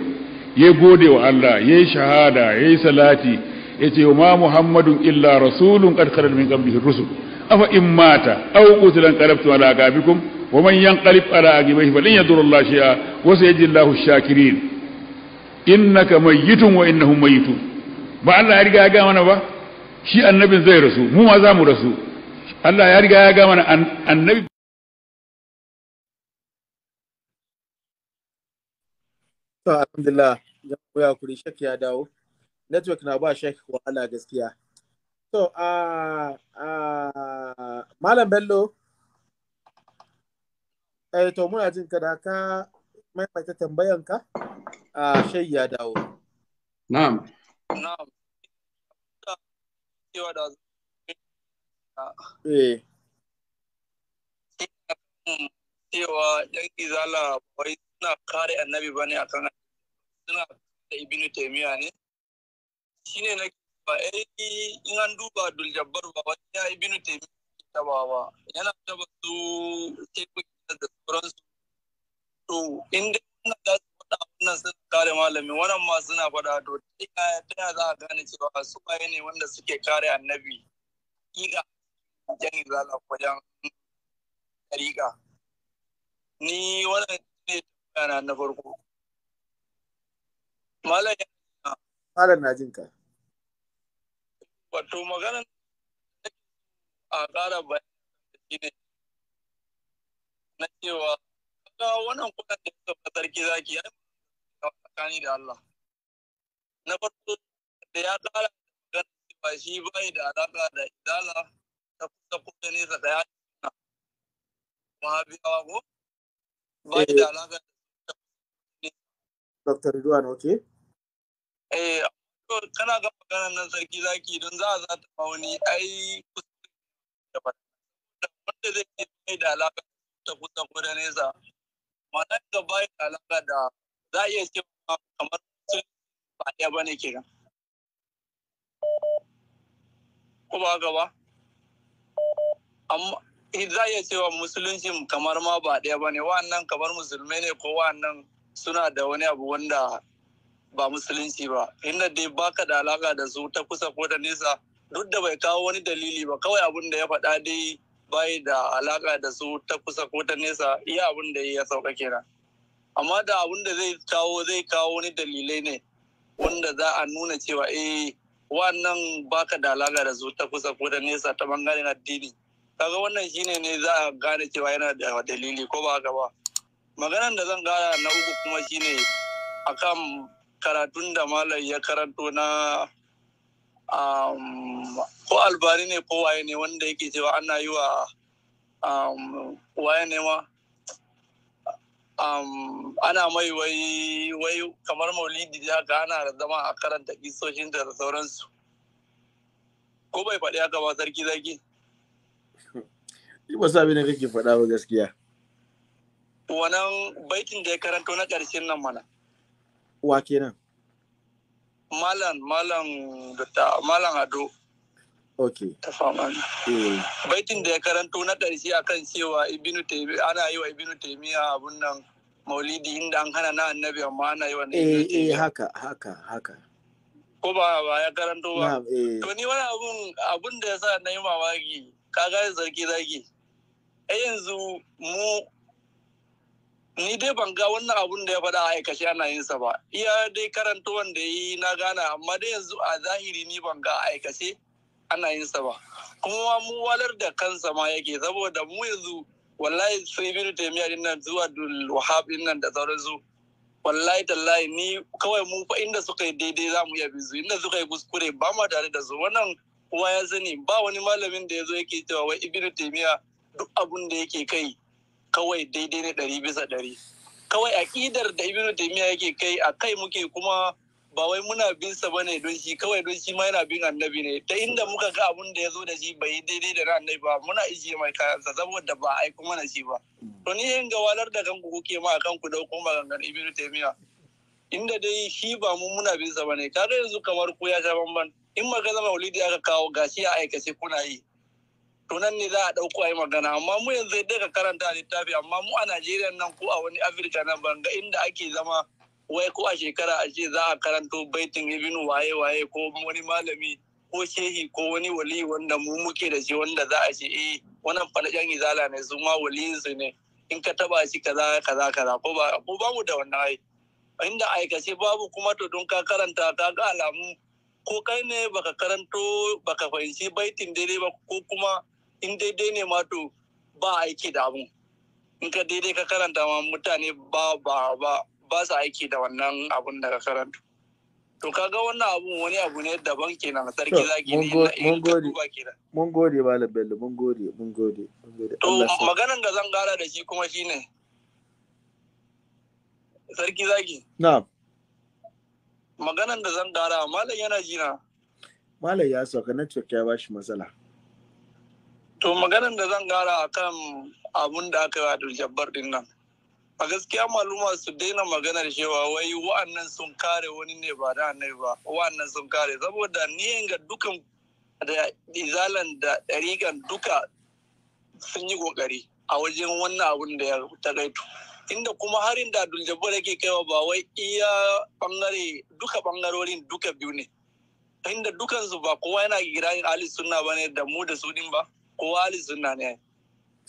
ya gode wa Allah ya yi shahada ya yi salati yace ma muhammadun illa rasulun qad khalat min qablihi rusul afa in mata aw qutilan qalabtum ala gabikum wa man yanqalib ala aqibihi falan yadur Allah shay'a wa sayajzi Allahu ash-shakirin innaka mayyitun wa innahum mayyitun ba Allah ya riga ya ga mana ba shi annabin zai rasu mu ma za mu rasu Allah ya riga ya ga mana annabi to alhamdulillah ya kuri shak ya dawo network na ba shek wahala gaskiya so a uh, malam bello eh to muna jin ka da ka maimaita tambayan ka a shai ya dawo na'am na'am eh cewa yan izala bai suna kare annabi bane akan suna da ibnu taymiya ne shine na ba eh, in an duba Abdul Jabbar ba wani ya yi binu ta ba yana taba su tekuna da sauransu to inda suna da su faɗa wannan sun kare malami wannan ma suna faɗa to ina tana za a gane cewa su waye ne wanda suke kare annabi ƙiƙa jan izala wajen ɗariƙa ni wannan ne tambaya na farko malam malam na ka. wato magana a ƙara bayani ne na cewa ga wannan kuɗin da suka sarki zaki ya tsakani da Allah na farko da ya ƙara ganin cewa shi bai da alaƙa da idala ta kusa kuɗin nesa da ya na mahabiyawa ko bai da alaƙa da Dr. Ridwan, okay? Eh, kana ga maganar nan sarki zaki don za a za ta wani ai wanda zai ke mai da alaƙa ta kusa ko da nesa ma'ana ga bayan alaka da za a iya ce kamar sun ba ɗaya ba ne ke ko ba gaba amma za a iya ce wa musulunci kamar ma ba ɗaya ba ne wa'annan kamar musulmai ne ko wa'annan suna da wani abu wanda ba musulunci ba inda dai baka da alaka da su ta kusa ko da nesa duk da bai kawo wani dalili ba kawai abin da ya faɗa dai bai da alaka da su ta kusa ko ta nesa iya abin da ya sauka kenan amma da abin da zai kawo zai kawo wani dalilai ne wanda za a nuna cewa eh wannan baka da alaka da su ta kusa ko ta nesa ta bangaren addini kaga wannan shine ne za a gane cewa yana da dalili ko ba haka ba maganan da zan gara na uku kuma shine akan karatun da malam ya karanto na um, ko albari ne ko waye ne wanda yake cewa ana yi wa um, waye ne ma um, ana mai wai wai kamar maulidi haka ana zama a karanta isoshin da sauransu ko bai faɗi haka ba sarki zaki ba sa ne kake faɗa ba gaskiya wannan baitin da ya karanto na ƙarshen nan mana Wa kenan? Malam, malam da malam Ado. Ok. Ta fama eh. Baitin da ya karanto na ƙarshe kan cewa Ibinu Taimi, ana yi wa Ibinu a abun nan Maulidi inda an hana na Annabi amma ana yi wa Eh eh haka haka haka. Ko ba ba ya karanto ba. Eh. To ni wani abun abun da sa na yi mamaki kaga zargi zagi. Eh yanzu mu ni dai ban ga wannan abun da ya faɗa a aikace ana yin sa ba iya dai karanta wanda yi na gana amma dai yanzu a zahiri ni ban ga a aikace ana yin sa ba kuma mu walar da kansa ma yake saboda mu yanzu wallahi su ibnu da din nan zuwa dul wahab din da sauran su wallahi tallahi ni kawai mu fa inda suka yi daidai za mu iya bizu inda suka yi kuskure ba ma tare da su wannan kowa ya sani ba wani malamin da ya zo yake cewa wai ibnu taimiya duk abun da yake kai kawai daidai ne ɗari bisa ɗari kawai aƙidar da ibnu taimiya yake kai a kai muke kuma ba wai muna bin sa bane don shi kawai don shi ma yana bin annabi ne ta inda muka ga abun da ya zo da shi bai daidai da na annabi ba muna ijiye mai kayansa saboda ba a aiko mana shi ba to ni yin ga walar da kanku kuke ma a kanku da dauko gangan ibnu taimiya? inda dai shi ba mu muna bin sa bane kaga yanzu kamar ku ya sha bamban in magana maulidi aka kawo gashi a aikace kuna yi to nan ne za a ɗauko a yi magana amma mu yanzu daga karanta littafi amma mu a najeriya nan ko a wani afirka nan banga inda ake zama wai ko a shekara a ce za a karanto baitin ibn waye waye ko wani malami ko shehi ko wani wali wanda mu muke da shi wanda za a ce eh wannan falajan izala ne su ma su ne in ka taba shi kaza kaza kaza ko ba ko ba mu da wannan ai inda aikace babu kuma to don ka karanta ka ga alamu ko kai ne baka karanto baka fahimci baitin daidai ba ko kuma in daidai ne ma to ba aiki da abu in ka daidai ka karanta ma mutane ba ba ba ba su aiki da wannan abun da ka karanta to kaga wannan abun wani abu ne daban kenan sarki zaki ne mun gode mun gode ke da. mun gode mun gode mun gode to maganan ga zan gara da shi kuma shine sarki zaki na'am maganan da zan gara malam yana jina malam ya sauka na network ya bashi matsala To maganar da zan gara a kan abun da aka yi a Jabbar din nan. A gaskiya maluma su daina maganar cewa wai wa'annan sun kare wani ne ba da annai ba, wa'annan sun kare. Saboda niyan ga dukan da izalan da ɗarikan duka sun yi ƙoƙari a wajen wannan abun da ya tagaito. Inda kuma harin da Abdul Jabbar yake kaiwa ba wai iya bangare duka bangarorin duka biyu ne. Inda dukansu ba kowa yana girayin Ali suna ba ne da mu da su din ba. kowa ahli sunna ne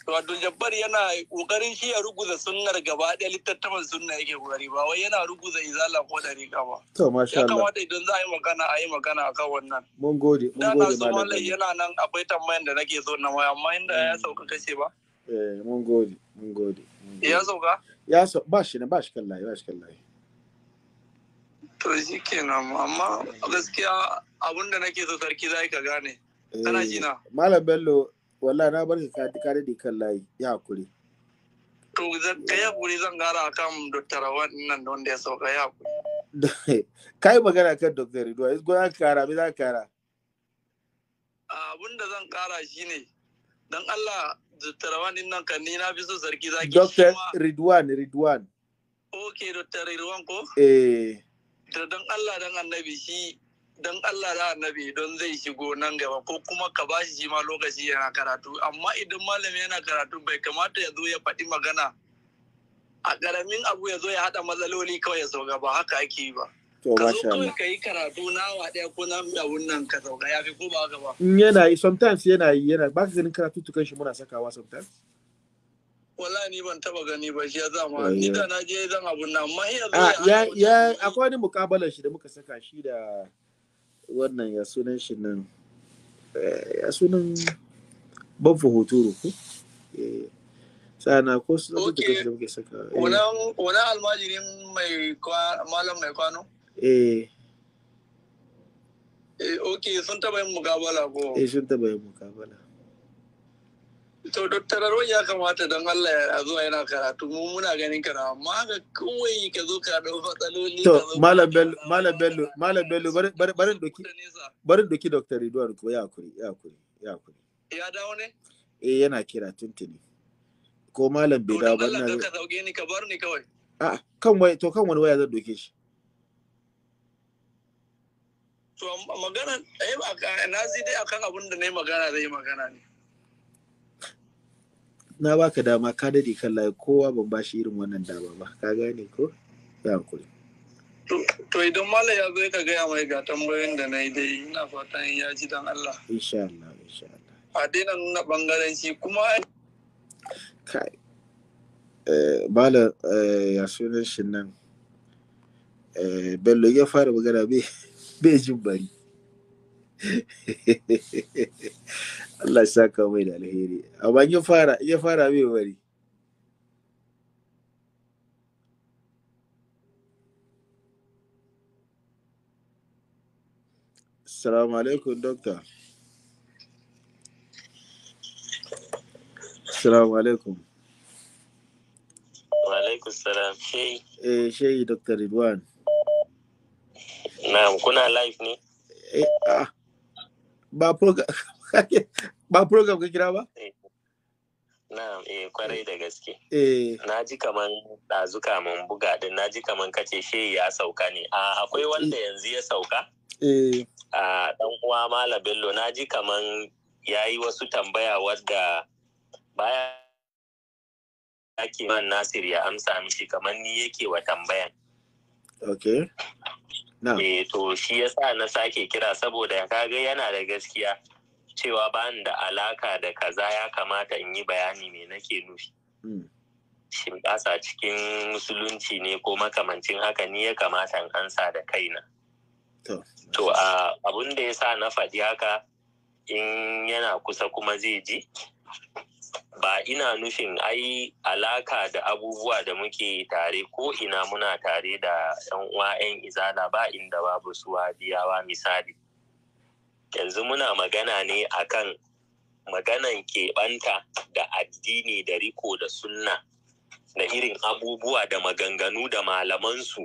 to Jabbar yana kokarin shi ya ruguza sunnar gaba ɗaya littattafan sunna yake kokari ba wai yana ruguza izala ko da rika ba to masha Allah ya kamata idan za a yi magana a yi magana akan wannan mun gode mun gode malam yana nan akwai tambayan da nake so na waya amma inda ya mm. sauka kace ba eh mun gode mun gode ya sauka ya so ba shi ne ba shi kallai ba shi kallai to shi kenan amma gaskiya abinda nake so sarki zai ka gane kana jina eh, malam bello wallah na bar ka ka dade kan layi ya hakuri to ka ya hakuri zan gara akan Dr. Rawan nan da wanda ya sauka ya hakuri kai magana kan Dr. Ridwan is gona kara me za ka kara abin da zan kara shine dan Allah Dr. Rawan din nan kan ni na fi so sarki zaki Dr. Ridwan Ridwan Okay, Dr. Ridwan ko? Eh. Da dan Allah dan Annabi shi don Allah da annabi don zai shigo nan gaba ko kuma ka ba shi ma lokaci yana karatu amma idan malami yana karatu bai kamata ya zo ya faɗi magana a ƙaramin abu ya zo ya haɗa matsaloli kawai ya sauka ba haka ake yi ba. Ka sha Allah. ka yi karatu na wa ɗaya ko na abun nan ka sauka ya fi ko ba haka ba. Mm, yana yi sometimes yana yi yana ba ka ganin karatu tukan shi muna sakawa sometimes. wala ni ban taba gani ba shi ya zama ni da na je zan abun nan amma ah, ya ya akwai wani mukabalar shi da muka saka shi da wannan ya sunan shi nan eh, ya sunan babu hotoro ko eh, sana ko su zama da kashi da muke saka eh. wannan almajirin mai malam mai kwano eh eh ok sun taba yin mukabala ko eh sun taba yin mukabala to doktararon ya kamata don Allah ya zuwa yana karatu mu muna ganin kana amma kuma kawai ka zo ka dau fatsaloli to malam bello malam bello malam bello barin doki barin doki dr Edward ko ya kuri ya kuri ya kuri ya dawo ne eh yana kira tuntuni ko malam bai dawo ba ina ka sauke ni ka bar ni kawai a kan wai to kan wani waya zan doke shi to magana eh na ji dai akan abin da ne magana zai magana ne na baka dama ka dade kan layi kowa ban ba shi irin wannan dama ba ka gane ko ya hankuri to idan malam ya zo ka gaya mai ga tambayoyin da na yi dai ina fatan ya ji dan Allah insha Allah insha Allah a daina nuna bangaranci kuma kai bala eh, eh, ya sunan shi nan eh, bello ya fara magana bai jin bari Allah ya saka mai da alheri amma ya fara ya fara mai bari Assalamu alaikum doctor Assalamu alaikum Wa alaikum salam shehi Eh shehi Dr. Ridwan Na'am kuna live ne Eh ah ba program ba program ka kira ba? Eh, na eh kwarai da gaske. Eh. Na ji kaman ɗazu mun buga din, na ji kaman kace ya sauka ne. A akwai eh. wanda yanzu ya sauka? Eh. A dan uwa Malam Bello, na ji kaman yayi wasu tambaya wadda baya man Nasir ya amsa mishi kaman ni yake wa tambayan. Okay. Eh to shi yasa na sake kira saboda kaga yana da gaskiya. cewa bani da alaka da kaza ya kamata in yi bayani mai nake nufi hmm. shin ƙasa cikin musulunci ne ko makamancin haka ni ya kamata in ansa da kaina to abun da ya sa na faɗi haka in yana kusa kuma zai ji ba ina nufin ai alaka da abubuwa da muke tare ko ina muna tare da 'yan uwa 'yan izala ba inda babu su biyawa misali yanzu muna magana ne akan maganan keɓanta da addini da riko da sunna da irin abubuwa da maganganu da malamansu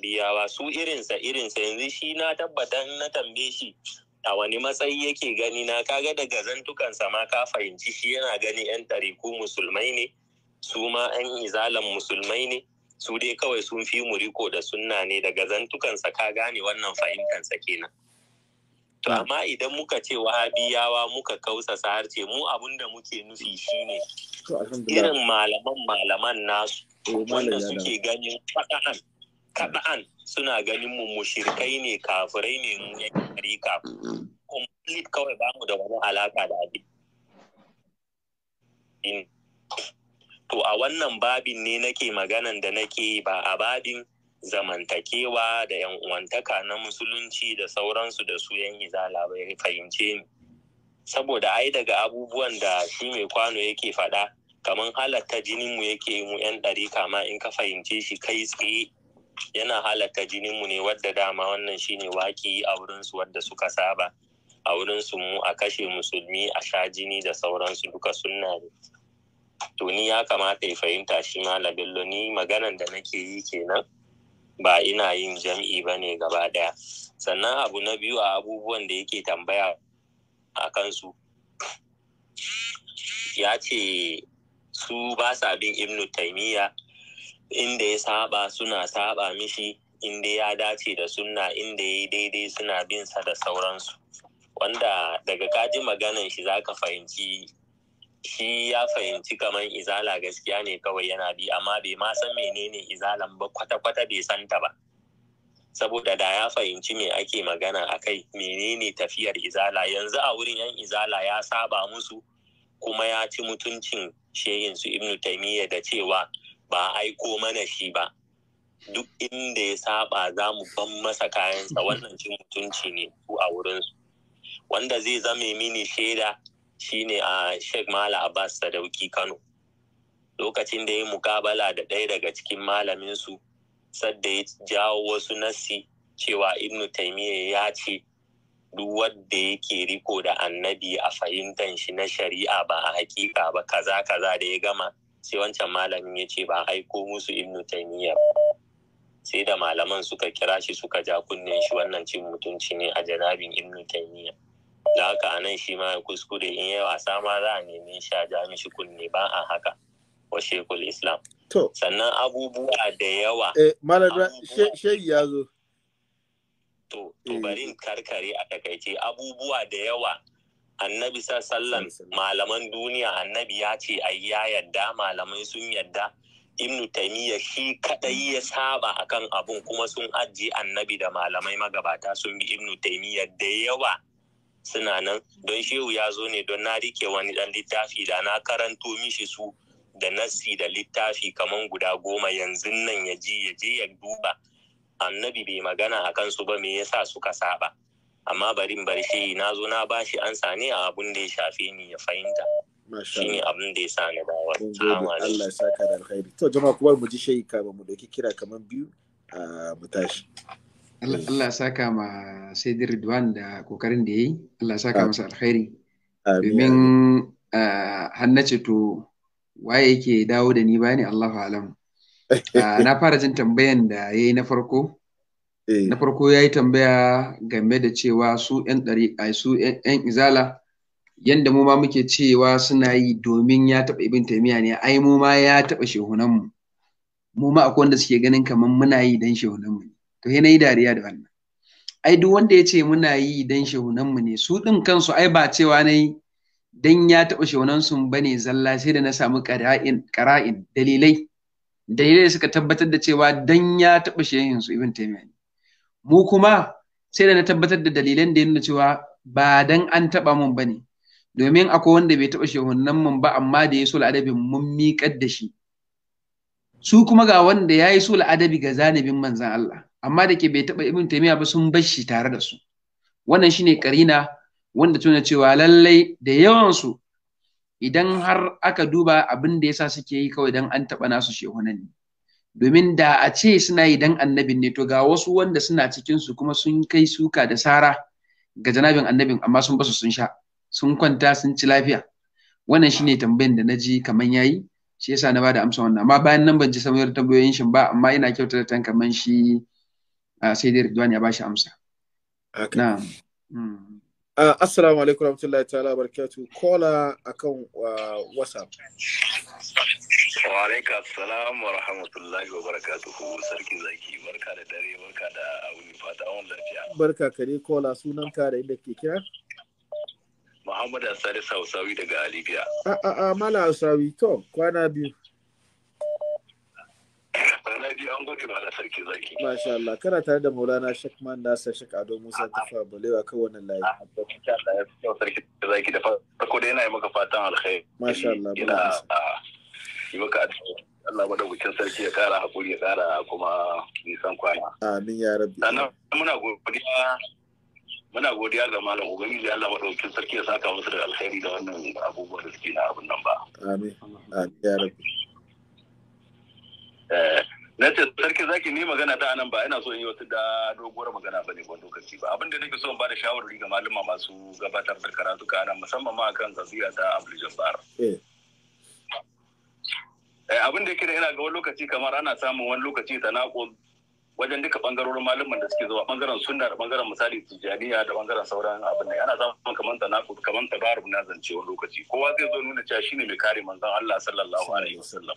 biyawa su irinsa irinsa yanzu shi na tabbata na tambaye shi a wani matsayi yake gani na kaga daga zantukansa ma ka fahimci shi yana gani 'yan tariku musulmai ne su ma 'yan izalan musulmai ne su dai kawai sun fi mu riko da sunna ne daga zantukansa ka gane wannan fahimtansa kenan To amma idan muka ce wahabiyawa muka kausasa harce mu abun da muke nufi shine irin malaman malaman nasu eh, wanda suke ganin faɗa'an kaɗa'an suna ganin mu mushirkai ne kafirai ne mu yankari complete kawai ba mu da wani alaka da abin. To a wannan babin ne nake maganan da nake ba a babin zamantakewa da yan uwantaka na musulunci da sauransu da su yan izala labarai fahimce ni saboda ai daga abubuwan da shi mai kwano yake faɗa kamar halatta jininmu yake mu yan ɗari kama in ka fahimce shi kai tsaye yana halatta jininmu ne wadda dama wannan shine waki a wurinsu wadda suka saba a wurinsu mu a kashe musulmi a sha jini da sauransu duka sunna ne to ni ya kamata ya fahimta shi ma labello ni maganan da nake yi kenan ba ina yin jam'i ba ne gaba ɗaya sannan abu na biyu a abubuwan da yake tambaya a kansu ya ce su ba sa bin ibnu taimiyya inda ya saba suna saba mishi inda ya dace da sunna inda ya daidai suna bin sa da sauransu wanda daga kaji maganan shi za ka fahimci shi ya fahimci kamar izala gaskiya ne kawai yana bi amma bai ma san menene izalan ba kwata-kwata bai santa ba saboda da ya fahimci me ake magana a kai menene tafiyar izala yanzu a wurin yan izala ya saba musu kuma ya ci mutuncin shehin su ibnu taimiyya da cewa ba aiko mana shi ba duk inda ya saba za mu ban masa kayansa wannan cin mutunci ne su a su. wanda zai zame mini shaida shine a Sheikh Mala Abbas Sadauki Kano. Lokacin da ya mukabala da ɗaya daga cikin malaminsu, sadda ya jawo wasu nassi cewa Ibn Taimiyya ya ce, duk wadda yake riko da annabi a fahimtar shi na shari'a ba a hakika ba kaza kaza da ya gama sai wancan malamin ya ce ba aiko musu Ibn taimiyya sai da malaman suka kira shi suka ja kunne shi wannan cin mutunci ne a janabin Ibn taimiyya da haka a nan shi ma kuskure in yi wasa ma za a nemi sha ja mishi kunne ba a haka wa shekul islam sannan abubuwa da yawa eh ya zo to to eh. bari karkare a takaice abubuwa da yawa annabi sallan malaman duniya annabi ya ce ai ya yadda malamai sun yadda ibnu taimiyya shi kadai ya saba akan abun kuma sun ajiye annabi da malamai magabata sun bi ibnu taimiyya da yawa suna nan don shehu ya zo ne don na rike wani dan littafi da na karanto mishi su da nassi da littafi kaman guda goma yanzu nan ya ji ya je ya duba annabi bai magana a kansu ba me yasa suka saba amma barin shehu na zo na bashi ansa ne a abun da ya shafe ni ya fahimta shine abun da ya sa ni dawo Allah ya saka da alkhairi to jama'a kuma mu ji shehu ka mu dauki kira kamar biyu a ah, mu Allah saka ma Sayyidi Ridwan da kokarin da ya yi, Allah saka masa alkhairi. Domin ah, hannace to waye yake dawo da ni bayani Allahu alam. Ah, na fara jin tambayan da ya yi na farko. Eh. Na farko ya yi tambaya game da cewa su 'yan su izala yanda mu ma muke cewa suna yi domin ya taɓa ibin taimiya ne ai mu ma ya taɓa shehunanmu. Mu ma akwai wanda suke ganin kamar muna yi don shehunanmu ne. to he nayi dariya da wannan ai duk wanda ya ce muna yi dan mu ne su din kansu ai ba cewa nayi dan ya taɓa shehunan su bane zalla sai da na samu ƙara'in qara'in dalilai dalilai suka tabbatar da cewa dan ya taɓa su ibn taymiyyah mu kuma sai da na tabbatar da dalilan da ya nuna cewa ba dan an taɓa mun ba domin akwai wanda bai taɓa shehunan mun ba amma da ya so mun miƙar da shi su kuma ga wanda ya yi so ga zanibin manzan Allah amma da ke bai taɓa ibn taimiyya ba sun bashi tare da su wannan shine karina wanda tuna cewa lallai da yawansu idan har aka duba abin da yasa suke yi kawai dan an taɓa nasu shehunan ne domin da a ce suna yi dan annabin ne to ga wasu wanda suna cikin su kuma sun kai suka da sara ga janabin annabin amma sun basu sun sha sun kwanta sun ci lafiya wannan shine tambayan da naji kaman yayi shi yasa na bada amsa wannan amma bayan nan ban ji samuyar tambayoyin shin ba amma ina kyautata tan kaman shi Ah, sai dai Ridwan ya bashi amsa na hmm. ah, assalamu alaikum rahmatullahi ta'ala barakatu kola akan whatsapp wa alaikum assalam wa rahmatullahi wa barakatuhu sarki zaki barka da dare barka da wuni fata wani lafiya barka kare kola sunan ka da inda ke kira Muhammad Asari Sausawi daga Alibiya. A'a, ah, a, Mala Sausawi, to, kwana biyu. Rana biyu an sarki Masha Allah, kana tare da Maulana Sheikh Man Nasa Sheikh Ado Musa Balewa wannan layi. Masha Allah, ya fi sarki zaki da farko yana yi maka fatan alkhairi. Masha Allah, ah, yi maka Allah madaukakin sarki ya kara hakuri ya kara kuma nisan kwana. Amin ya rabbi. Sannan muna godiya muna godiya ga malam ubangiji Allah madaukakin sarki ya saka musu da alkhairi da wannan abubuwan da suke na abun nan ba. Amin. Amin ya Eh, na ce sarki zaki ni magana ta anan ba ina so in yi wata da doguwar magana ba ne wani lokaci ba abinda nake so in ba da shawarwari ga malama masu gabatar da karatu ka nan musamman ma akan gaziya ta Abdul Jabbar eh. Eh, abin da yake da ina ga wani lokaci kamar ana samun wani lokaci ta naƙo wajen duka bangarorin malaman da suke zuwa bangaren sunna da bangaren misali tijaniya da bangaren sauran abin da ana samun kamar ta naƙo kamar ta baru na zance wani lokaci kowa zai zo nuna cewa shine mai kare manzon Allah sallallahu alaihi wasallam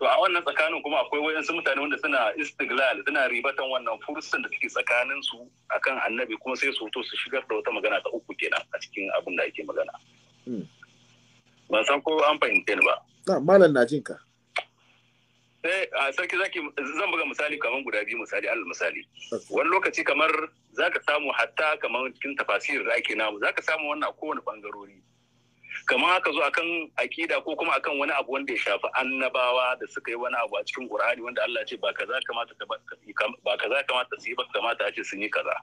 to a wannan tsakanin kuma akwai su mutane wanda suna istiglal suna ribatan wannan fursun da suke tsakanin su akan annabi kuma sai su to su shigar da wata magana ta uku kenan a cikin abin da ake magana hmm. ban san ko an fahimce ni ba na malam na ka sai eh, a sarki zaki zan buga misali kamar guda biyu misali alal misali wani lokaci kamar zaka samu hatta kamar cikin tafasir da ake namu zaka samu wannan kowane bangarori kamar haka zo akan akida ko kuma akan wani abu wanda ya shafi annabawa da suka yi wani abu a cikin qur'ani wanda Allah ce ba kaza kamata ba kaza kamata su yi ba kamata a ce sun yi kaza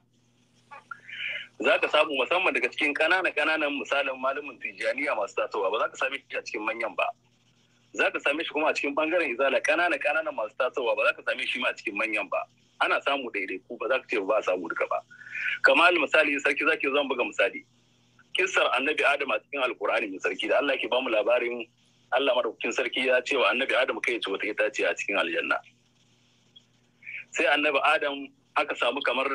za ka samu musamman daga cikin ƙananan ƙananan misalin malamin tijjaniya masu tasowa ba za ka same shi a cikin manyan ba za ka same shi kuma a cikin bangaren izala ƙananan ƙananan masu tasowa ba za ka same shi ma a cikin manyan ba ana samu daidai ku ba za ka ce ba a samu duka ba kamar misali sarki zaki zan buga misali kissar annabi adam a cikin alkur'ani mai sarki da Allah ke bamu labarin Allah madaukakin sarki ya ce wa annabi adam kai ce wata itace a cikin aljanna sai annabi adam aka samu kamar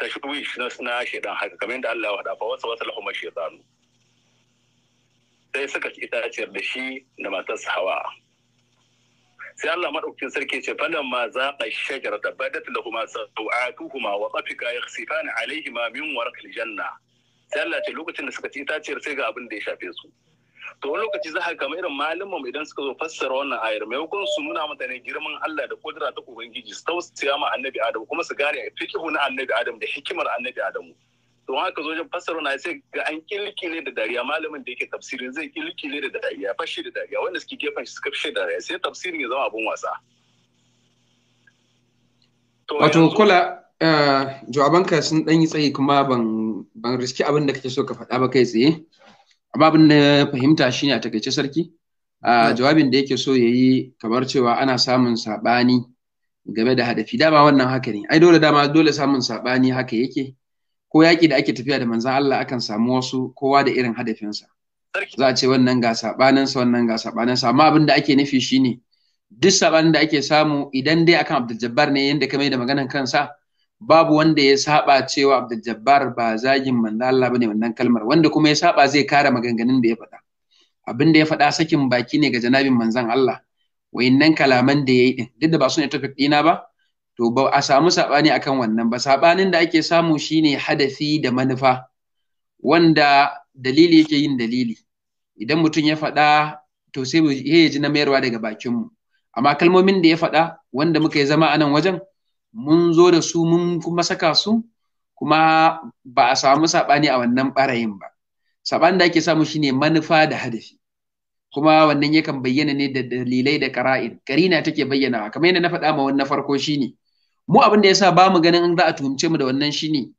tashwish na shaidan haka kamar yadda Allah ya faɗa fa wasa wasa lahum shaytanu sai suka ci itaciyar da shi da matarsa hawa sai Allah madaukakin sarki ce falan ma za zaqa shajarata badat lahum sawatuhuma wa qafika yakhsifan alayhima min warqil janna sai Allah ce lokacin da suka ci itaciyar sai ga abin da ya shafe su to wani lokaci za ka kama irin malamin idan suka zo fassara wannan ayar maimakon su nuna mutane girman Allah da kudura ta ubangiji su tausaya ma annabi Adam kuma su gane fiqhu na annabi Adam da hikimar annabi Adam to haka zo wajen fassara na sai ga an kilkile da dariya malamin da yake tafsirin zai kilkile da dariya fashi da dariya wanda suke gefen shi suka fashe da dariya sai tafsirin ya zama abun wasa wato kula Eh, jawabanka sun ɗan yi tsayi kuma ban riski abin da kake so ka faɗa ba kai tsaye amma abin da fahimta shine a takaice sarki eh, hmm. jawabin da yake so ya yi kamar cewa ana samun saɓani game da hadafi dama wannan haka ne ai dole dama dole samun saɓani haka yake ko yaƙi da ake tafiya da manzan Allah akan samu wasu kowa da irin hadafinsa za a ce wannan ga saɓaninsa wannan ga saɓaninsa amma abin da ake nufi shine duk saɓanin da ake samu idan dai akan Abdul Jabbar ne yanda ka mai da maganan kansa babu wanda ya saba cewa Abdul Jabbar ba zagin manzo Allah bane wannan kalmar wanda kuma ya saba zai kare maganganun da ya faɗa abin da ya faɗa sakin baki ne ga janabin manzon Allah wayannan kalaman da yayi din duk da ba su ne topic dina ba to ba a samu sabani akan wannan ba sabanin da ake samu shine hadafi da manufa wanda dalili yake yin dalili idan mutum ya faɗa to sai ya ji na mayarwa daga bakin mu amma kalmomin da ya faɗa wanda muka yi zama a nan wajen mun zo da su mun kuma saka su kuma ba a samu saɓani a wannan ɓarayin ba saɓan da ake samu shine manufa da hadafi kuma wannan yakan bayyana ne da dalilai da kara'in karina take bayyana kamar yadda na faɗa ma wannan farko shine mu abin da yasa ba mu ganin an za a tuhumce mu da wannan shine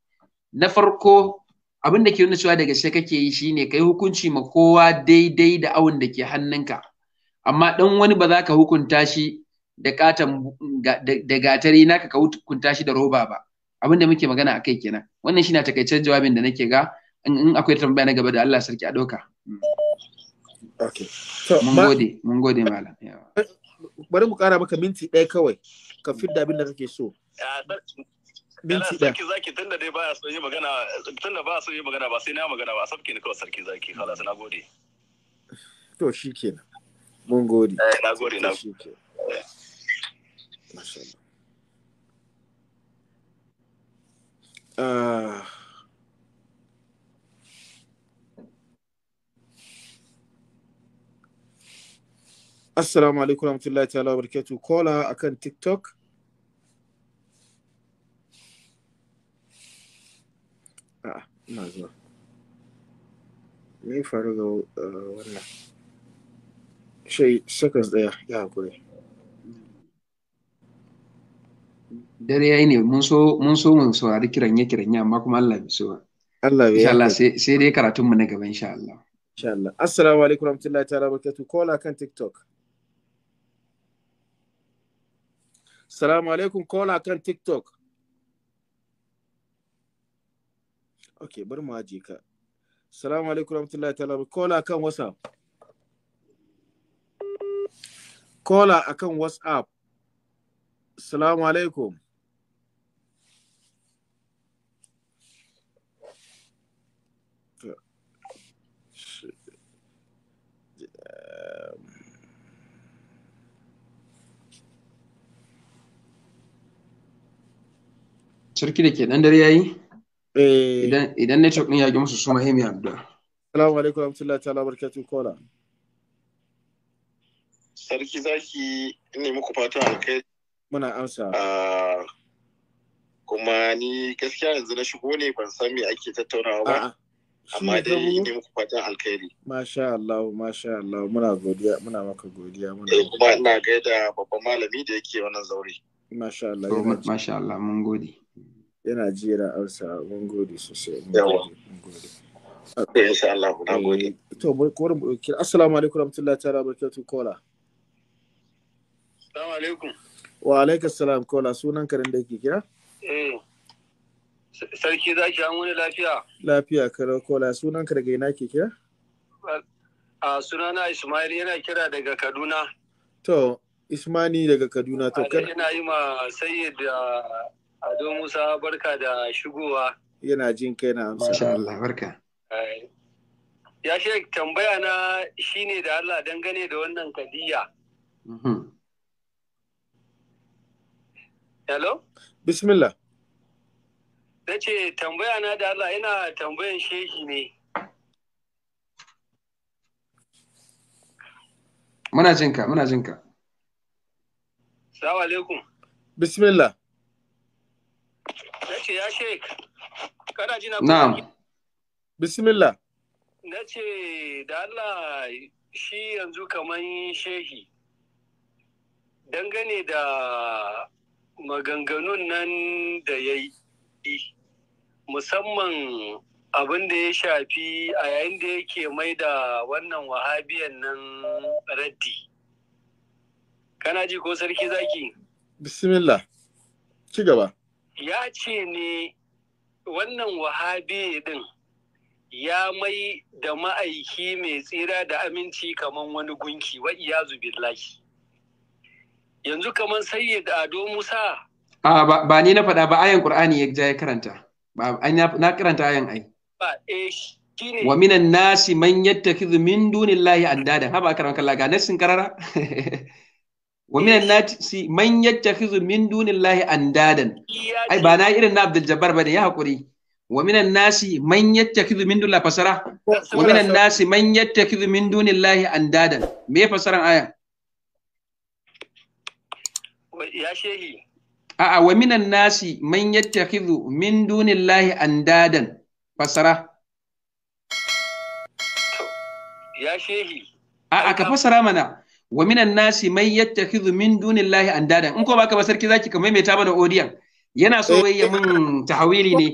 na farko abin da ke nuna cewa daga sai kake yi shine kai hukunci ma kowa daidai da awon da ke hannunka amma dan wani ba za ka hukunta shi da katan da gatari naka ka hukunta shi da roba ba abin da muke magana akai kenan wannan shine takaitaccen jawabin da nake ga in akwai tambaya na gaba da Allah sarki a doka mm. mun gode mun gode malam bari mu kara maka minti ɗaya kawai ka fidda abin da kake so minti ɗaya sarki zaki tunda dai baya son yi magana tunda ba son yi magana ba sai na magana ba sabke ni kawai sarki zaki halas na gode to shikenan mun gode eh, na gode na gode شاء آه. السلام عليكم ورحمة الله تعالى وبركاته كولا أكن تيك توك آه، ما فارغوا آه، ولا شيء سكز ده يا قوي dare yayi ne mun so mun so mu saurari kiranye kiranye amma kuma Allah bi so Allah bi insha Allah sai dai karatun mu na gaba insha Allah insha Allah assalamu alaikum warahmatullahi ta'ala barakatuh kola kan tiktok assalamu alaikum kola kan tiktok okay bari mu aje ka assalamu alaikum warahmatullahi ta'ala kola kan whatsapp kola akan whatsapp Assalamu alaikum. sarki da ke dan dare yayi eh. idan idan network din ya ga musu su mahimmi addu'a assalamu alaikum warahmatullahi ta'ala barakatuh kola sarki zaki ne muku fatan alkai muna amsa ah, kuma ni gaskiya yanzu na shigo ne ban san me ake tattaunawa ba amma dai ne muku fatan alkhairi masha Allah masha Allah muna godiya muna maka godiya muna eh, kuma ina gaida babban malami da yake wannan zaure masha Allah masha Allah mun gode yana jera amsa mun gode sosai mun gode eh, insha Allah na eh, gode to mu kore mu dauki assalamu alaikum warahmatullahi ta'ala barakatuh kola assalamu alaikum wa alaikum salam kola sunan ka da yake kira eh sarki zaki an wani lafiya lafiya karo kola sunan ka daga ina ke kira a sunana Ismail yana kira daga Kaduna to Ismani daga Kaduna to kan ina yi ma sayyid ah, Ado Musa barka da shigowa. Yana jin kai na amsa. Masha Allah barka. Ya shi tambaya na ne da Allah dangane da wannan kadiya. Mhm. Hello? Bismillah. Ta ce tambaya na da Allah ina tambayan shehi ne. Muna jinka, muna jinka. Salamu alaikum. Bismillah. nace ya sheik kana ji na na'am bismillah nace da Allah shi yanzu kamar shehi dangane da maganganun nan da ya yi musamman abin da ya shafi a yayin da yake mai da wannan wahabiyan nan raddi kana ji ko sarki zaki bismillah ci gaba ya ce ne wannan wahabi din ya mai da ma'aiki mai tsira da aminci kamar wani gunki wa iyazu billahi yanzu kamar sayyid ado musa a ba ni na faɗa ba ayan ƙur'ani ya ja ya karanta ba na karanta ayan ai ba eh wa minan nasi man yattakhidhu min dunillahi andada haba karan kallaga nasin karara wa minan nasi man yattakhidhu min andadan ai ba na irin na Abdul Jabbar bane ya hakuri wa nasi man yattakhidhu min dunillahi fasara nasi man yattakhidhu min andadan me fasaran aya a'a wa nasi man yattakhidhu min andadan a'a ka fasara mana wa minan nasi mai yattakhidhu min lahi an andadan in ko baka ba sarki zaki ka maimaita mana odiyan yana so wai ya mun tahawili ne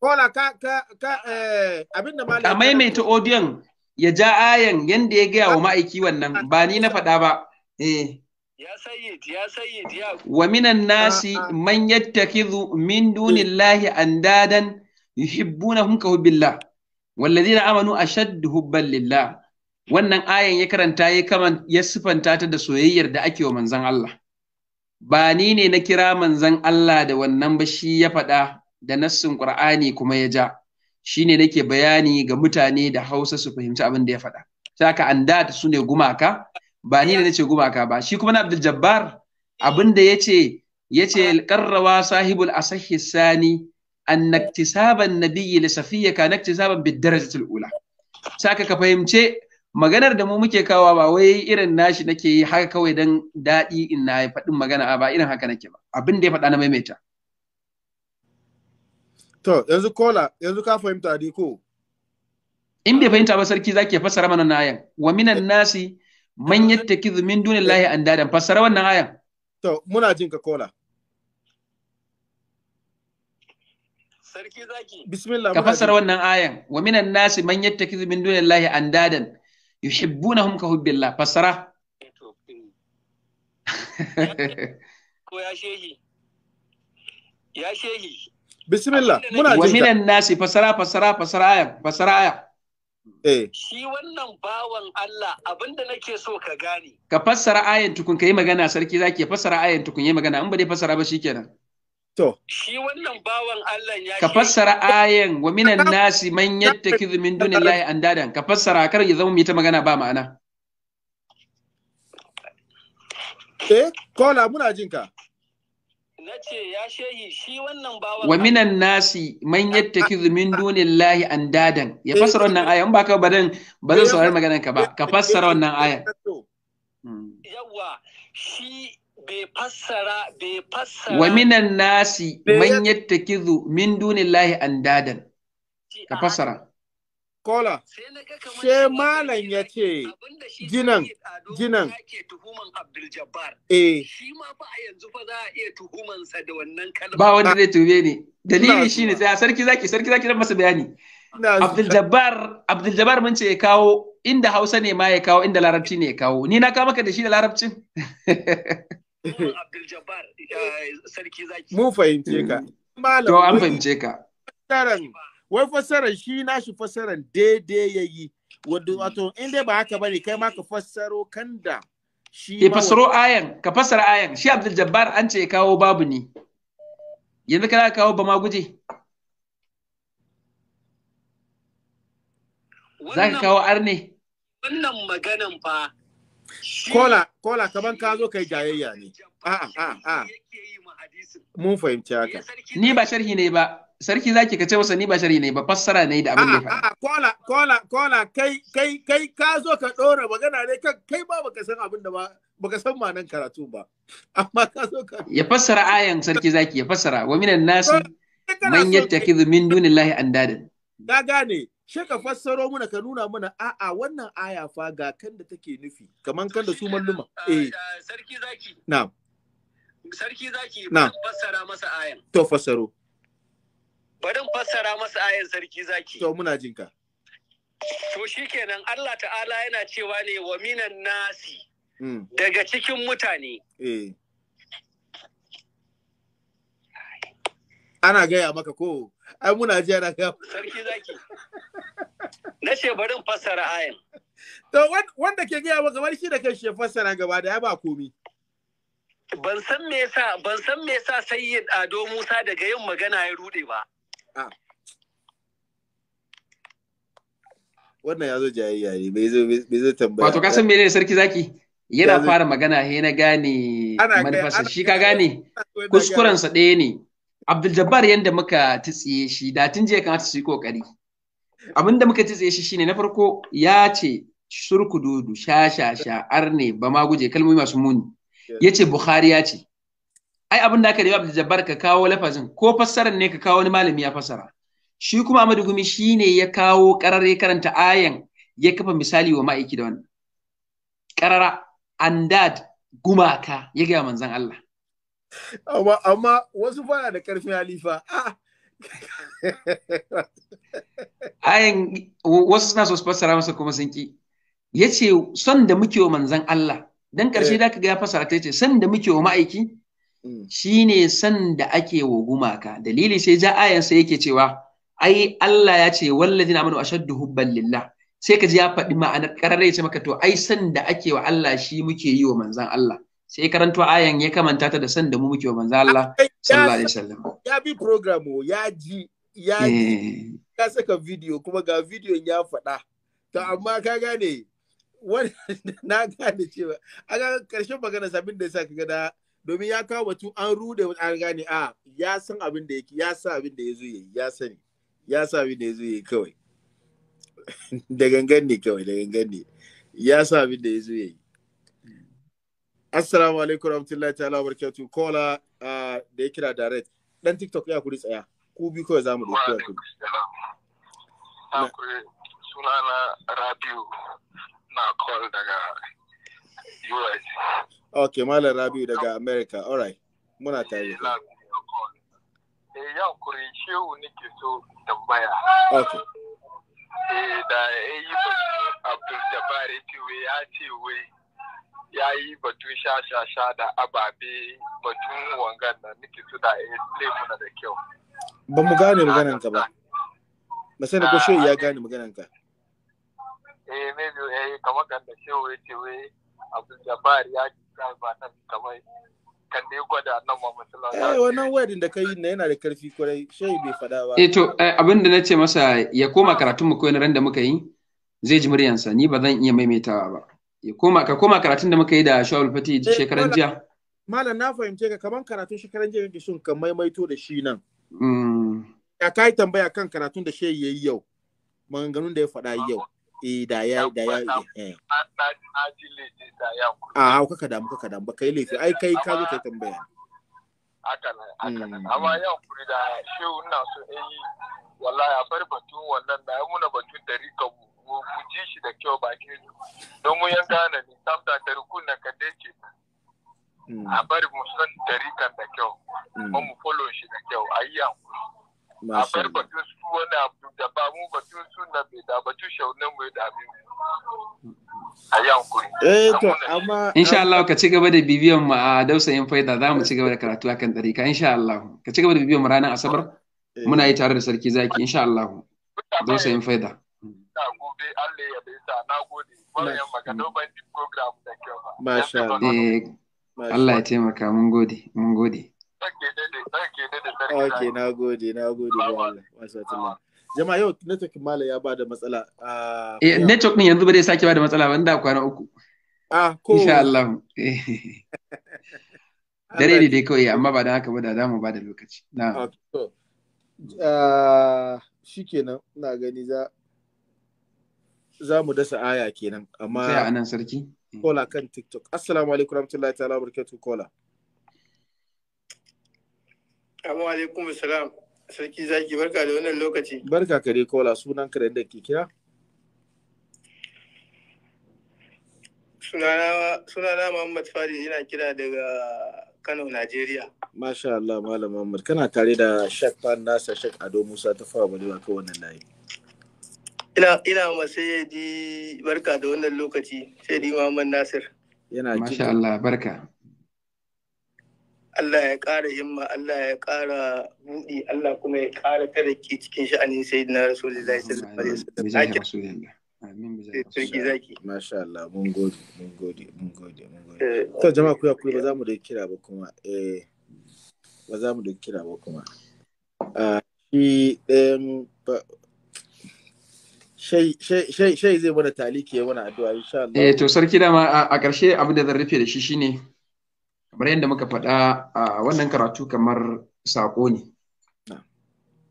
kola ka ka ka eh abinda mallam ka maimaita odiyan ya ja ayan yanda ya gaya wa ma'aiki wannan ba ni na faɗa ba eh ya sayyid ya sayyid ya wa minan nasi man yattakhidhu min dunillahi andadan yuhibbunahum ka hubbillah والذين آمنوا أشد حبا لله wannan ayan ya karanta ya kaman ya sifanta ta da soyayyar da ake wa manzon Allah ba ni ne na kira manzan Allah da wannan ba shi ya faɗa da nassin Qur'ani kuma ya ja shine nake bayani ga mutane da Hausa su fahimci abin da ya faɗa saka anda su ne gumaka ba ni ne nace gumaka ba shi kuma na Abdul Jabbar abin da yace yace qarrawa sahibul asahhi sani an iktisaban nabiyyi li safiyya kana iktisaban bid darajatil ula saka ka fahimce maganar da mu muke kawa ba wai irin nashi nake yi haka kawai dan daɗi in na faɗin magana a ba irin haka nake ba abin da ya faɗa na maimaita to yanzu kola yanzu ka fahimta dai ko in bai fahimta ba sarki zaki fassara mana na ayan wa minan nasi man yattakizu min dunillahi andadan fassara wannan ayan to muna jin ka kola sarki zaki bismillah ka fassara wannan ayan wa minan nasi man yattakizu min dunillahi andadan yuhibbunahum ka hubbillah fasara eh. ko ya shehi ya shehi bismillah muna wa minan nasi fasara fasara fasara ayam fasara ayam eh Shi wannan bawan Allah abinda nake so ka gane. Ka fassara ayan tukun kai magana sarki zaki ya fassara ayan tukun yi magana in ba dai fassara ba shikenan. To. Shi wannan bawan Allah ya Ka fassara ayan wa minan nasi man yattakizu min dunillahi andadan. Ka fassara kar ya zama mu ta magana ba ma'ana. Eh, kola muna jin ka. Nace ya shehi shi wannan bawan Wa minan nasi man yattakizu min dunillahi andadan. Ya fassara wannan ayan ba ka badan ba zan saurari maganar ka ba. Ka fassara wannan ayan. Yawwa shi fassara wa minan nasi man yattakizu min dunillahi andadan ka fassara kola she malam ya ce jinan eh shi ma a yanzu fa za a iya da wannan ba wanda zai tuhume ni dalili shine sai sarki zaki sarki zaki dan masa bayani Abdul Jabbar Abdul Jabbar mun ce ya kawo inda Hausa ne ma ya kawo inda Larabci ne ya kawo ni na kawo maka da shi da Larabcin Abdul Jabbar sarki zaki. Mun fahimce ka. Mm. To an fahimce ka. Wai fassarar shi na shi fassarar daidai ya yi. Wato in dai ba haka bane kai ma ka fassaro kanda. Shi ka fassaro ayan, ka fassara ayan. Shi Abdul Jabbar an ce kawo babu ni. Yanzu kana kawo ba ma guje. Za ka kawo arne. Wannan maganan fa kola kola kaman ka zo kai jayayya ne ah, ah, ah, a a mun fahimci haka ni ba sharhi ne ba sarki zaki ka ce masa ni ba sharhi ne ba fassara ne da abin da ya faɗa kola kola kola kai kai kai ka zo ka dora magana ne kan kai ba baka san abin da ba baka san ma'anan karatu ba amma ka zo ka ya fassara ayan sarki zaki ya fassara wa minan nasi man yattakhidhu min dunillahi andadan ka gane She ka fassaro muna ka nuna muna a'a wannan aya fa ga kan da take nufi kaman kan da su malluma. Uh, eh. Uh, sarki zaki. Na'am. Sarki zaki. ba Fassara masa ayan. To fassaro. Barin fassara masa ayan sarki zaki. To muna jinka. To shikenan Allah ta'ala yana cewa ne wa minan nasi. Mm. Daga cikin mutane. Eh. Ana gaya maka ko ai muna jiya na gaya. Sarki zaki. na ce fassara ayin to wanda ke gaya maka kamar shi da kai shi fassara gaba da ya ba komi ban san me yasa ban san me yasa sayyid ado musa daga yin magana ya rude ba ah. wannan ya zo jayayya ne bai zo bai zo tambaya wato me ne sarki zaki yana fara magana he na gane manufarsa shi ka gane kuskurensa ɗaya ne Abdul Jabbar yanda muka tsiye shi da tun jiya kamata su yi kokari abin da muka ci tsaye shi shine na farko ya ce surku dudu sha sha sha arne ba ma guje kalmomi masu muni ya ce bukhari ya ce ai abin da aka da abdul jabbar ka kawo lafazin ko fassarar ne ka kawo wani malami ya fassara shi kuma amadu gumi ne ya kawo karar ya karanta ayan ya kafa misali wa ma'aiki da wannan karara andad gumaka ya gaya manzan Allah amma wasu baya da karfin halifa ah, wasu suna so su masa kuma sun ki ce son da muke wa manzan Allah dan karshe da eh. ga ya fasara ta ce son da muke wa ma'aiki hmm. shi ne son da ake wa gumaka dalili sai ja ayan sai yake cewa ai Allah ya ce wallazina amanu shaddu hubban lillah sai ka ji ya faɗi ma'anar ƙararra ya ce maka to ai son da ake wa Allah shi muke yi wa manzan Allah sai karanta ayan ya kamanta ta da son da mu muke wa manzan Allah ya bi program ya ji ya ji eh. ya saka video kuma ga video ya faɗa to amma ka gane na gane cewa a ga karshen magana sabin da sa ka gada domin ya kawo batu an rude an gane a ya san abin da yake ya sa abin da ya zo ya sani ya sa abin da ya zo kawai da gangan ne kawai da gangan ne ya sa abin da ya zo yi Assalamu alaikum rahmatullahi ta'ala wa barakatuh. Kola uh, da ya kira direct. Dan TikTok ya kuri tsaya. Ku bi kawai mu da kuwa kuri. na Rabiu na call daga US. Ok, na Rabiu daga America. Alright. Muna tare. Eh, ya kuri shehu ke so tambaya. Ok. Eh, da ya yi Abdul Jabari ya ce wai ya yi batun sha-sha-sha da ababe batun wangan da niki eh, su da explain muna da kyau. Ba mu gane maganan ka ba. Ba sai da ko shehu ya gane maganan ka. Eh maybe eh kamar kan da shehu ya ce wai Abdul Jabbar ya ji ba nan kamar kan da ya gwada nan ma musulman. Eh wannan wedding da kai na yana da karfi kwarai shehu bai fada ba. Eh to eh, abin da na ce masa ya koma karatun mu ko ran da muka yi zai ji muryansa ni ba zan iya maimaitawa ba. koma ka koma karatun da muka yi da Shawul Fati eh, shekaran jiya malam na fahimce ka kaman karatun shekaran jiya yake son ka maimaito da shi nan mm. ya kai tambaya kan karatun da shehi yayi yau maganganun da ya faɗa yau eh da ya da ya eh, eh. a ah, hau kaka damu kaka damu ba kai laifi ai kai ka zo kai tambaya haka nan mm. amma yau kuri da shehu ina so yi. wallahi a bar batun wannan da ya muna batun da rikonmu. mu ji shi da kyau bakin don mu yan gane ne sabta ta rukun na kadai ce mm. a bari mu san tarikan da kyau mm. kuma mu follow shi da kyau a yi a bar batun su wani abu da ba mu batun su na bai da batun shaunan mu da abin a yi eh to amma insha eh, Allah ka ci gaba da bibiyan mu a dausayin faida za mu ci gaba da karatu akan tarika insha Allah ka ci gaba da bibiyan mu ranar asabar eh. muna yi tare da sarki zaki insha Allah dausayin faida na gobe Allah ya na gode ban program da kyau ba eh, masha Allah Allah ya taimaka mun gode mun gode Ok, na gode, na gode ba Jama'a yau network mala ya bada matsala. Ah, eh, network ɗin yanzu ba zai sake bada matsala ba, da kwana uku. Ah, ko. Insha Allah. Eh. Dare ne dai kawai, amma ba da haka ba da za mu bada lokaci. Na. Ah, shikenan, na gani za za mu dasa aya kenan amma sai nan sarki mm. kola kan tiktok assalamu alaikum rahmatullahi ta'ala barkatu kola amma alaikum salam sarki zaki barka da wannan lokaci barka ka dai kola sunan ka da ke kira sunana Muhammad Fari yana kira daga Kano Najeriya Masha Allah Malam Muhammad kana tare da Sheikh Pan Nasa Sheikh Ado Musa ta fara bane ba ka wannan layi Ina ina ma ji barka da wannan lokaci sayyidi Muhammad Nasir. Yana Masha Allah barka. Allah ya ƙara himma, Allah ya ƙara buɗi, Allah kuma ya ƙara kada ke cikin sha'anin sayyidina Rasulullahi sallallahu alaihi wasallam. zaki. Masha Allah, mun gode, mun gode, mun gode, mun gode. Eh, to jama'a ku yakuri ba za mu da kira ba kuma. Eh. Ba za mu da kira ba kuma. Ah, shi ɗayan shai zai mana taliki ya mana addu'a insha Allah. Eh to sarki dama a ƙarshe abin da zan rufe da shi shine kamar yadda muka faɗa a wannan karatu kamar sako ne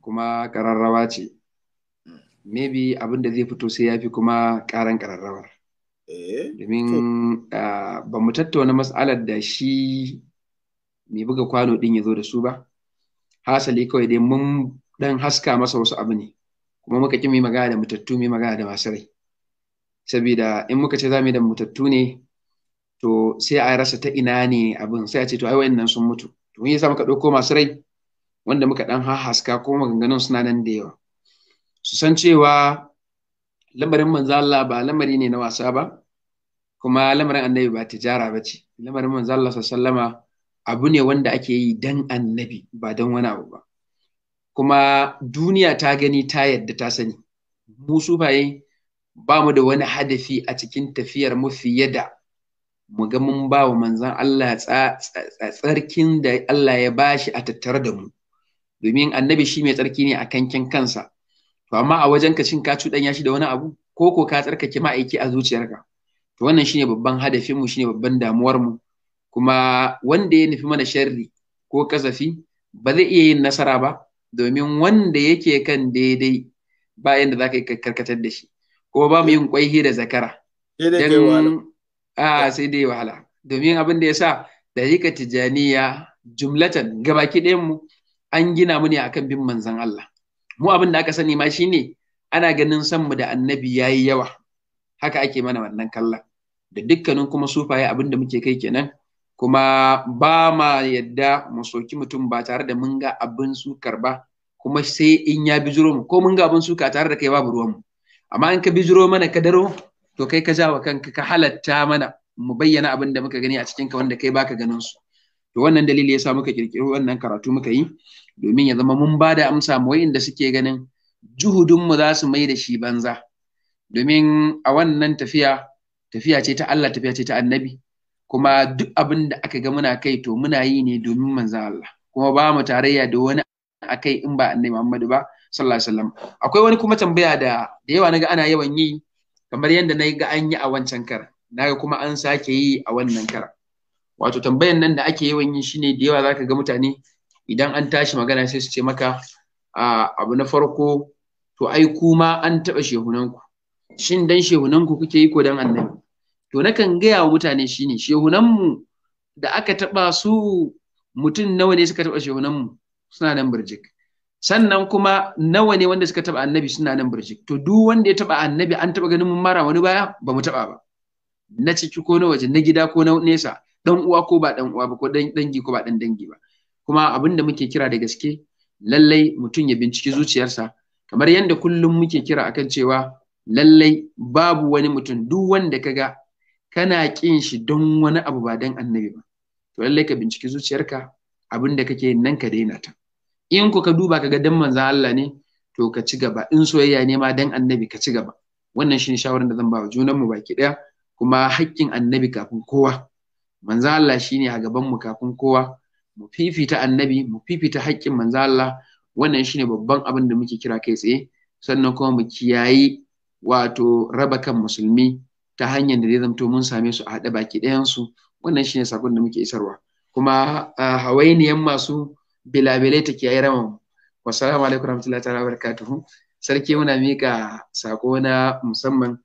kuma ƙararrawa ce hmm. maybe abin da zai fito sai ya fi kuma ƙaran ƙararrawar? Eh, Domin ba mu tattauna mas'alar da shi mai buga kwano ɗin ya zo da su ba. Hasali kawai dai mun ɗan haska masa wasu abu ne. kuma muka ƙi mu yi magana da mutattu mu yi magana da masu rai saboda in muka ce za mu yi da mutattu ne to sai a rasa ta ina ne abin sai a ce to ai wayannan sun mutu to yi sa muka ɗauko masu rai wanda muka ɗan haska ko maganganun suna nan da yawa su san cewa lamarin manzo Allah ba lamari ne na wasa ba kuma lamarin annabi ba tijara ba ce lamarin manzo Allah sallama abu ne wanda ake yi dan annabi ba dan wani abu ba kuma duniya ta gani ta yadda ta sani mu sufaye ba mu da wani hadafi a cikin tafiyar mu fiye da mu ga mun ba wa manzan Allah tsarkin da Allah ya bashi a tattare da mu domin annabi shi mai tsarki ne a kankin kansa to amma a wajen ka shin ka cuɗanya shi da wani abu ko ko ka tsarkake ma'aiki a zuciyarka to wannan shine babban hadafin mu shine babban damuwar mu kuma wanda ya nufi mana sharri ko kasafi ba zai iya yin nasara ba domin wanda yake kan daidai bayan da za ka yi karkatar da shi ko ba mu yin kwaihi da zakara a sai dai wahala domin abin da ya sa da rika tijaniya jumlatan gabaki ɗayan mu an gina mu ne akan bin manzon Allah mu abin da aka sani ma shine ana ganin san mu da annabi yayi yawa haka ake mana wannan kallon da dukkanin kuma sufaye abin da muke kai kenan kuma ba ma yadda mu soki mutum ba tare da mun ga abin sukar ba kuma sai in ya bijiro mu ko mun ga abin suka tare da kai babu ruwan mu amma in ka bijiro mana ka daro to kai ka jawa kanka ka halatta mana mu bayyana abin da muka gani a cikin ka wanda kai baka ganin su to wannan dalili yasa muka kirkiro wannan karatu muka yi domin ya zama mun bada amsa mu wayanda suke ganin juhudun mu za su mai da shi banza domin a wannan tafiya tafiya ce ta Allah tafiya ce ta annabi kuma duk abin da aka ga muna kai to muna yi ne domin manzan Allah kuma ba mu tarayya da wani akai in ba annabi Muhammadu ba sallallahu alaihi wasallam akwai wani kuma tambaya da da yawa naga ana yawan yi kamar yadda na ga an yi a wancan kar naga kuma an sake yi a wannan kar wato tambayan nan da ake yawan yi shine da yawa zaka ga mutane idan an tashi magana sai su ce maka abu na farko to ai kuma an taɓa shehunanku shin dan shehunanku kuke yi ko dan annabi to nakan gaya wa mutane shine shehunanmu da aka taba su mutum nawa ne suka taɓa shehunanmu suna nan birjik sannan kuma nawa ne wanda suka taɓa annabi suna nan birjik to duk wanda ya taba annabi an taba ganin mun mara wani baya ba mu taba ba na ciki ko na waje na gida ko na nesa dan uwa ko ba dan uwa ba ko dan dangi ko ba dan dangi ba kuma abin da muke kira da gaske lallai mutum ya binciki zuciyarsa kamar yadda kullum muke kira akan cewa lallai babu wani mutum duk wanda ka ga. kana kin shi don wani abu ba dan annabi ba to lallai ka binciki zuciyarka abin da kake nan ka daina ta in ku ka duba ka ga dan manzan Allah ne to ka ci gaba in soyayya ne ma dan annabi ka ci gaba wannan shine shawaran da zan ba wa junan mu baki daya kuma haƙƙin annabi kafin kowa manzan Allah shine a gaban mu kafin kowa mu fifita annabi mu fifita haƙƙin manzan Allah wannan shine babban abin da muke kira kai tsaye sannan kuma mu kiyayi wato raba kan musulmi ta hanyar da zai zamto mun same su a haɗe baki ɗayansu wannan shine sakon da muke isarwa kuma hawainiyan masu bilabilai ta kiyaye raman wasalamu alaikum rahmatullahi ta'ala barakatuhu sarki muna mika sako na musamman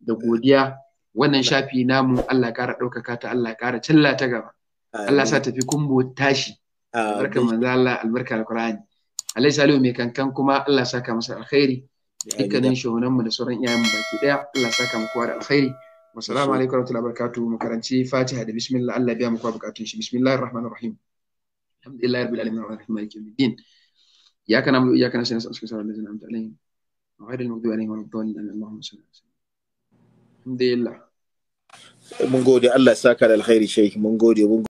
da godiya wannan shafi namu Allah ƙara ɗaukaka ta Allah ƙara cilla ta gaba Allah sa tafi kumbo tashi barkan manzo Allah albarka alqur'ani alai salihu mai kankan kuma Allah saka masa alkhairi dukkanin shehunanmu da sauran iyayenmu baki ɗaya. Allah saka mu kowa da alkhairi wa salamu alaikum wa rahmatullahi wa mu karanci Fatiha da bismillah Allah biya mu kowa bukatun shi bismillahir rahmanir rahim alhamdulillahi rabbil alamin arrahmanir rahim maliki yawmiddin iyyaka na'budu wa iyyaka nasta'in ihdinas siratal ladzina an'amta alaihim ghayril maghdubi alaihim waladdallin amin Allahumma salli ala alhamdulillah mun gode Allah saka da alkhairi sheikh mun gode